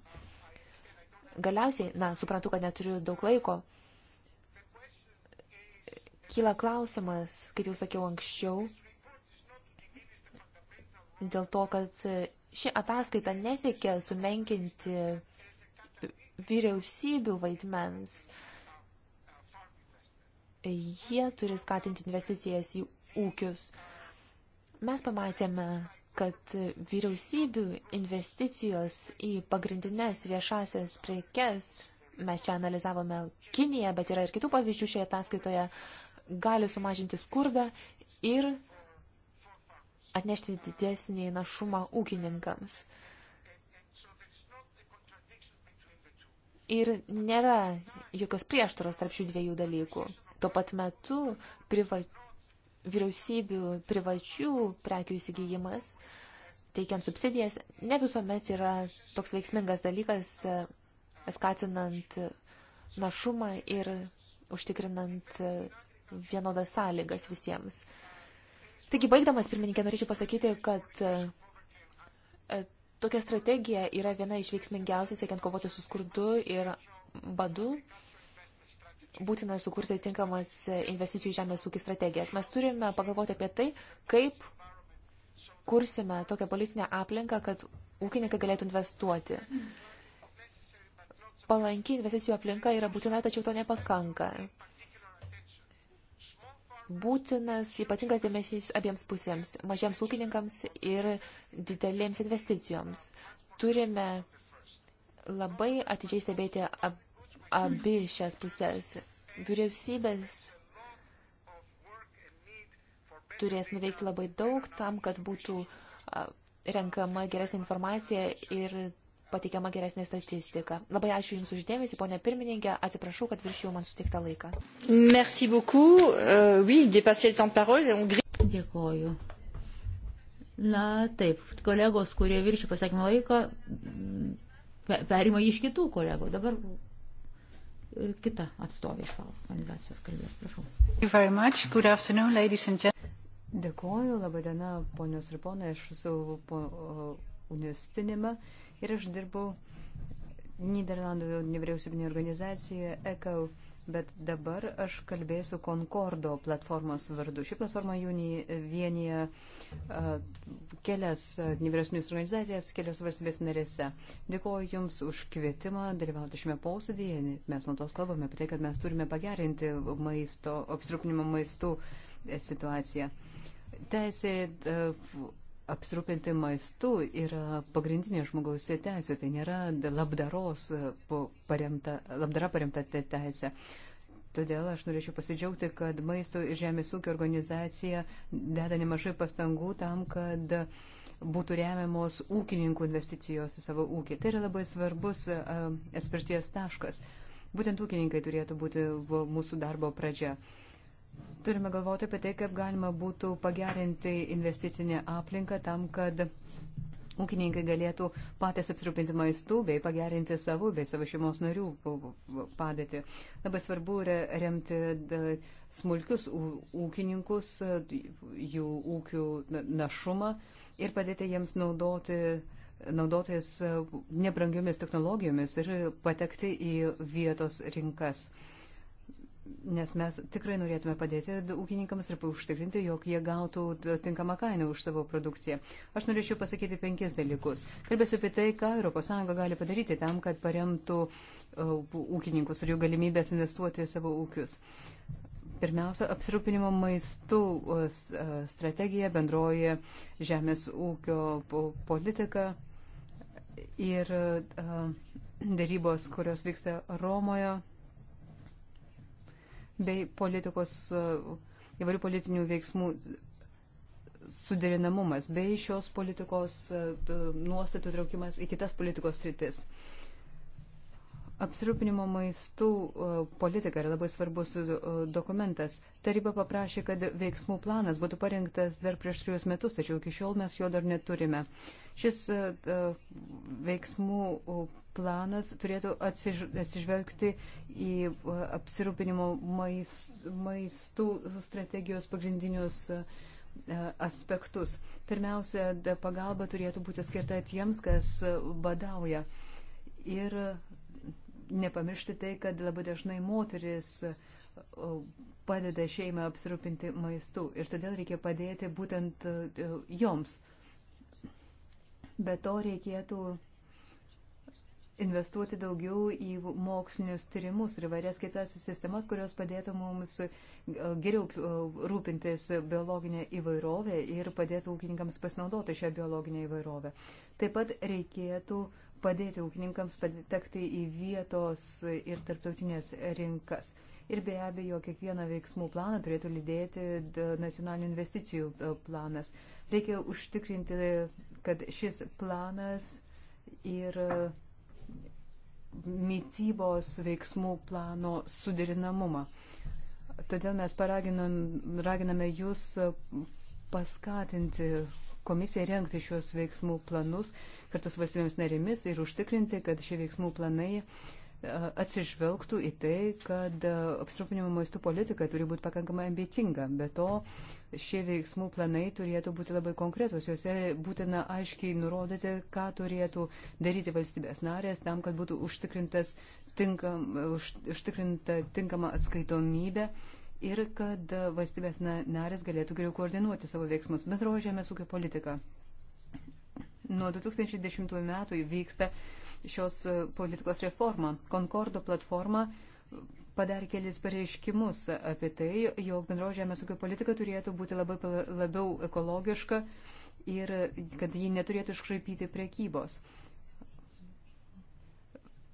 Galiausiai, na, suprantu, kad neturiu daug laiko, kyla klausimas, kaip jau sakiau anksčiau, dėl to, kad ši ataskaita nesiekia sumenkinti vyriausybių vaidmens. Uh, Jie turi skatinti investicijas į ūkius. Mes pamatėme, kad vyriausybių investicijos į pagrindinės viešasias prekes, mes čia analizavome Kiniją, bet yra ir kitų pavyzdžių šioje ataskaitoje, gali sumažinti skurdą ir atnešti didesnį našumą ūkininkams. Ir nėra jokios prieštaros tarp šių dviejų dalykų. Tuo pat metu priva... vyriausybių privačių prekių įsigijimas, teikiant subsidijas, ne visuomet yra toks veiksmingas dalykas, e, skatinant našumą ir užtikrinant e, vienodas sąlygas visiems. Taigi, baigdamas, pirmininkė, norėčiau pasakyti, kad e, tokia strategija yra viena iš veiksmingiausių, siekiant kovoti su skurdu ir badu būtina sukurti tinkamas investicijų į žemės ūkį strategijas. Mes turime pagalvoti apie tai, kaip kursime tokią politinę aplinką, kad ūkininkai galėtų investuoti. Palanki investicijų aplinka yra būtina, tačiau to nepakanka. Būtinas ypatingas dėmesys abiems pusėms - mažiems ūkininkams ir didelėms investicijoms. Turime labai atidžiai stebėti ab abi šias pusės. Vyriausybės turės nuveikti labai daug tam, kad būtų renkama geresnė informacija ir pateikiama geresnė statistika. Labai ačiū Jums uždėmesi, ponė pirmininkė, atsiprašau, kad viršijau man sutiktą laiką. Merci beaucoup. Uh, oui, dépassé le temps de parole. On... Dėkoju. Na taip, kolegos, kurie viršį pasakymą laiką, perima iš kitų kolegų. Dabar kita atstovė iš organizacijos kalbės, prašau. Dėkuoju, laba diena, ponios ir ponai, aš esu po, universitinima ir aš dirbau Niderlandų nevyriausybinėje organizacijoje ECO bet dabar aš kalbėsiu Concordo platformos vardu. Ši platforma vienyje kelias nevyriausybinės organizacijas, kelios valstybės narėse. Dėkuoju Jums už kvietimą dalyvauti šiame posėdėje. Mes nuo tos kalbame apie tai, kad mes turime pagerinti maisto, apsirūpinimo maistų e, situaciją. Teisė e, apsirūpinti maistu yra pagrindinė žmogaus teisė, tai nėra labdaros e, paremta, labdara paremta teisė. Todėl aš norėčiau pasidžiaugti, kad Maisto ir Žemės ūkio organizacija deda nemažai pastangų tam, kad būtų remiamos ūkininkų investicijos į savo ūkį. Tai yra labai svarbus e, e, atspirties taškas. Būtent ūkininkai turėtų būti mūsų darbo pradžia. Uh, turime galvoti apie tai, kaip galima būtų pagerinti investicinę aplinką tam, kad ūkininkai galėtų patys apsirūpinti maistų bei pagerinti savo bei savo šeimos narių padėtį. Labai svarbu yra remti smulkius ūkininkus, jų ūkių našumą ir padėti jiems naudoti, naudotis nebrangiomis technologijomis ir patekti į vietos rinkas nes mes tikrai norėtume padėti ūkininkams ir užtikrinti, jog jie gautų tinkamą kainą už savo produkciją. Aš norėčiau pasakyti penkis dalykus. Kalbėsiu apie tai, ką ES gali padaryti tam, kad paremtų e, ūkininkus ir jų galimybės investuoti į savo ūkius. Pirmiausia, apsirūpinimo maistų e, strategija, bendroji žemės ūkio politika ir e, dėrybos, kurios vyksta Romoje bei politikos, e, įvairių politinių veiksmų suderinamumas, bei šios politikos e, nuostatų traukimas į kitas politikos sritis. Apsirūpinimo maistų e, politika yra labai svarbus dokumentas. Taryba paprašė, kad veiksmų planas būtų parengtas dar prieš trijus metus, tačiau iki šiol mes jo dar neturime. Šis veiksmų planas turėtų atsiž atsižvelgti į e, apsirūpinimo maistų strategijos pagrindinius e, aspektus. Pirmiausia, pagalba turėtų būti skirta tiems, kas e, badauja. Ir nepamiršti tai, kad labai dažnai moteris padeda šeimą apsirūpinti maistu ir todėl reikia padėti būtent joms. Be to reikėtų investuoti daugiau į mokslinius tyrimus ir varias kitas sistemas, kurios padėtų mums e, geriau e, rūpintis biologinė įvairovė ir padėtų ūkininkams pasinaudoti šią biologinę įvairovę. Taip pat reikėtų padėti ūkininkams patekti į vietos ir tarptautinės rinkas. Ir be abejo, kiekvieną veiksmų planą turėtų lydėti nacionalinių investicijų e, planas. Reikia užtikrinti, kad šis planas ir. Yra mytybos veiksmų plano suderinamumą. Todėl mes raginame jūs paskatinti komisiją renkti šios veiksmų planus kartu su valstybėmis narėmis ir užtikrinti, kad šie veiksmų planai atsižvelgtų į tai, kad apsirūpinimo maistų politika turi būti pakankamai ambicinga. Be to, šie veiksmų planai turėtų būti labai konkretus. Juose būtina aiškiai nurodyti, ką turėtų daryti valstybės narės tam, kad būtų užtikrintas tinkam, už, užtikrinta tinkama atskaitomybė. Ir kad valstybės narės galėtų geriau koordinuoti savo veiksmus bendrojo žemės ūkio politiką nuo 2010 metų vyksta šios e, politikos reforma. Konkordo platforma padarė kelis pareiškimus apie tai, jog bendro žemės ūkio politika turėtų būti labai, labiau ekologiška ir kad ji neturėtų iškraipyti priekybos.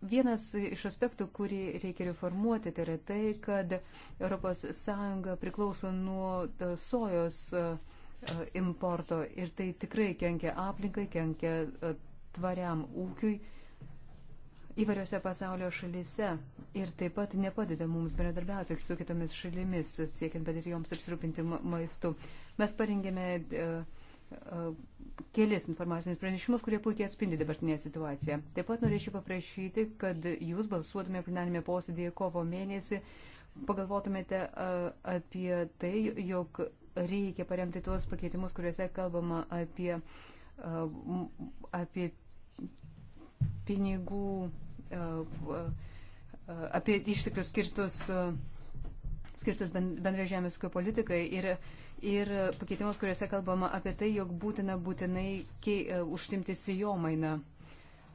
Vienas iš aspektų, kurį reikia reformuoti, tai yra tai, kad ES priklauso nuo e, sojos uh, E, importo ir tai tikrai kenkia aplinkai, kenkia e, tvariam ūkiui įvairiose pasaulio šalyse ir taip pat nepadeda mums bendradarbiauti su kitomis šalimis, siekiant padėti joms apsirūpinti maistu. Mes parengėme e, kelis informacinius pranešimus, kurie puikiai atspindi dabartinę situaciją. Taip pat norėčiau paprašyti, kad jūs balsuotume plenarinėme posėdėje kovo mėnesį, pagalvotumėte apie tai, jog reikia paremti tuos pakeitimus, kuriuose kalbama apie, apie pinigų, apie išteklius skirtus skirtas bendra žemės ūkio politikai ir, ir pakeitimus, kuriuose kalbama apie tai, jog būtina būtinai kei, užsimti sijomainą.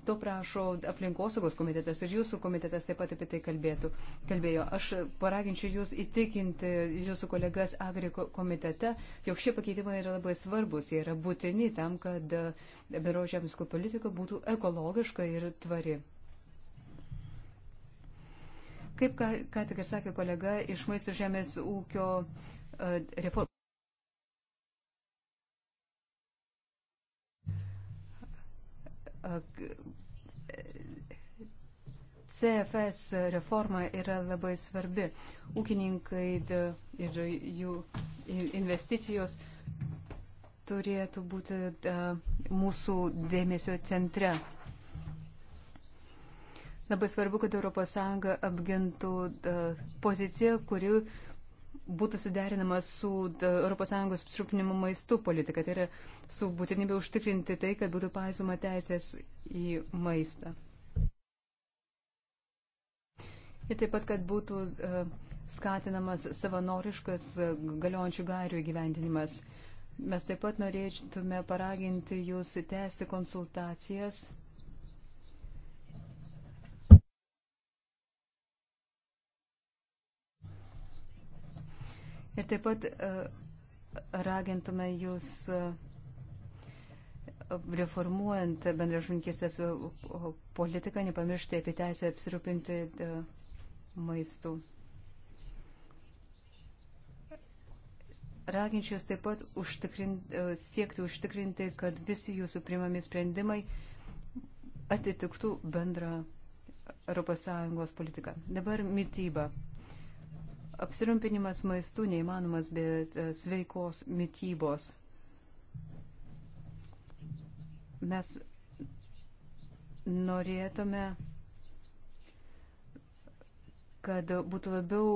To prašo aplinkosaugos komitetas ir jūsų komitetas taip pat apie tai kalbėtų, kalbėjo. Aš paraginčiau jūs įtikinti jūsų kolegas Agri komitete, jog šie pakeitimai yra labai svarbus, jie yra būtini tam, kad e, bero žemės ūkio politika būtų ekologiška ir tvari. Kaip ką, ką tik ir sakė kolega iš maisto žemės ūkio uh, e, reformų. CFS reforma yra labai svarbi. Ūkininkai ir jų investicijos turėtų būti mūsų dėmesio centre. Labai svarbu, kad ES apgintų poziciją, kuri būtų suderinama su ES apsirūpinimo maistų politika, tai yra su būtinybė užtikrinti tai, kad būtų paisoma teisės į maistą. Ir taip pat, kad būtų e, skatinamas savanoriškas e, galiojančių gairių įgyvendinimas. Mes taip pat norėtume paraginti jūs tęsti konsultacijas. Ir taip pat e, ragintume jūs reformuojant bendrą žunkistės politiką, nepamiršti apie teisę apsirūpinti maistu. Raginčiau jūs taip pat užtikrint, e, siekti užtikrinti, kad visi jūsų primami sprendimai atitiktų bendrą ES politiką. Dabar mytyba. Apsirumpinimas maistu neįmanomas be e, sveikos mytybos. Mes norėtume kad būtų labiau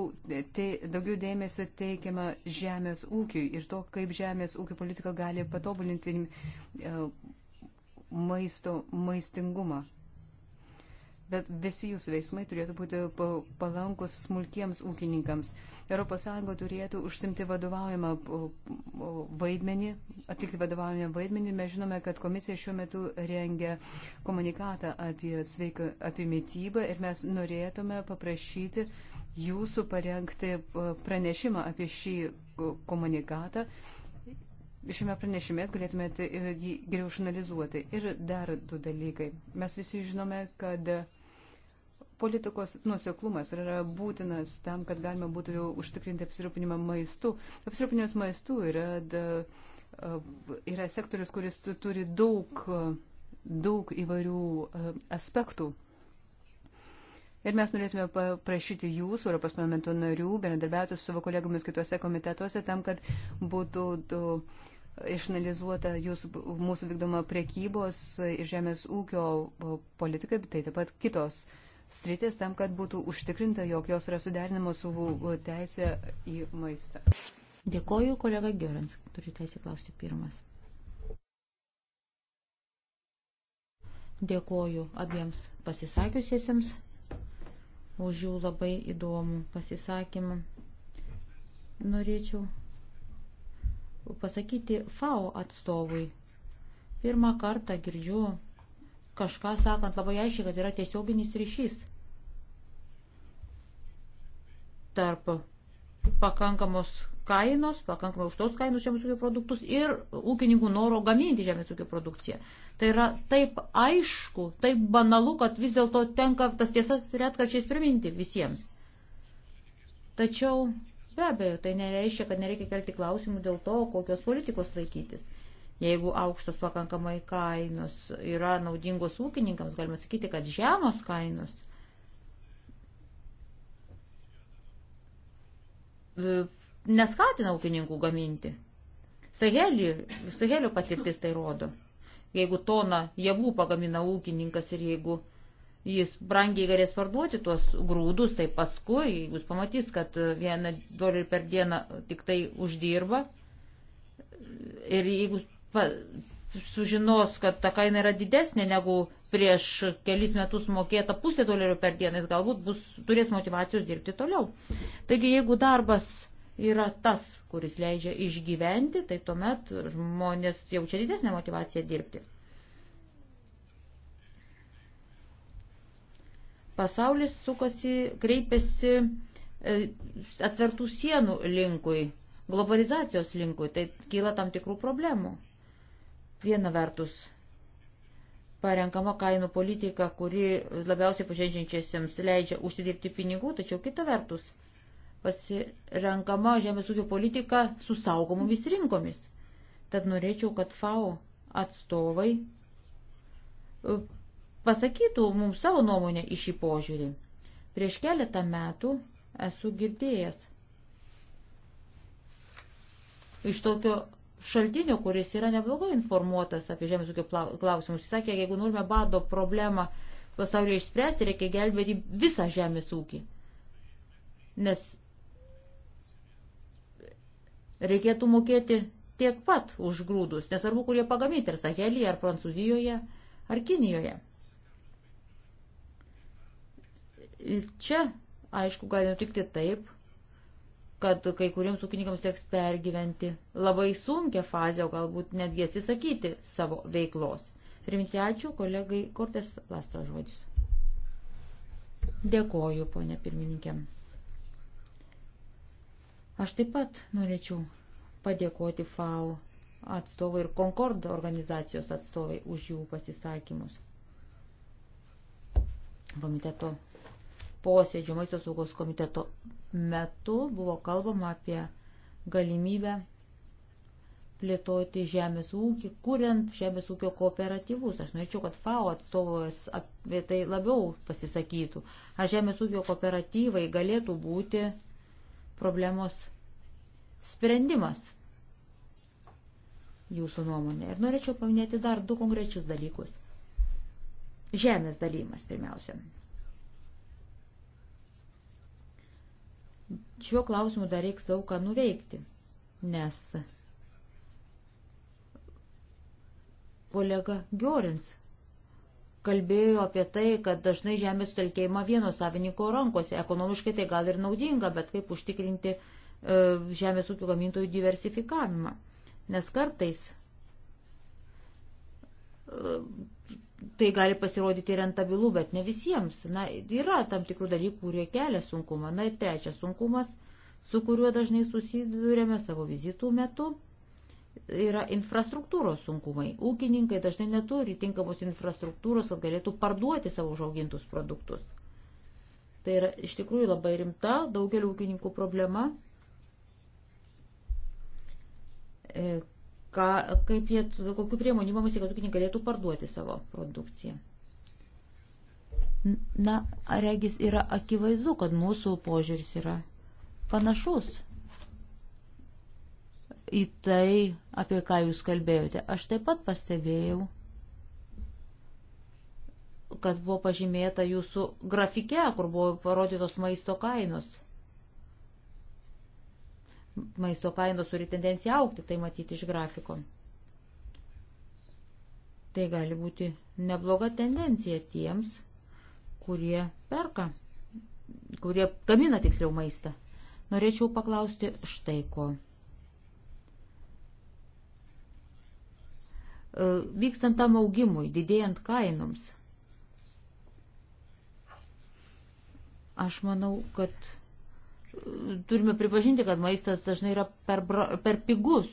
te, daugiau dėmesio teikiama žemės ūkiui ir to, kaip žemės ūkio politika gali patobulinti e, maisto maistingumą bet visi jūsų veiksmai turėtų būti palankus smulkiems ūkininkams. ES turėtų užsimti vadovaujamą vaidmenį, atlikti vadovaujamą vaidmenį. Mes žinome, kad komisija šiuo metu rengia komunikatą apie, sveiką, apie mytybą ir mes norėtume paprašyti jūsų parengti pranešimą apie šį komunikatą šiame pranešime galėtumėte e, jį geriau išanalizuoti. Ir dar du dalykai. Mes visi žinome, kad politikos nuseklumas yra būtinas tam, kad galima būtų užtikrinti apsirūpinimą maistu. Apsirūpinimas maistu yra, da, yra sektorius, kuris turi daug, daug įvairių aspektų. Ir mes norėtume paprašyti jūsų, Europos parlamento narių, bendradarbiauti su savo kolegomis kitose komitetuose, tam, kad būtų. Du, uh, išanalizuota jūsų, mūsų vykdoma priekybos ir žemės ūkio politika, tai taip pat kitos sritis tam, kad būtų užtikrinta, jog jos yra suderinamos su teisė į maistą. Dėkoju, kolega Gerans, turiu teisę klausti pirmas. Dėkoju abiems pasisakiusiesiems už jų labai įdomų pasisakymą. Norėčiau pasakyti FAO atstovui. Pirmą kartą girdžiu kažką sakant labai aiškiai, kad yra tiesioginis ryšys tarp pakankamos kainos, pakankamai aukštos kainos žemės ūkio produktus ir ūkininkų noro gaminti žemės ūkio produkciją. Tai yra taip aišku, taip banalu, kad vis dėlto tenka tas tiesas retkarčiais priminti visiems. Tačiau Be abejo, tai nereiškia, kad nereikia kelti klausimų dėl to, kokios politikos laikytis. Jeigu aukštos pakankamai kainos yra naudingos ūkininkams, galima sakyti, kad žemos kainos e, neskatina ūkininkų gaminti. Sahelį, Sahelio patirtis tai rodo. Jeigu toną javų pagamina ūkininkas ir jeigu jis brangiai galės parduoti tuos grūdus, tai paskui, jeigu jis pamatys, kad vieną dolerį per dieną tik tai uždirba ir jeigu pa, sužinos, kad ta kaina yra didesnė negu prieš kelis metus mokėta pusė dolerio per dieną, jis galbūt bus, turės motivacijos dirbti toliau. Taigi, jeigu darbas yra tas, kuris leidžia išgyventi, tai tuomet žmonės jaučia didesnę motivaciją dirbti. Pasaulis sukasi, kreipiasi e, atvertų sienų linkui, globalizacijos linkui, tai kyla tam tikrų problemų. Viena vertus, parenkama kainų politika, kuri labiausiai pažeidžiančiesiems leidžia užsidirbti pinigų, tačiau kita vertus, pasirenkama žemės ūkio politika su saugomomis rinkomis. Tad norėčiau, kad FAO atstovai pasakytų mums savo nuomonę į šį požiūrį. Prieš keletą metų esu girdėjęs iš tokio šaltinio, kuris yra neblogai informuotas apie žemės ūkio klausimus. Jis sakė, jeigu norime bado problemą pasaulyje išspręsti, reikia gelbėti visą žemės ūkį. Nes reikėtų mokėti tiek pat už grūdus, nesvarbu, kurie pagaminti, ar Sahelėje, ar Prancūzijoje, ar Kinijoje. Čia, aišku, gali nutikti taip, kad kai kuriems ūkininkams teks pergyventi labai sunkia fazė, o galbūt netgi atsisakyti savo veiklos. Rimti ačiū kolegai Kortės Lastra žodis. Dėkoju, ponė pirmininkė. Aš taip pat norėčiau padėkoti FAO atstovai ir Concord organizacijos atstovai už jų pasisakymus. Komiteto posėdžio maisto saugos komiteto metu buvo kalbama apie galimybę plėtoti žemės ūkį, kuriant žemės ūkio kooperatyvus. Aš norėčiau, kad FAO atstovas apie tai labiau pasisakytų. Ar žemės ūkio kooperatyvai galėtų būti problemos sprendimas jūsų nuomonė. Ir norėčiau paminėti dar du konkrečius dalykus. Žemės dalymas pirmiausia. šiuo klausimu dar reiks daug ką nuveikti, nes kolega Giorins kalbėjo apie tai, kad dažnai žemės sutelkėjama vieno savininko rankose. Ekonomiškai tai gal ir naudinga, bet kaip užtikrinti e, žemės ūkio gamintojų diversifikavimą. Nes kartais e, tai gali pasirodyti rentabilu, bet ne visiems. Na, yra tam tikrų dalykų, kurie kelia sunkumą. Na ir trečias sunkumas, su kuriuo dažnai susidurėme savo vizitų metu, yra infrastruktūros sunkumai. Ūkininkai dažnai neturi tinkamos infrastruktūros, kad galėtų parduoti savo užaugintus produktus. Tai yra iš tikrųjų labai rimta daugelio ūkininkų problema. E, ką, kaip jie, kokiu priemonių įmamasi, kad ūkininkai galėtų parduoti savo produkciją. Na, regis yra akivaizdu, kad mūsų požiūris yra panašus į tai, apie ką jūs kalbėjote. Aš taip pat pastebėjau, kas buvo pažymėta jūsų grafike, kur buvo parodytos maisto kainos maisto kainos turi tendenciją aukti, tai matyti iš grafiko. Tai gali būti nebloga tendencija tiems, kurie perka, kurie gamina tiksliau maistą. Norėčiau paklausti štai ko. E, vykstant tam augimui, didėjant kainoms, aš manau, kad turime pripažinti, kad maistas dažnai yra per, per pigus.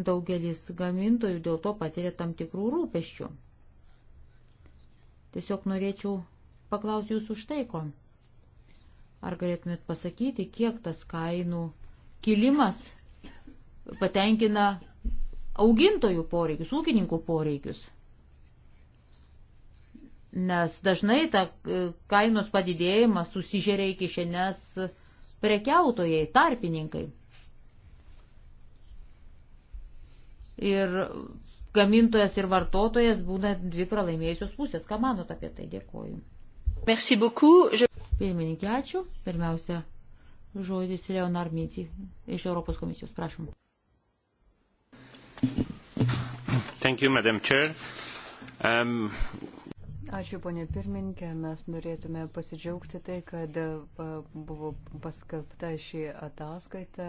Daugelis gamintojų dėl to patiria tam tikrų rūpeščių. Tiesiog norėčiau paklausti jūsų štai ko. Ar galėtumėt pasakyti, kiek tas kainų kilimas patenkina augintojų poreikius, ūkininkų poreikius? nes dažnai ta e, kainos padidėjimas susižeria iki šiandienas prekiautojai, tarpininkai. Ir gamintojas ir vartotojas būna dvi pralaimėjusios pusės. Ką manot apie tai? Dėkoju. Merci beaucoup. Je... Pirmininkė, ačiū. Pirmiausia, žodis Leonar Mici iš Europos komisijos. Prašom. Thank you, Madam Chair. Um, Ačiū, ponė pirmininkė. Mes norėtume pasidžiaugti tai, kad buvo paskelbta šį ataskaitą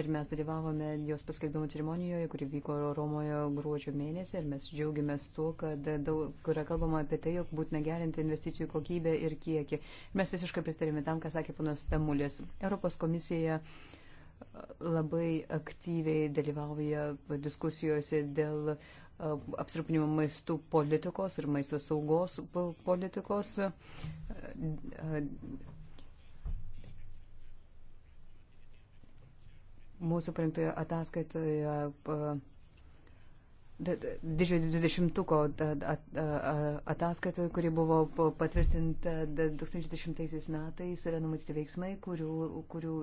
ir mes dalyvavome jos paskelbimo ceremonijoje, kuri vyko Romoje gruodžio mėnesį ir mes džiaugiamės tuo, kad daug yra kalbama apie tai, jog būtina gerinti investicijų kokybę ir kiekį. Mes visiškai pristarėme tam, ką sakė ponas Stamulis. Europos komisija labai aktyviai dalyvauja diskusijose dėl uh, apsirūpinimo maistų politikos ir maisto saugos politikos. Mūsų parengtoje ataskaitoje didžiojo dvidešimtuko ataskaitoje, kuri buvo patvirtinta 2010 metais, yra numatyti veiksmai, kurių, kurių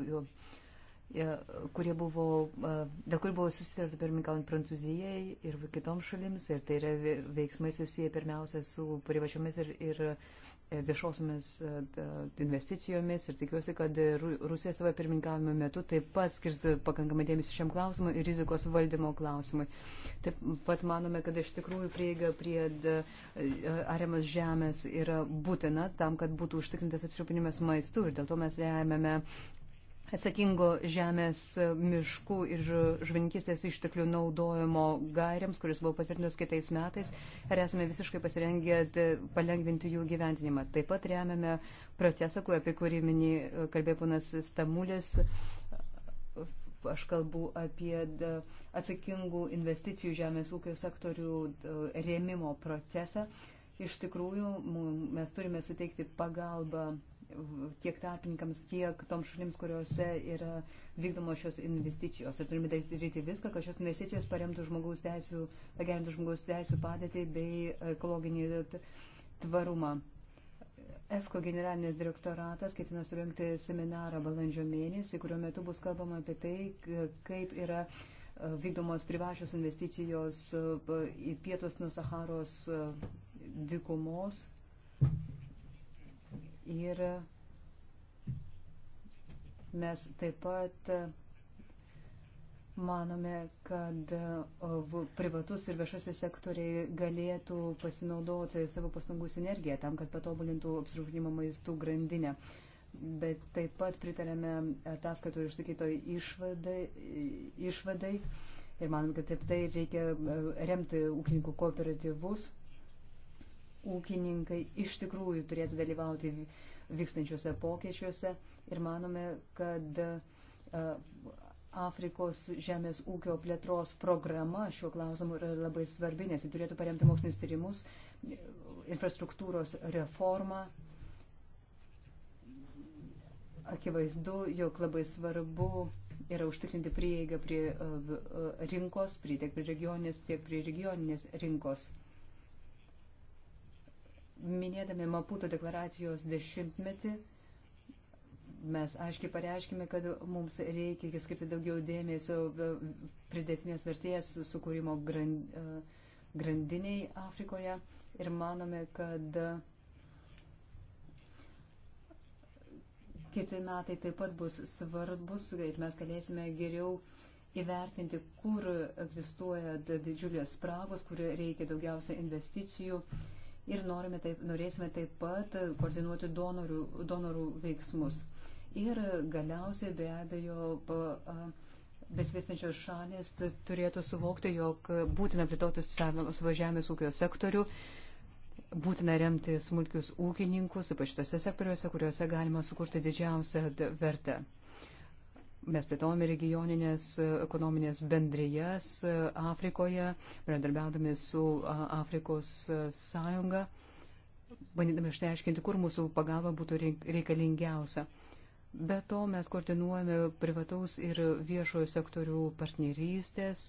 E, kurie buvo, e, dėl kurių buvo susitarta pirmininkaujant Prancūzijai ir kitoms šalims, ir tai yra veiksmai susiję pirmiausia su privačiomis ir, ir e, viešosiomis investicijomis ir tikiuosi, kad Rusija savo pirmininkavimo metu taip pat skirs pakankamai dėmesį šiam klausimui ir rizikos valdymo klausimui. Taip pat manome, kad iš tikrųjų prieiga prie ariamas žemės yra būtina tam, kad būtų užtikrintas apsirūpinimas maistu ir dėl to mes remiame atsakingo žemės e, miškų ir žvininkistės išteklių naudojimo gairiams, kuris buvo patvirtinus kitais metais, ir esame visiškai pasirengę e, palengvinti jų gyventinimą. Taip pat remiame procesą, apie kurį minį e, kalbėjo ponas Stamulis. Aš kalbu apie atsakingų investicijų žemės ūkio sektorių rėmimo procesą. Iš tikrųjų, mes turime suteikti pagalbą tiek tarpininkams, tiek toms šalims, kuriuose yra vykdomos šios investicijos. Ir turime daryti viską, kad šios investicijos paremtų žmogaus teisų, pagerintų žmogaus teisų padėtį bei ekologinį tvarumą. EFKO generalinis direktoratas ketina surinkti seminarą balandžio mėnesį, kurio metu bus kalbama apie tai, kaip yra e, vykdomos privačios investicijos e, į pietus nuo Saharos e, dykumos Ir mes taip pat manome, kad privatus ir viešasis sektoriai galėtų pasinaudoti savo pastangų sinergiją tam, kad patobulintų apsirūpinimo maistų grandinę. Bet taip pat pritarėme ataskaitoje išsakytoj išvadai, išvadai ir manom, kad taip tai reikia e, remti ūkininkų kooperatyvus ūkininkai iš tikrųjų turėtų dalyvauti vykstančiuose pokėčiuose ir manome, kad e, Afrikos žemės ūkio plėtros programa šiuo klausimu yra labai svarbi, nes ji turėtų paremti mokslinius tyrimus, infrastruktūros reformą. Akivaizdu, jog labai svarbu yra užtikrinti prieigą prie e, e, rinkos, prie tiek prie regioninės, tiek prie regioninės rinkos minėdami Maputo deklaracijos dešimtmetį, mes aiškiai pareiškime, kad mums reikia skirti daugiau dėmesio pridėtinės vertės sukūrimo e, grandiniai Afrikoje ir manome, kad kiti metai taip pat bus svarbus ir mes galėsime geriau įvertinti, kur egzistuoja didžiulės spragos, kur reikia daugiausia investicijų. Uh, ir norime taip, norėsime taip pat koordinuoti donorių, donorų veiksmus. Ir galiausiai be abejo. Pa, a, besivystančios šalis turėtų suvokti, jog būtina plėtoti savo žemės ūkio sektorių, būtina remti smulkius ūkininkus, ypač tose sektoriuose, kuriuose galima sukurti didžiausią vertę. Mes plėtojame regioninės e, ekonominės bendrijas e, Afrikoje, bendradarbiaudami su Afrikos e, sąjunga, bandydami išteiškinti, kur mūsų pagalba būtų reikalingiausia. Be to mes koordinuojame privataus ir viešojo sektorių partnerystės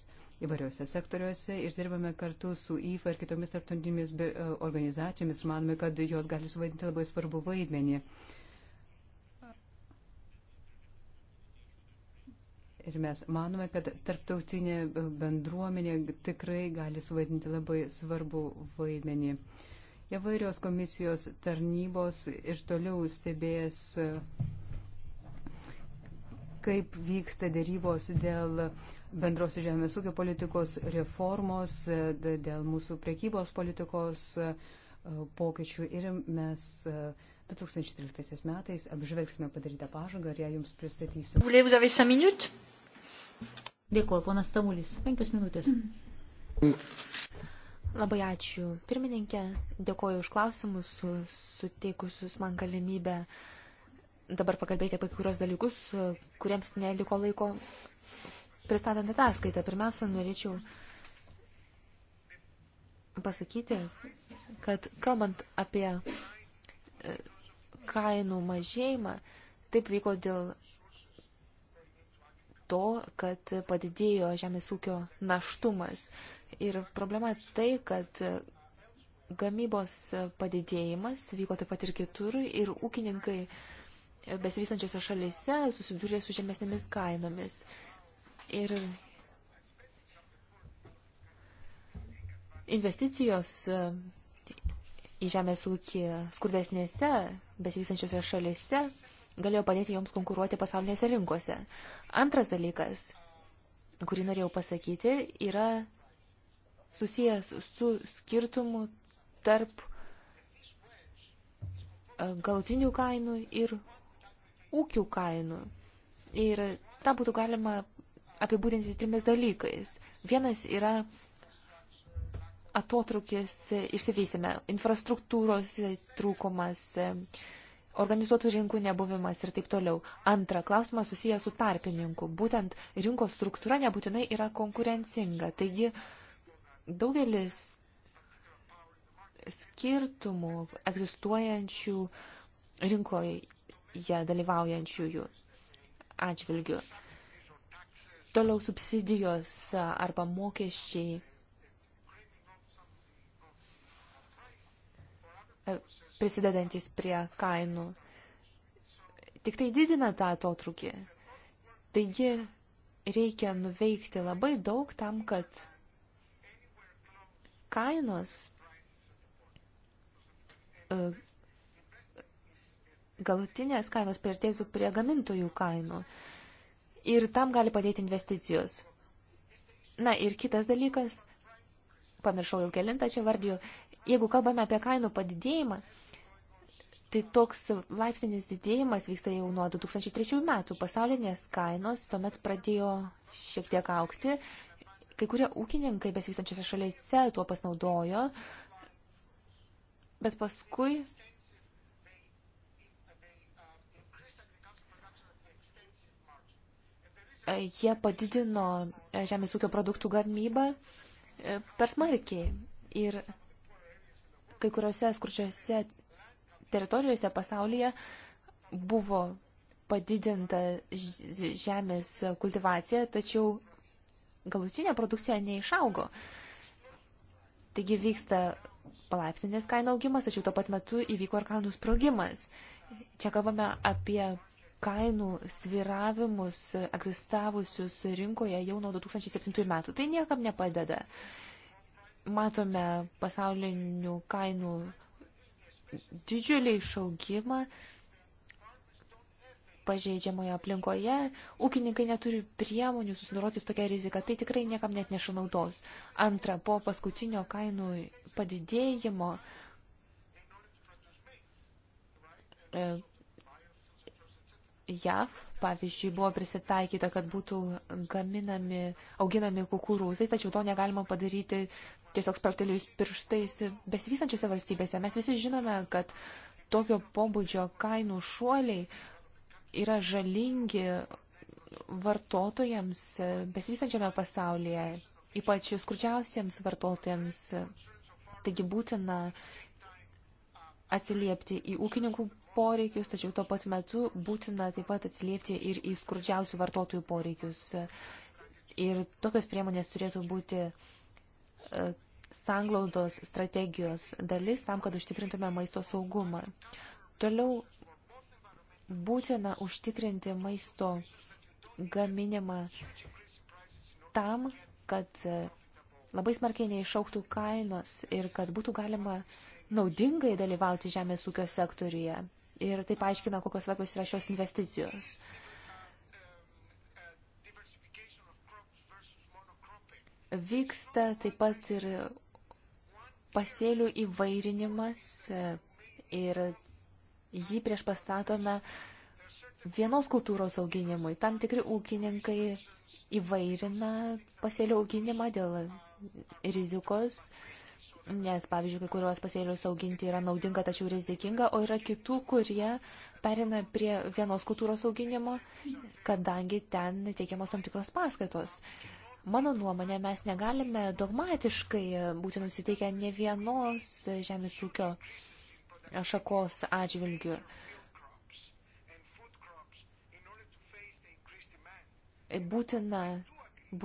įvairiuose sektoriuose ir dirbame kartu su IFA ir kitomis tarptautinėmis organizacijomis. Manome, kad jos gali suvaidinti labai svarbu vaidmenį. Uh, Ir mes manome, kad tarptautinė bendruomenė tikrai gali suvaidinti labai svarbu vaidmenį. Įvairios komisijos tarnybos ir toliau stebės, kaip vyksta dėrybos dėl bendros žemės ūkio politikos reformos, dėl mūsų prekybos politikos e, pokyčių ir mes 2013 e, metais apžvelgsime padarytą pažangą ir ją jums pristatysime. Dėkuoju, ponas Tamulis. Penkios minutės. Labai ačiū, pirmininkė. Dėkuoju už klausimus, suteikusius man galimybę dabar pakalbėti apie kurios dalykus, kuriems neliko laiko pristatant ataskaitą. Pirmiausia, norėčiau pasakyti, kad kalbant apie e, kainų mažėjimą, taip vyko dėl to, kad padidėjo žemės ūkio naštumas. Ir problema tai, kad gamybos padidėjimas vyko taip pat ir kitur ir ūkininkai besivystančiose šalise susidūrė su žemesnėmis kainomis. Ir investicijos į žemės ūkį skurdesnėse, besivystančiose šalise galėjo padėti joms konkuruoti pasaulinėse rinkose. Antras dalykas, kurį norėjau pasakyti, yra susijęs su skirtumu tarp e, galtinių kainų ir ūkių kainų. Ir tą būtų galima apibūdinti trimis dalykais. Vienas yra atotrukis išsivysime, infrastruktūros trūkumas, organizuotų rinkų nebuvimas ir taip toliau. Antra, klausimas susijęs su tarpininku. Būtent rinkos struktūra nebūtinai yra konkurencinga. Taigi daugelis skirtumų egzistuojančių rinkoje dalyvaujančiųjų atžvilgių. Toliau subsidijos arba mokesčiai prisidedantis prie kainų, tik tai didina tą atotrukį. Taigi reikia nuveikti labai daug tam, kad kainos e, galutinės kainos priartėtų prie gamintojų kainų. Ir tam gali padėti investicijos. Na ir kitas dalykas, pamiršau jau kelintą čia vardijų, jeigu kalbame apie kainų padidėjimą, Tai toks laipsnis didėjimas vyksta jau nuo 2003 metų. Pasaulinės kainos tuomet pradėjo šiek tiek aukti. Kai kurie ūkininkai besivystančiose šalyse tuo pasinaudojo, bet paskui jie padidino žemės ūkio produktų gamybą e, per smarkiai. Ir kai kuriuose skurčiuose teritorijose pasaulyje buvo padidinta žemės kultivacija, tačiau galutinė produkcija neišaugo. Taigi vyksta palaipsnis kainų augimas, tačiau tuo pat metu įvyko ir kainų sprogimas. Čia kalbame apie kainų sviravimus egzistavusius rinkoje jau nuo 2007 metų. Tai niekam nepadeda. Matome pasaulinių kainų didžiulį išaugimą pažeidžiamoje aplinkoje, ūkininkai neturi priemonių susidoroti su tokia rizika, tai tikrai niekam net neša naudos. Antra, po paskutinio kainų padidėjimo e, JAV, pavyzdžiui, buvo prisitaikyta, kad būtų gaminami, auginami kukurūzai, tačiau to negalima padaryti tiesiog spragtelėjus pirštais besivysančiose valstybėse. Mes visi žinome, kad tokio pobūdžio kainų šuoliai yra žalingi vartotojams besivysančiame pasaulyje, ypač skurčiausiems vartotojams. Taigi būtina atsiliepti į ūkininkų poreikius, tačiau tuo pat metu būtina taip pat atsiliepti ir į skurdžiausių vartotojų poreikius. Ir tokios priemonės turėtų būti uh, sanglaudos strategijos dalis tam, kad užtikrintume maisto saugumą. Toliau būtina užtikrinti maisto gaminimą tam, kad e, labai smarkiai neišauktų kainos ir kad būtų galima naudingai dalyvauti žemės ūkio sektoriuje. Ir tai paaiškina, kokios svarbios yra šios investicijos. Vyksta taip pat ir pasėlių įvairinimas e, ir jį prieš pastatome vienos kultūros auginimui. Tam tikri ūkininkai įvairina pasėlių auginimą dėl rizikos, nes, pavyzdžiui, kai kuriuos pasėlius auginti yra naudinga, tačiau rizikinga, o yra kitų, kurie perina prie vienos kultūros auginimo, kadangi ten teikiamos tam tikros paskatos. Uh, Mano nuomonė, mes negalime dogmatiškai būti nusiteikę ne vienos žemės ūkio šakos atžvilgių. Būtina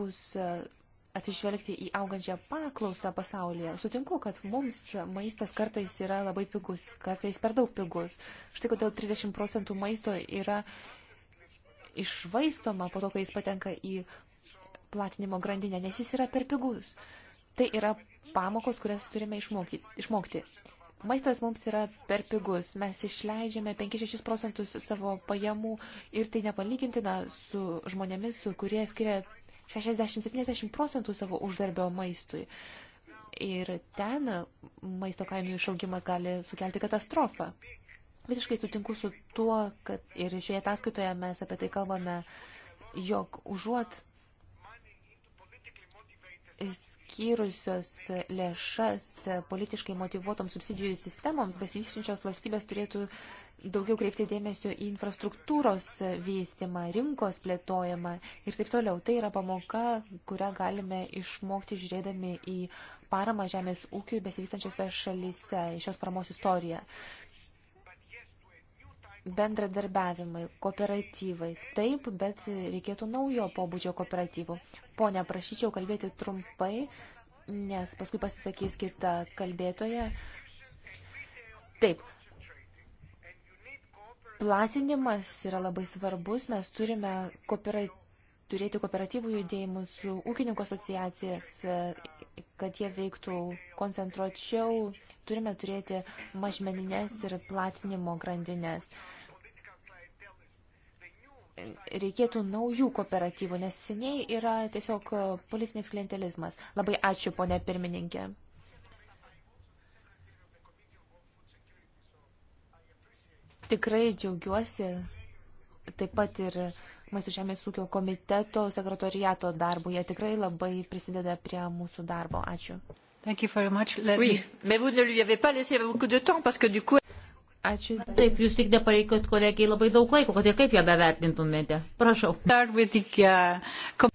bus atsižvelgti į augančią paklausą pasaulyje. Sutinku, kad mums maistas kartais yra labai pigus, kartais per daug pigus. Štai kodėl 30 procentų maisto yra išvaistoma po to, kai jis patenka į platinimo grandinę, nes jis yra per pigus. Tai yra pamokos, kurias turime išmokyti. išmokti. Maistas mums yra per pigus, mes išleidžiame 5-6 procentus savo pajamų ir tai nepalygintina su žmonėmis, su kurie skiria 60-70 procentų savo uždarbio maistui. Ir ten maisto kainų išaugimas gali sukelti katastrofą. Visiškai sutinku su tuo, kad ir šioje ataskaitoje mes apie tai kalbame, jog užuot skyrusios lėšas politiškai motivuotoms subsidijų sistemoms, besivyšinčios valstybės turėtų daugiau kreipti dėmesio į infrastruktūros vystimą, rinkos plėtojimą ir taip toliau. Tai yra pamoka, kurią galime išmokti žiūrėdami į paramą žemės ūkiui besivystančiose šalyse, šios paramos istoriją bendradarbiavimai, kooperatyvai. Taip, bet reikėtų naujo pobūdžio kooperatyvų. Pone, prašyčiau kalbėti trumpai, nes paskui pasisakys kita kalbėtoja. Taip, platinimas yra labai svarbus, mes turime kooperat... turėti kooperatyvų judėjimų su ūkininkų asociacijas, kad jie veiktų koncentruočiau, turime turėti mažmeninės ir platinimo grandinės. Reikėtų naujų kooperatyvų, nes seniai yra tiesiog politinis klientelizmas. Labai ačiū, ponė pirmininkė. Tikrai džiaugiuosi taip pat ir Maisto žemės ūkio komiteto sekretoriato darbu. Jie tikrai labai prisideda prie mūsų darbo. Ačiū. Thank you very much. Let oui, me... mais vous ne lui avez pas laissé beaucoup de temps parce que du coup. Ačiū. Taip, jūs tik nepareikot kolegijai labai daug laiko, kad ir kaip ją bevertintumėte. Prašau. Uh,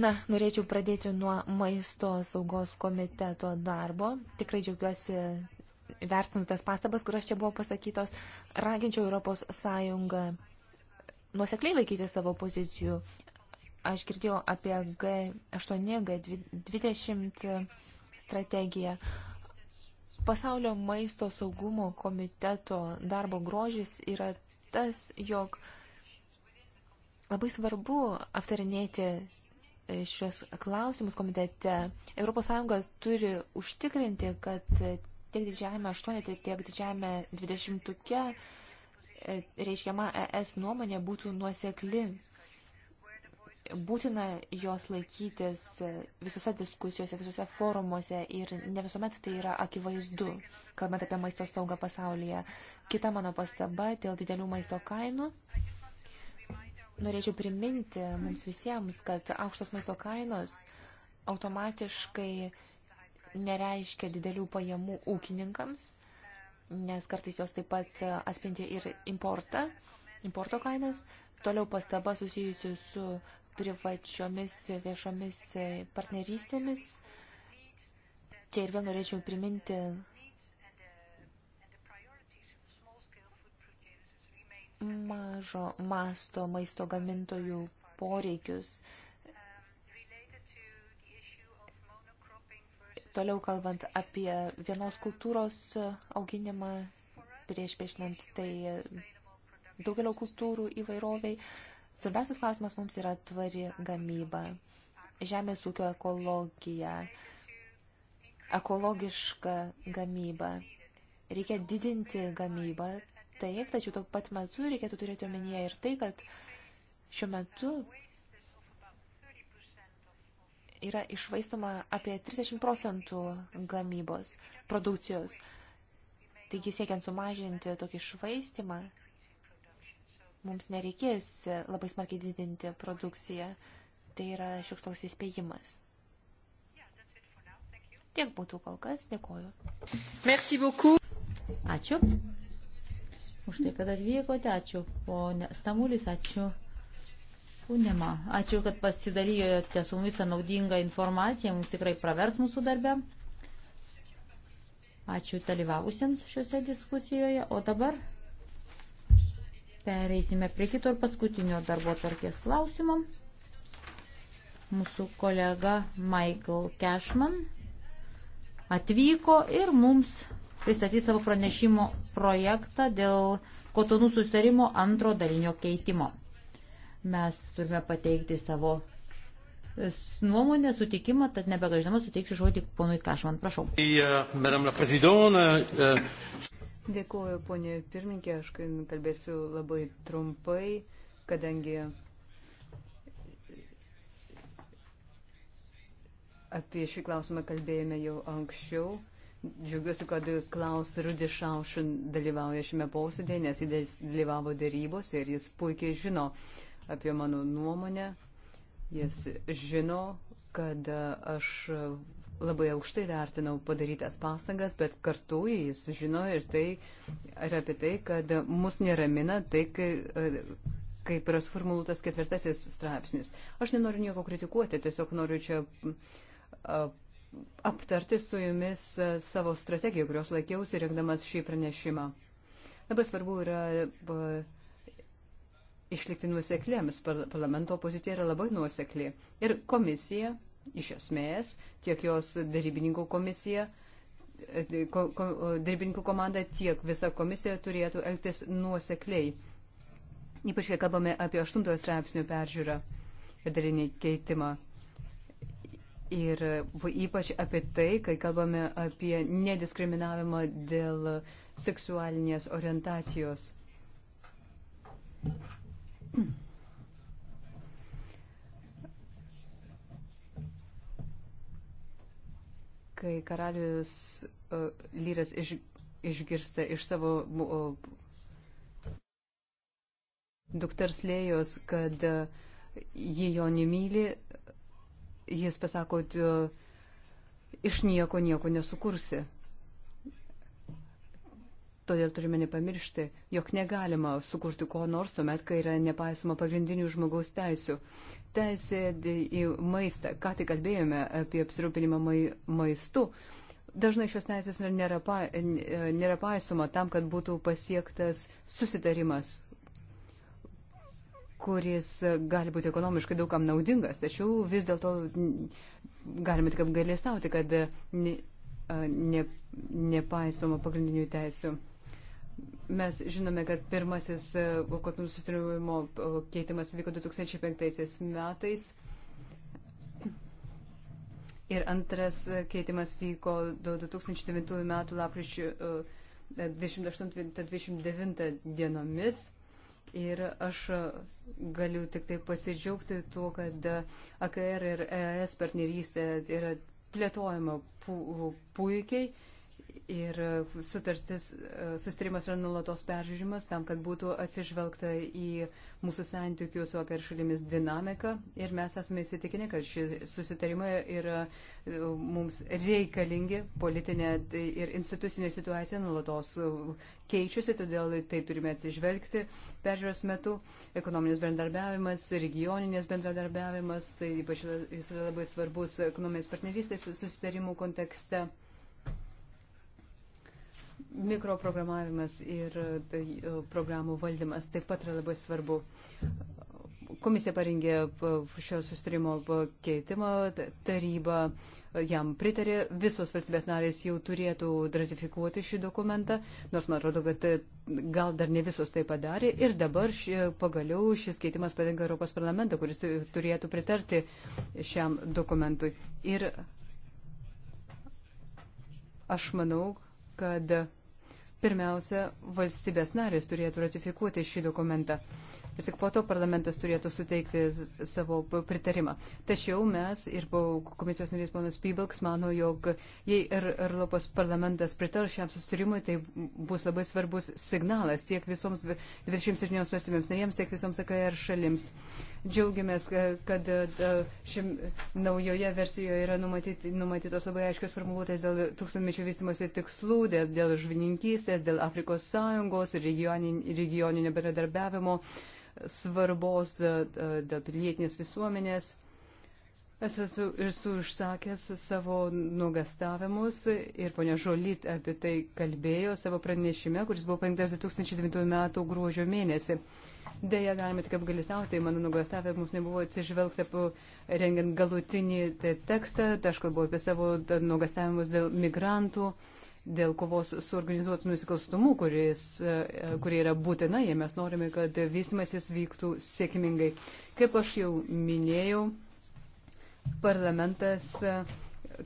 Na, norėčiau pradėti nuo maisto saugos komiteto darbo. Tikrai džiaugiuosi vertinus tas pastabas, kurios čia buvo pasakytos. Raginčiau Europos Sąjungą nuosekliai laikyti savo pozicijų. Aš girdėjau apie G8, G20 strategiją. Pasaulio maisto saugumo komiteto darbo grožis yra tas, jog labai svarbu aptarinėti e, šios klausimus komitete. ES turi užtikrinti, kad tiek didžiajame 8, tiek didžiajame 20 e, reiškiama ES nuomonė būtų nuosekli būtina jos laikytis visose diskusijose, visose forumuose ir ne visuomet tai yra akivaizdu, kalbant apie maisto saugą pasaulyje. Kita mano pastaba dėl didelių maisto kainų. Norėčiau priminti mums visiems, kad aukštos maisto kainos automatiškai nereiškia didelių pajamų ūkininkams, nes kartais jos taip pat atspindi ir importą, importo kainas. Toliau pastaba susijusi su privačiomis viešomis partnerystėmis. Čia ir vėl norėčiau priminti, mažo masto maisto gamintojų poreikius. Toliau kalbant apie vienos kultūros auginimą, prieš priešinant tai daugelio kultūrų įvairoviai, Svarbiausias klausimas mums yra tvari gamyba, žemės ūkio ekologija, ekologiška gamyba. Reikia didinti gamybą, taip, tačiau tuo pat metu reikėtų turėti omenyje ir tai, kad šiuo metu yra išvaistoma apie 30 procentų gamybos, produkcijos. Taigi siekiant sumažinti tokį švaistimą, Mums nereikės labai smarkiai didinti produkciją. Tai yra šioks toks įspėjimas. Tiek būtų kol kas. Dėkoju. Merci beaucoup. Ačiū. Už tai, kad atvykote. Ačiū. Pone Stamulis, ačiū. Unema, ačiū, kad pasidalijote su mumis tą naudingą informaciją. Mums tikrai pravers mūsų darbę. Ačiū dalyvavusiems šiuose diskusijoje. O dabar Pereisime prie kito ir paskutinio darbo tvarkės klausimo. Mūsų kolega Michael Cashman atvyko ir mums pristatys savo pranešimo projektą dėl kotonų susitarimo antro dalinio keitimo. Mes turime pateikti savo nuomonę, sutikimą, tad nebegažinama suteiksiu žodį ponui Kašman. Prašau. Dėkuoju, ponė pirmininkė, aš kalbėsiu labai trumpai, kadangi apie šį klausimą kalbėjome jau anksčiau. Džiugiuosi, kad Klaus Rudišaušin dalyvauja šiame posėdėje, nes jis dalyvavo dėrybose ir jis puikiai žino apie mano nuomonę. Jis žino, kad aš labai aukštai vertinau padarytas pastangas, bet kartu jis žino ir tai, ir apie tai, kad mus neramina tai, kai, e, kaip yra sformuluotas ketvirtasis straipsnis. Aš nenoriu nieko kritikuoti, tiesiog noriu čia e, aptarti su jumis e, savo strategiją, kurios laikiausi rengdamas šį pranešimą. Labai svarbu yra išlikti nuosekliems. Parlamento pozicija yra labai nuosekli. Ir komisija Iš esmės, tiek jos darybininkų komisija, ko, ko, darybininkų komanda, tiek visa komisija turėtų elgtis nuosekliai. Ypač, kai kalbame apie 8 straipsnių peržiūrą ir darinį keitimą. Ir ypač apie tai, kai kalbame apie nediskriminavimą dėl seksualinės orientacijos. Mm. kai karalius uh, lyras iš, išgirsta iš savo uh, dukters lėjos, kad uh, ji jo nemyli, jis pasako, uh, iš nieko nieko nesukursi. Todėl turime nepamiršti, jog negalima sukurti ko nors tuomet, kai yra nepaisoma pagrindinių žmogaus teisių teisė į maistą. Ką tik kalbėjome apie apsirūpinimą maistu. Dažnai šios teisės nėra, pa, nėra paisoma tam, kad būtų pasiektas susitarimas, kuris gali būti ekonomiškai daugam naudingas, tačiau vis dėlto galime tik apgalėstauti, kad ne, ne, nepaisoma pagrindinių teisų. Mes žinome, kad pirmasis e, kotonų sustarimimo e, keitimas vyko 2005 metais ir antras keitimas vyko 2009 metų lapkričio 28-29 e, dienomis. Ir aš galiu tik tai pasidžiaugti tuo, kad AKR ir ES partnerystė yra plėtojama puikiai Ir sutartis, sustarimas yra nulatos peržiūrimas tam, kad būtų atsižvelgta į mūsų santykių su vakar šalimis dinamiką. Ir mes esame įsitikinę, kad šie susitarimai yra e, mums reikalingi. Politinė ir institucinė situacija nulatos keičiasi, todėl tai turime atsižvelgti peržiūros metu. Ekonominis bendradarbiavimas, regioninis bendradarbiavimas, tai ypač jis yra labai svarbus ekonominės partnerystės susitarimų kontekste mikroprogramavimas ir tai, e, programų valdymas taip pat yra labai svarbu. Komisija parengė e, šio sustarimo e, keitimą, taryba jam pritarė, visos valstybės narės jau turėtų ratifikuoti šį dokumentą, nors man atrodo, kad gal dar ne visos tai padarė ir dabar ši, pagaliau šis keitimas patenka Europos parlamentą, kuris turėtų pritarti šiam dokumentui. Ir aš manau, kad pirmiausia, valstybės narės turėtų ratifikuoti šį dokumentą. Ir tik po to parlamentas turėtų suteikti savo pritarimą. Tačiau mes ir komisijos narys ponas Pybalks mano, jog jei ir Europos parlamentas pritar šiam sustarimui, tai bus labai svarbus signalas tiek visoms 27 valstybėms narėms, tiek visoms AKR šalims. Džiaugiamės, e, kad e, šim naujoje versijoje yra numatyti, numatytos labai aiškios formuluotės dėl tūkstantmečio vystimosi tikslų, dėl, dėl žvininkystės, dėl Afrikos sąjungos ir regioninio, regioninio bendradarbiavimo svarbos, dėl pilietinės visuomenės. Aš esu ir su išsakęs savo nuogastavimus ir ponia Žolyt apie tai kalbėjo savo pranešime, kuris buvo paimtas 2009 m. gruodžio mėnesį. Deja, galime tik apgalistauti, mano nuogastavimus nebuvo atsižvelgta rengiant galutinį tekstą, aš kalbu apie savo nuogastavimus dėl migrantų dėl kovos su organizuotu nusikalstumu, kuris, e, kurie yra būtina, jei mes norime, kad vystimasis vyktų sėkmingai. Kaip aš jau minėjau, parlamentas e,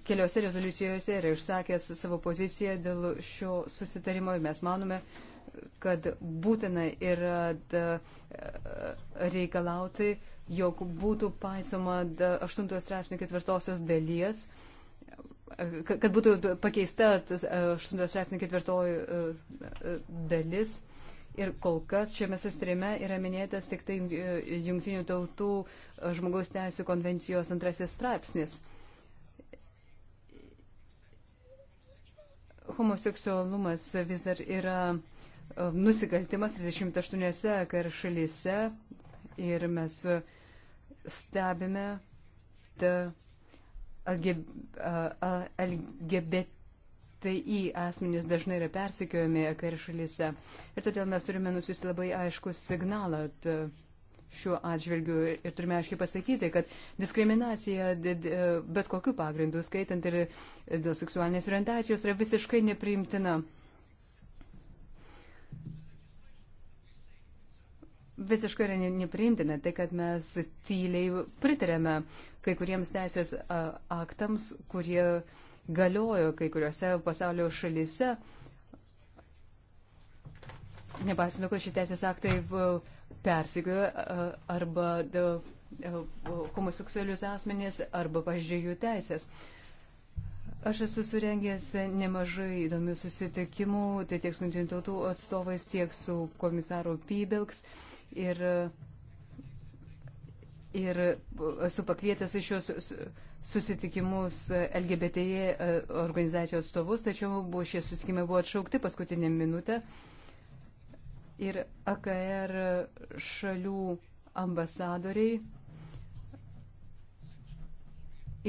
keliose rezoliucijose yra išsakęs savo poziciją dėl šio susitarimo ir mes manome, kad būtina yra e, reikalauti, jog būtų paisoma 8 straipsnio 4 dalies, kad būtų pakeista 8 e, straipsnio 4 dalis Ir kol kas šiame sustarime yra minėtas tik tai e, Junktinių tautų e, žmogaus teisų konvencijos antrasis straipsnis. Homoseksualumas vis dar yra e, nusikaltimas 38 kar šalyse ir mes stebime LGBT tai į asmenys dažnai yra persikiojami kar šalyse. Ir todėl mes turime nusiųsti labai aišku signalą šiuo atžvilgiu ir turime aiškiai pasakyti, kad diskriminacija bet kokiu pagrindu, skaitant ir dėl seksualinės orientacijos, yra visiškai nepriimtina. Visiškai yra nepriimtina tai, kad mes tyliai pritarėme kai kuriems teisės aktams, kurie uh, galiojo kai kuriuose pasaulio šalise. Nepaisant, kad šie teisės aktai persigiojo arba homoseksualius asmenys arba pažiūrėjų teisės. Aš esu surengęs nemažai įdomių susitikimų, tai tiek su tautų atstovais, tiek su komisaru Pybelks. Ir uh, Ir esu pakvietęs į šios susitikimus LGBT e, organizacijos stovus, tačiau buvo, šie susitikimai buvo atšaukti paskutinę minutę. Ir AKR šalių ambasadoriai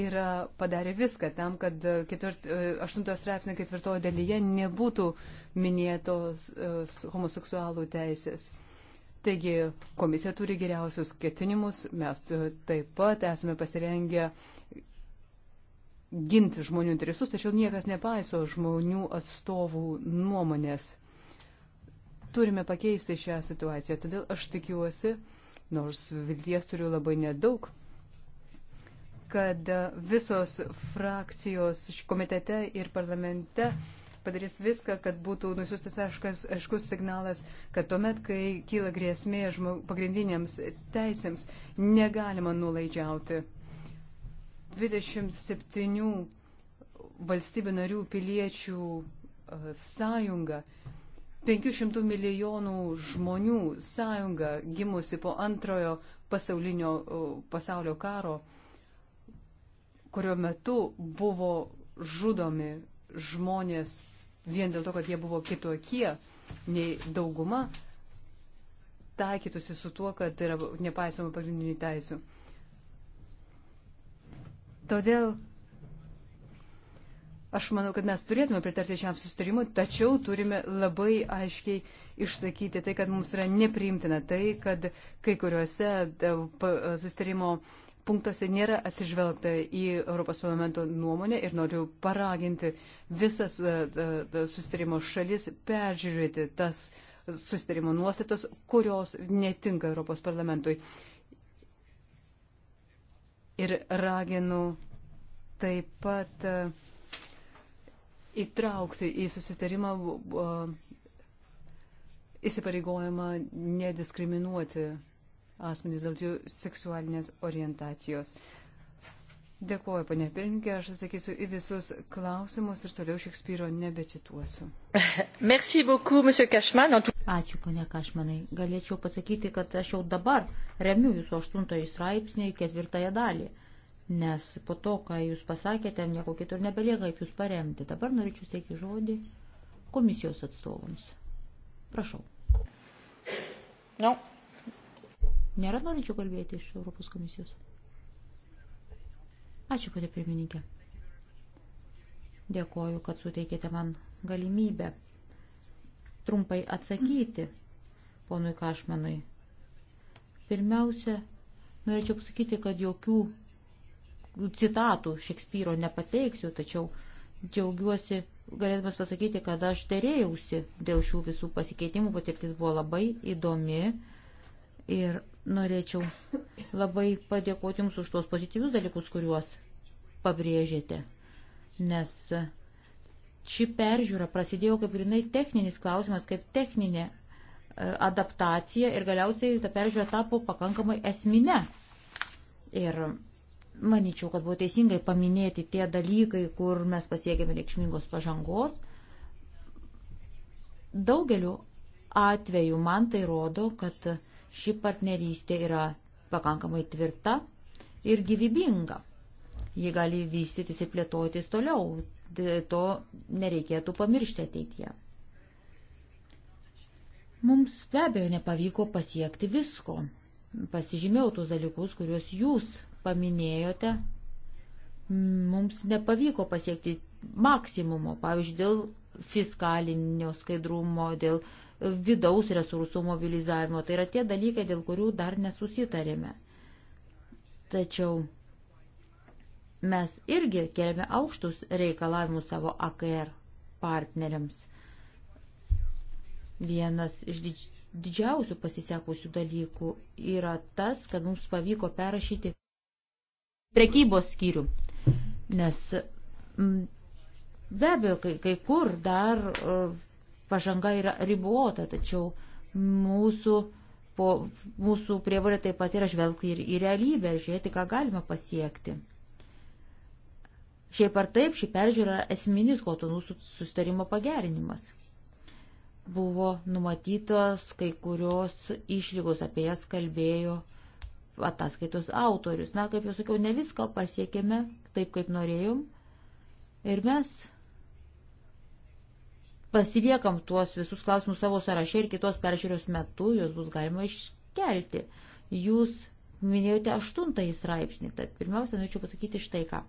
yra padarė viską tam, kad 8 e, straipsnio ketvirtojo dalyje nebūtų minėtos e, homoseksualų teisės. Taigi komisija turi geriausius ketinimus, mes e, taip pat esame pasirengę ginti žmonių interesus, tačiau niekas nepaiso žmonių atstovų nuomonės. Turime pakeisti šią situaciją, todėl aš tikiuosi, nors vilties turiu labai nedaug, kad visos frakcijos komitete ir parlamente padarys viską, kad būtų nusiustas aiškas, aiškus signalas, kad tuomet, kai kyla grėsmė žmog, pagrindiniams teisėms, negalima nulaidžiauti. 27 valstybių narių piliečių sąjunga 500 milijonų žmonių sąjunga gimusi po antrojo pasaulinio pasaulio karo, kurio metu buvo žudomi žmonės vien dėl to, kad jie buvo kitokie nei dauguma, taikytųsi su tuo, kad yra nepaisoma pagrindinių teisų. Todėl aš manau, kad mes turėtume pritarti šiam sustarimui, tačiau turime labai aiškiai išsakyti tai, kad mums yra nepriimtina tai, kad kai kuriuose e, sustarimo uh, punktuose nėra atsižvelgta į Europos parlamento nuomonę ir noriu paraginti visas e, e, e, susitarimo šalis peržiūrėti tas susitarimo nuostatos, kurios netinka Europos parlamentui. Ir raginu taip pat įtraukti į susitarimą įsipareigojimą nediskriminuoti asmenys dėl jų seksualinės orientacijos. Dėkuoju, panė Pirinkė, aš atsakysiu į visus klausimus ir toliau Šekspyro nebecituosiu. [LAUGHS] Merci beaucoup, monsieur Kašman. Ačiū, panė Kašmanai. Galėčiau pasakyti, kad aš jau dabar remiu jūsų aštuntąjį straipsnį ir ketvirtąją dalį, nes po to, ką jūs pasakėte, nieko kitur nebelieka, kaip jūs paremti. Dabar norėčiau steikti žodį komisijos atstovams. Prašau. No. Nėra norinčių kalbėti iš Europos komisijos. Ačiū, ponė pirmininkė. Dėkoju, kad suteikėte man galimybę trumpai atsakyti ponui Kašmanui. Pirmiausia, norėčiau pasakyti, kad jokių citatų Šekspyro nepateiksiu, tačiau džiaugiuosi galėdamas pasakyti, kad aš dėrėjausi dėl šių visų pasikeitimų, patirtis buvo labai įdomi ir Norėčiau labai padėkoti Jums už tuos pozityvius dalykus, kuriuos pabrėžėte, nes ši peržiūra prasidėjo kaip grinai techninis klausimas, kaip techninė e, adaptacija ir galiausiai ta peržiūra tapo pakankamai esminė. Ir manyčiau, kad buvo teisingai paminėti tie dalykai, kur mes pasiekėme reikšmingos pažangos. Daugeliu atveju man tai rodo, kad Ši partnerystė yra pakankamai tvirta ir gyvybinga. Ji gali vystytis ir plėtotis toliau. To nereikėtų pamiršti ateityje. Mums be abejo nepavyko pasiekti visko. Pasižymėjau tuos dalykus, kuriuos jūs paminėjote. Mums nepavyko pasiekti maksimumo, pavyzdžiui, dėl fiskalinio skaidrumo, dėl uh, vidaus resursų mobilizavimo. Tai yra tie dalykai, dėl kurių dar nesusitarėme. Tačiau mes irgi keliame aukštus reikalavimus savo AKR partneriams. Vienas iš didžiausių pasisekusių dalykų yra tas, kad mums pavyko perrašyti prekybos skyrių. Nes be abejo, kai, kai kur dar uh, pažanga yra ribuota, tačiau mūsų, po, mūsų prievalė taip pat yra žvelgti ir į realybę, žiūrėti, ką galima pasiekti. Šiaip ar taip, šį peržiūrą esminis kotonų sustarimo pagerinimas. Buvo numatytos kai kurios išlygos, apie jas kalbėjo ataskaitos autorius. Na, kaip jau sakiau, ne viską pasiekėme taip, kaip norėjom. Ir mes Pasiliekam tuos visus klausimus savo sąraše ir kitos peržiūros metu juos bus galima iškelti. Jūs minėjote aštuntąjį straipsnį, tad pirmiausia, norėčiau pasakyti štai ką.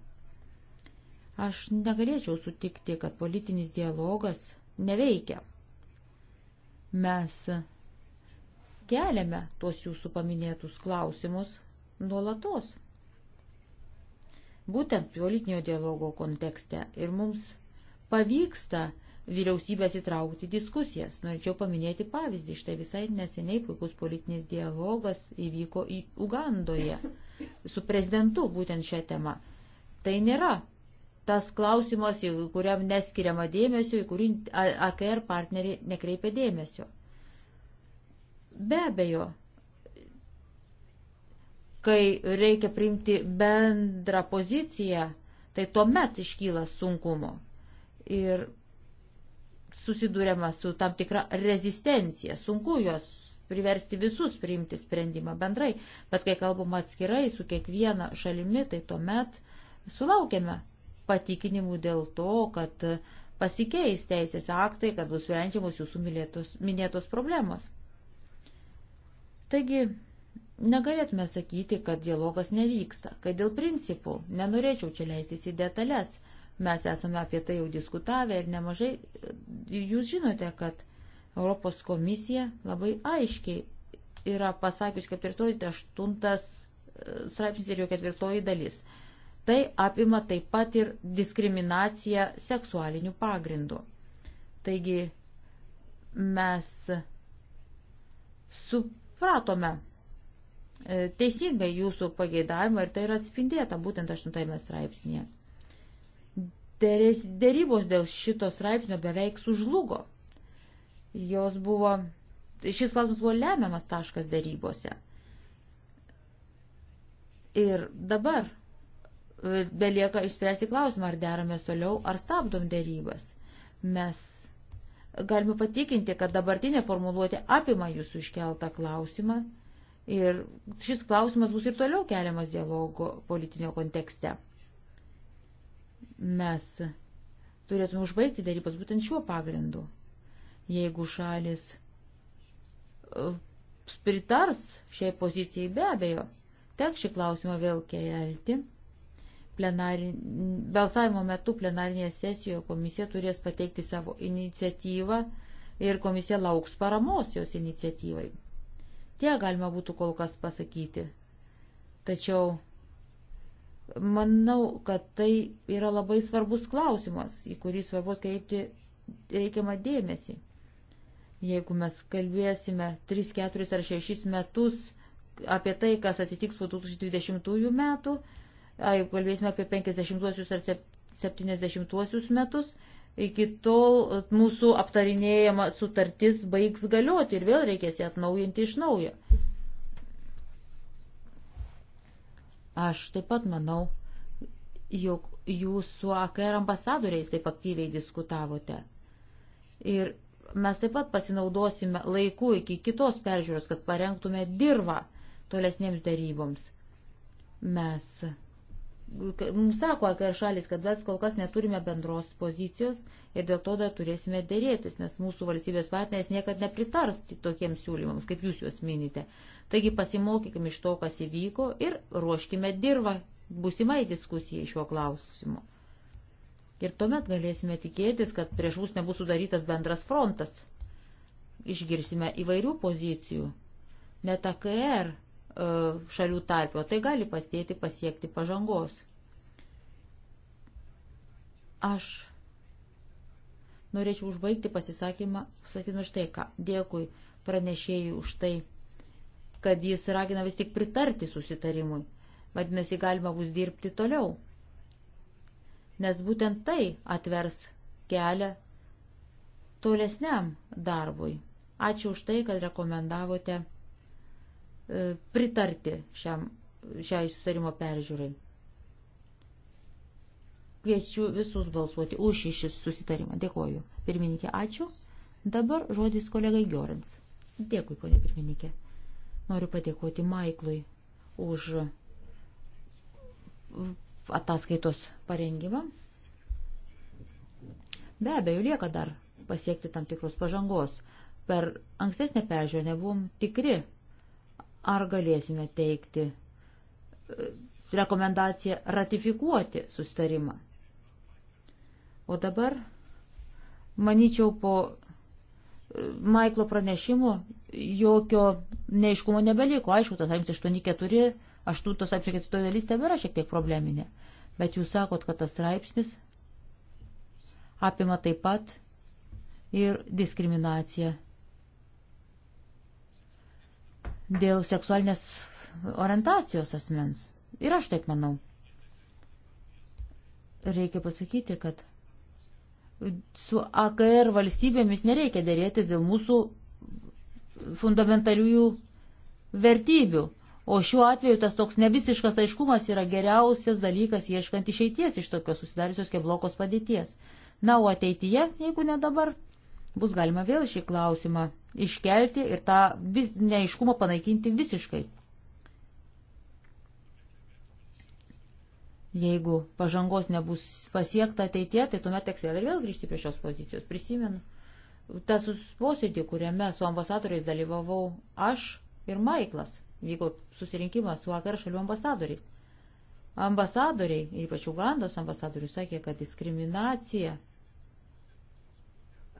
Aš negalėčiau sutikti, kad politinis dialogas neveikia. Mes keliame tuos jūsų paminėtus klausimus nuolatos. Būtent politinio dialogo kontekste ir mums pavyksta vyriausybės įtraukti diskusijas. Norėčiau paminėti pavyzdį. Štai visai neseniai puikus politinis dialogas įvyko į Ugandoje su prezidentu būtent šią temą. Tai nėra tas klausimas, kuriam neskiriama dėmesio, į kurį AKR partneriai nekreipia dėmesio. Be abejo, kai reikia priimti bendrą poziciją, tai tuomet iškyla sunkumo. Ir susidūrėma su tam tikra rezistencija, sunku jos priversti visus priimti sprendimą bendrai, bet kai kalbam atskirai su kiekviena šalimi, tai tuomet sulaukėme patikinimų dėl to, kad pasikeis teisės aktai, kad bus sprendžiamos jūsų milėtos, minėtos problemos. Taigi, negalėtume sakyti, kad dialogas nevyksta, kad dėl principų nenorėčiau čia leistis į detalės, Mes esame apie tai jau diskutavę ir nemažai. Jūs žinote, kad Europos komisija labai aiškiai yra pasakius, kad tai 48 e, straipsnis ir jo ketvirtoji dalis. Tai apima taip pat ir diskriminaciją seksualinių pagrindų. Taigi mes supratome e, teisingai jūsų pageidavimą ir tai yra atspindėta būtent 8 straipsnėje dėrybos dėl šito straipsnio beveik sužlugo. Jos buvo, šis klausimas buvo lemiamas taškas dėrybose. Ir dabar e, belieka išspręsti klausimą, ar deramės toliau, ar stabdom dėrybas. Mes galime patikinti, kad dabartinė formuluotė apima jūsų iškeltą klausimą ir šis klausimas bus ir toliau keliamas dialogo politinio kontekste. Mes turėtume užbaigti darybas būtent šiuo pagrindu. Jeigu šalis e, pritars šiai pozicijai be abejo, teks šį klausimą vėl kelti. Plenarin... Balsavimo metu plenarinėje sesijoje komisija turės pateikti savo iniciatyvą ir komisija lauks paramos jos iniciatyvai. Tie galima būtų kol kas pasakyti. Tačiau Manau, kad tai yra labai svarbus klausimas, į kurį svarbu kreipti reikiamą dėmesį. Jeigu mes kalbėsime 3, 4 ar 6 metus apie tai, kas atsitiks po 2020 metų, jeigu kalbėsime apie 50 ar 70 metus, iki tol mūsų aptarinėjama sutartis baigs galioti ir vėl reikės ją atnaujinti iš naujo. Aš taip pat manau, jog jūs su AKR ambasadoriais taip aktyviai diskutavote. Ir mes taip pat pasinaudosime laiku iki kitos peržiūros, kad parengtume dirbą tolesnėms daryboms. Mes, mums sako AKR šalis, kad mes kol kas neturime bendros pozicijos ir dėl to dar turėsime dėrėtis, nes mūsų valstybės partneris niekad nepritars tokiems siūlymams, kaip jūs juos minite. Taigi pasimokykime iš to, kas įvyko ir ruoškime dirbą būsimai diskusijai šiuo klausimu. Ir tuomet galėsime tikėtis, kad prieš mus nebus sudarytas bendras frontas. Išgirsime įvairių pozicijų, net AKR e, šalių tarpio, tai gali pastėti pasiekti pažangos. Aš Norėčiau užbaigti pasisakymą, sakydama štai ką. Dėkui pranešėjai už tai, kad jis ragina vis tik pritarti susitarimui. Vadinasi, galima bus dirbti toliau. Nes būtent tai atvers kelią tolesniam darbui. Ačiū už tai, kad rekomendavote e, pritarti šiam, šiai susitarimo peržiūrai. Kviečiu visus balsuoti už šį susitarimą. Dėkoju. Pirmininkė, ačiū. Dabar žodis kolegai Giorins. Dėkui, ponė pirmininkė. Noriu padėkoti Maiklui už ataskaitos parengimą. Be abejo, lieka dar pasiekti tam tikros pažangos. Per ankstesnę peržiūrą nebuvom tikri, ar galėsime teikti e, rekomendaciją ratifikuoti sustarimą. O dabar, manyčiau, po e, Maiklo pranešimo jokio neiškumo nebeliko. Aišku, tas ramstis 8.4, 8 straipsnio 4 dalis tebėra šiek tiek probleminė. Bet jūs sakot, kad tas straipsnis apima taip pat ir diskriminaciją dėl seksualinės orientacijos asmens. Ir aš taip manau. Reikia pasakyti, kad Su AKR valstybėmis nereikia dėrėtis dėl mūsų fundamentaliųjų vertybių. O šiuo atveju tas toks nevisiškas aiškumas yra geriausias dalykas ieškant išeities iš tokios susidariusios keblokos padėties. Na, o ateityje, jeigu ne dabar, bus galima vėl šį klausimą iškelti ir tą vis, neaiškumą panaikinti visiškai. Jeigu pažangos nebus pasiekta ateitie, tai tuomet teks vėl ir vėl grįžti prie šios pozicijos. Prisimenu tą posėdį, kuriame su ambasadoriais dalyvavau aš ir Maiklas. Vyko susirinkimas su AKR šalių ambasadoriais. Ambasadoriai, ypač Ugandos ambasadorius, sakė, kad diskriminacija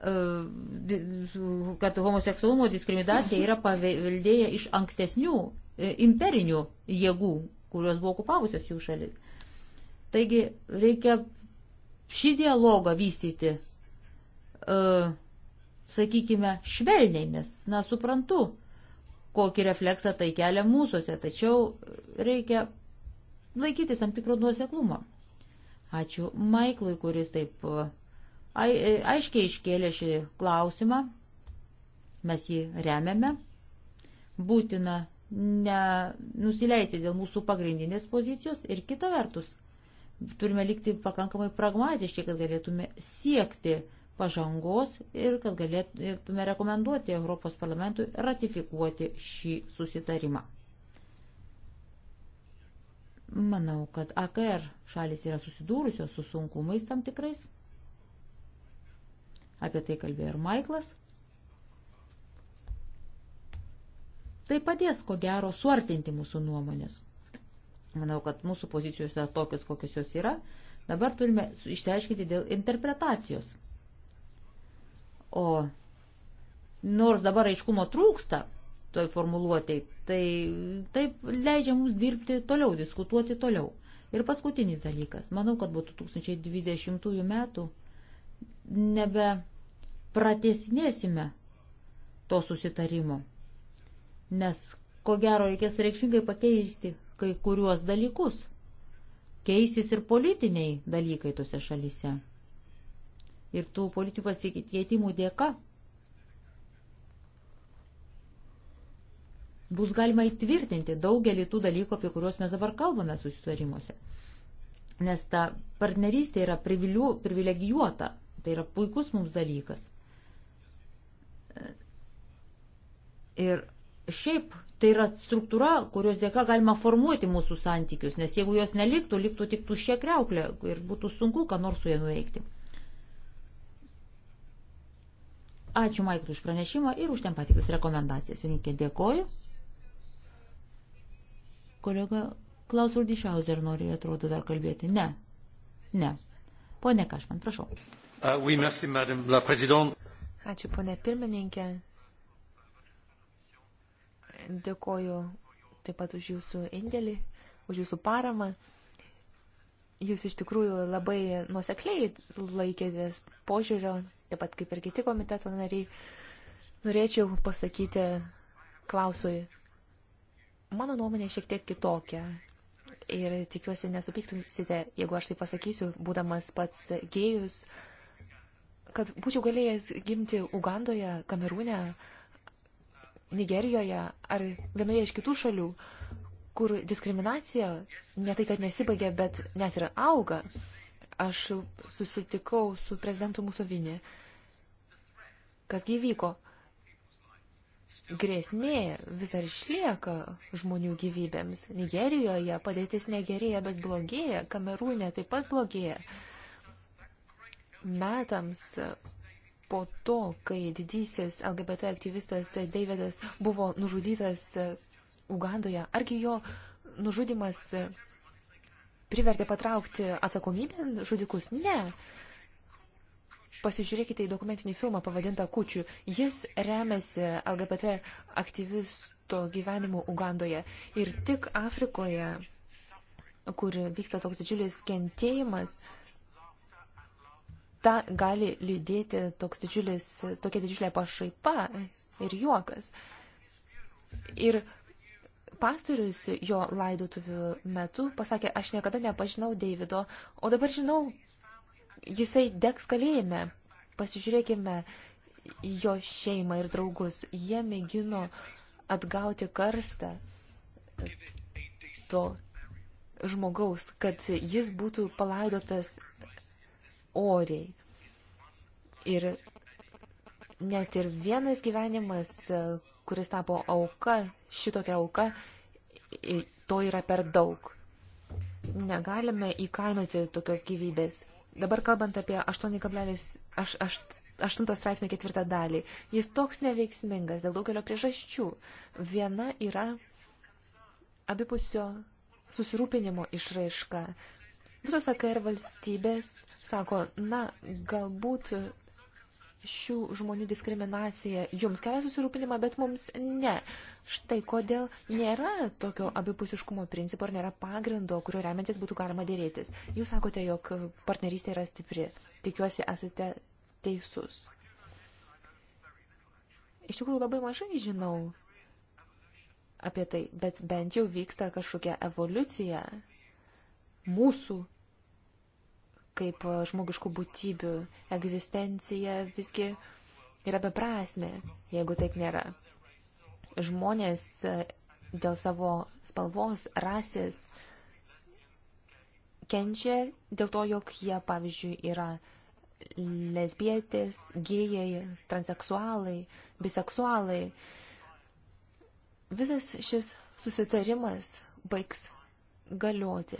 e, kad homoseksualumo diskriminacija yra paveldėję iš ankstesnių e, imperinių jėgų, kurios buvo okupavusios jų šalis. Taigi reikia šį dialogą vystyti, uh, sakykime, švelniai, nes, na, suprantu, kokį refleksą tai kelia mūsųse, tačiau reikia laikytis tam tikro nuoseklumo. Ačiū Maiklui, kuris taip e, e, aiškiai iškėlė šį klausimą. Mes jį remiame. Būtina nenusileisti dėl mūsų pagrindinės pozicijos ir kita vertus turime likti pakankamai pragmatiški, kad galėtume siekti pažangos ir kad galėtume rekomenduoti Europos parlamentui ratifikuoti šį susitarimą. Manau, kad AKR šalis yra susidūrusios su sunkumais tam tikrais. Apie tai kalbėjo ir Maiklas. Tai padės, ko gero, suartinti mūsų nuomonės. Manau, kad mūsų pozicijos yra tokios, kokios jos yra. Dabar turime išsiaiškinti dėl interpretacijos. O nors dabar aiškumo trūksta toj formuluotėj, tai taip leidžia mums dirbti toliau, diskutuoti toliau. Ir paskutinis dalykas. Manau, kad būtų 2020 metų nebe pratesinėsime to susitarimo, nes ko gero reikės reikšmingai pakeisti kai kuriuos dalykus. Keisis ir politiniai dalykai tose šalyse. Ir tų politinių pasikeitimų dėka bus galima įtvirtinti daugelį tų dalykų, apie kuriuos mes dabar kalbame susitarimuose. Nes ta partnerystė yra privilegijuota, tai yra puikus mums dalykas. Ir Šiaip tai yra struktūra, kurios dėka galima formuoti mūsų santykius, nes jeigu jos neliktų, liktų tik tuščia kreuklė ir būtų sunku, ką nors su jie nuveikti. Ačiū Maiklui už pranešimą ir už ten patiktas rekomendacijas. Vienikė dėkoju. Kolega Klaus Rudišauser nori, atrodo, dar kalbėti. Ne. Ne. Pone Kašman, prašau. Uh, oui, merci, Ačiū, ponė pirmininkė. Dėkoju taip pat už jūsų indėlį, už jūsų paramą. Jūs iš tikrųjų labai nuosekliai laikėtės požiūrio, taip pat kaip ir kiti komiteto nariai. Norėčiau pasakyti Klausui, mano nuomonė šiek tiek kitokia. Ir tikiuosi nesupyktumsite, jeigu aš tai pasakysiu, būdamas pats gėjus, kad būčiau galėjęs gimti Ugandoje, Kamerūne, uh, Nigerijoje ar vienoje iš kitų šalių, kur diskriminacija ne tai, kad nesibaigia, bet net ir auga. Aš susitikau su prezidentu Musovinė. Kas gyvyko? Grėsmė vis dar išlieka žmonių gyvybėms. Nigerijoje padėtis negerėja, bet blogėja. Kamerūne taip pat blogėja. Metams po to, kai didysis LGBT aktyvistas Davidas buvo nužudytas e, Ugandoje, argi jo nužudimas e, privertė patraukti atsakomybę žudikus? Ne. Pasižiūrėkite į dokumentinį filmą pavadintą Kučių. Jis remiasi LGBT aktyvisto gyvenimu Ugandoje. Ir tik Afrikoje, kur vyksta toks didžiulis kentėjimas, uh, ta gali lydėti toks didžiulis, tokia didžiulė pašaipa ir juokas. Ir pastorius jo laidotuvių metu pasakė, aš niekada nepažinau Deivido, o dabar žinau, jisai degs kalėjime. Pasižiūrėkime jo šeimą ir draugus. Jie mėgino atgauti karstą to žmogaus, kad jis būtų palaidotas oriai. Ir net ir vienas gyvenimas, kuris tapo auka, šitokia auka, to yra per daug. Negalime įkainuoti tokios gyvybės. Dabar kalbant apie 8,8 straipsnio ketvirtą dalį, jis toks neveiksmingas dėl daugelio priežasčių. Viena yra abipusio susirūpinimo išraiška. Visos AKR valstybės sako, na, galbūt šių žmonių diskriminacija jums kelia susirūpinimą, bet mums ne. Štai kodėl nėra tokio abipusiškumo principo ir nėra pagrindo, kurio remiantis būtų galima dėrėtis. Jūs sakote, jog partnerystė yra stipri. Tikiuosi, esate teisus. Iš tikrųjų, labai mažai žinau apie tai, bet bent jau vyksta kažkokia evoliucija mūsų kaip e, žmogiškų būtybių egzistencija visgi yra beprasmė, jeigu taip nėra. Žmonės e, dėl savo spalvos, rasės kenčia dėl to, jog jie, pavyzdžiui, yra lesbietės, gėjai, transeksualai, biseksualai. Visas šis susitarimas baigs galioti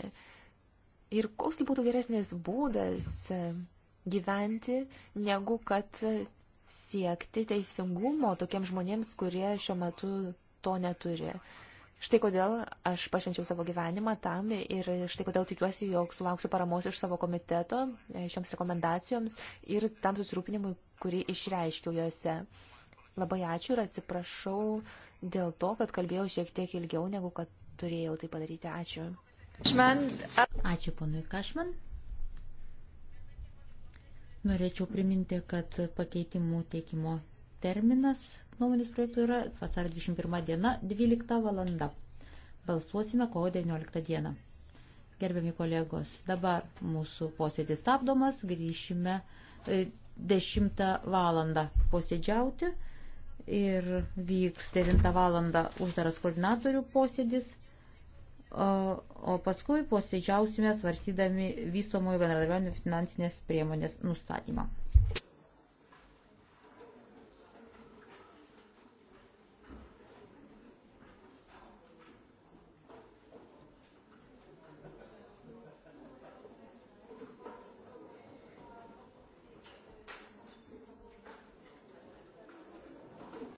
Ir koksgi būtų geresnis būdas e, gyventi, negu kad siekti teisingumo tokiems žmonėms, kurie šiuo metu to neturi. Štai kodėl aš pašvenčiau savo gyvenimą tam ir štai kodėl tikiuosi, jog sulauksiu paramos iš savo komiteto e, šioms rekomendacijoms ir tam susirūpinimui, kurį išreiškiau juose. Labai ačiū ir atsiprašau dėl to, kad kalbėjau šiek tiek ilgiau, negu kad turėjau tai padaryti. Ačiū. Ačiū ponui Kašman. Norėčiau priminti, kad pakeitimų teikimo terminas nuomonės projektų yra vasario 21 diena 12 valanda. Balsuosime kovo 19 dieną. Gerbiami kolegos, dabar mūsų posėdis stabdomas, grįšime 10 e, valandą posėdžiauti ir vyks 9 valandą uždaras koordinatorių posėdis o paskui posėdžiausime svarsydami vystomojo bendradarbiavimo finansinės priemonės nustatymą.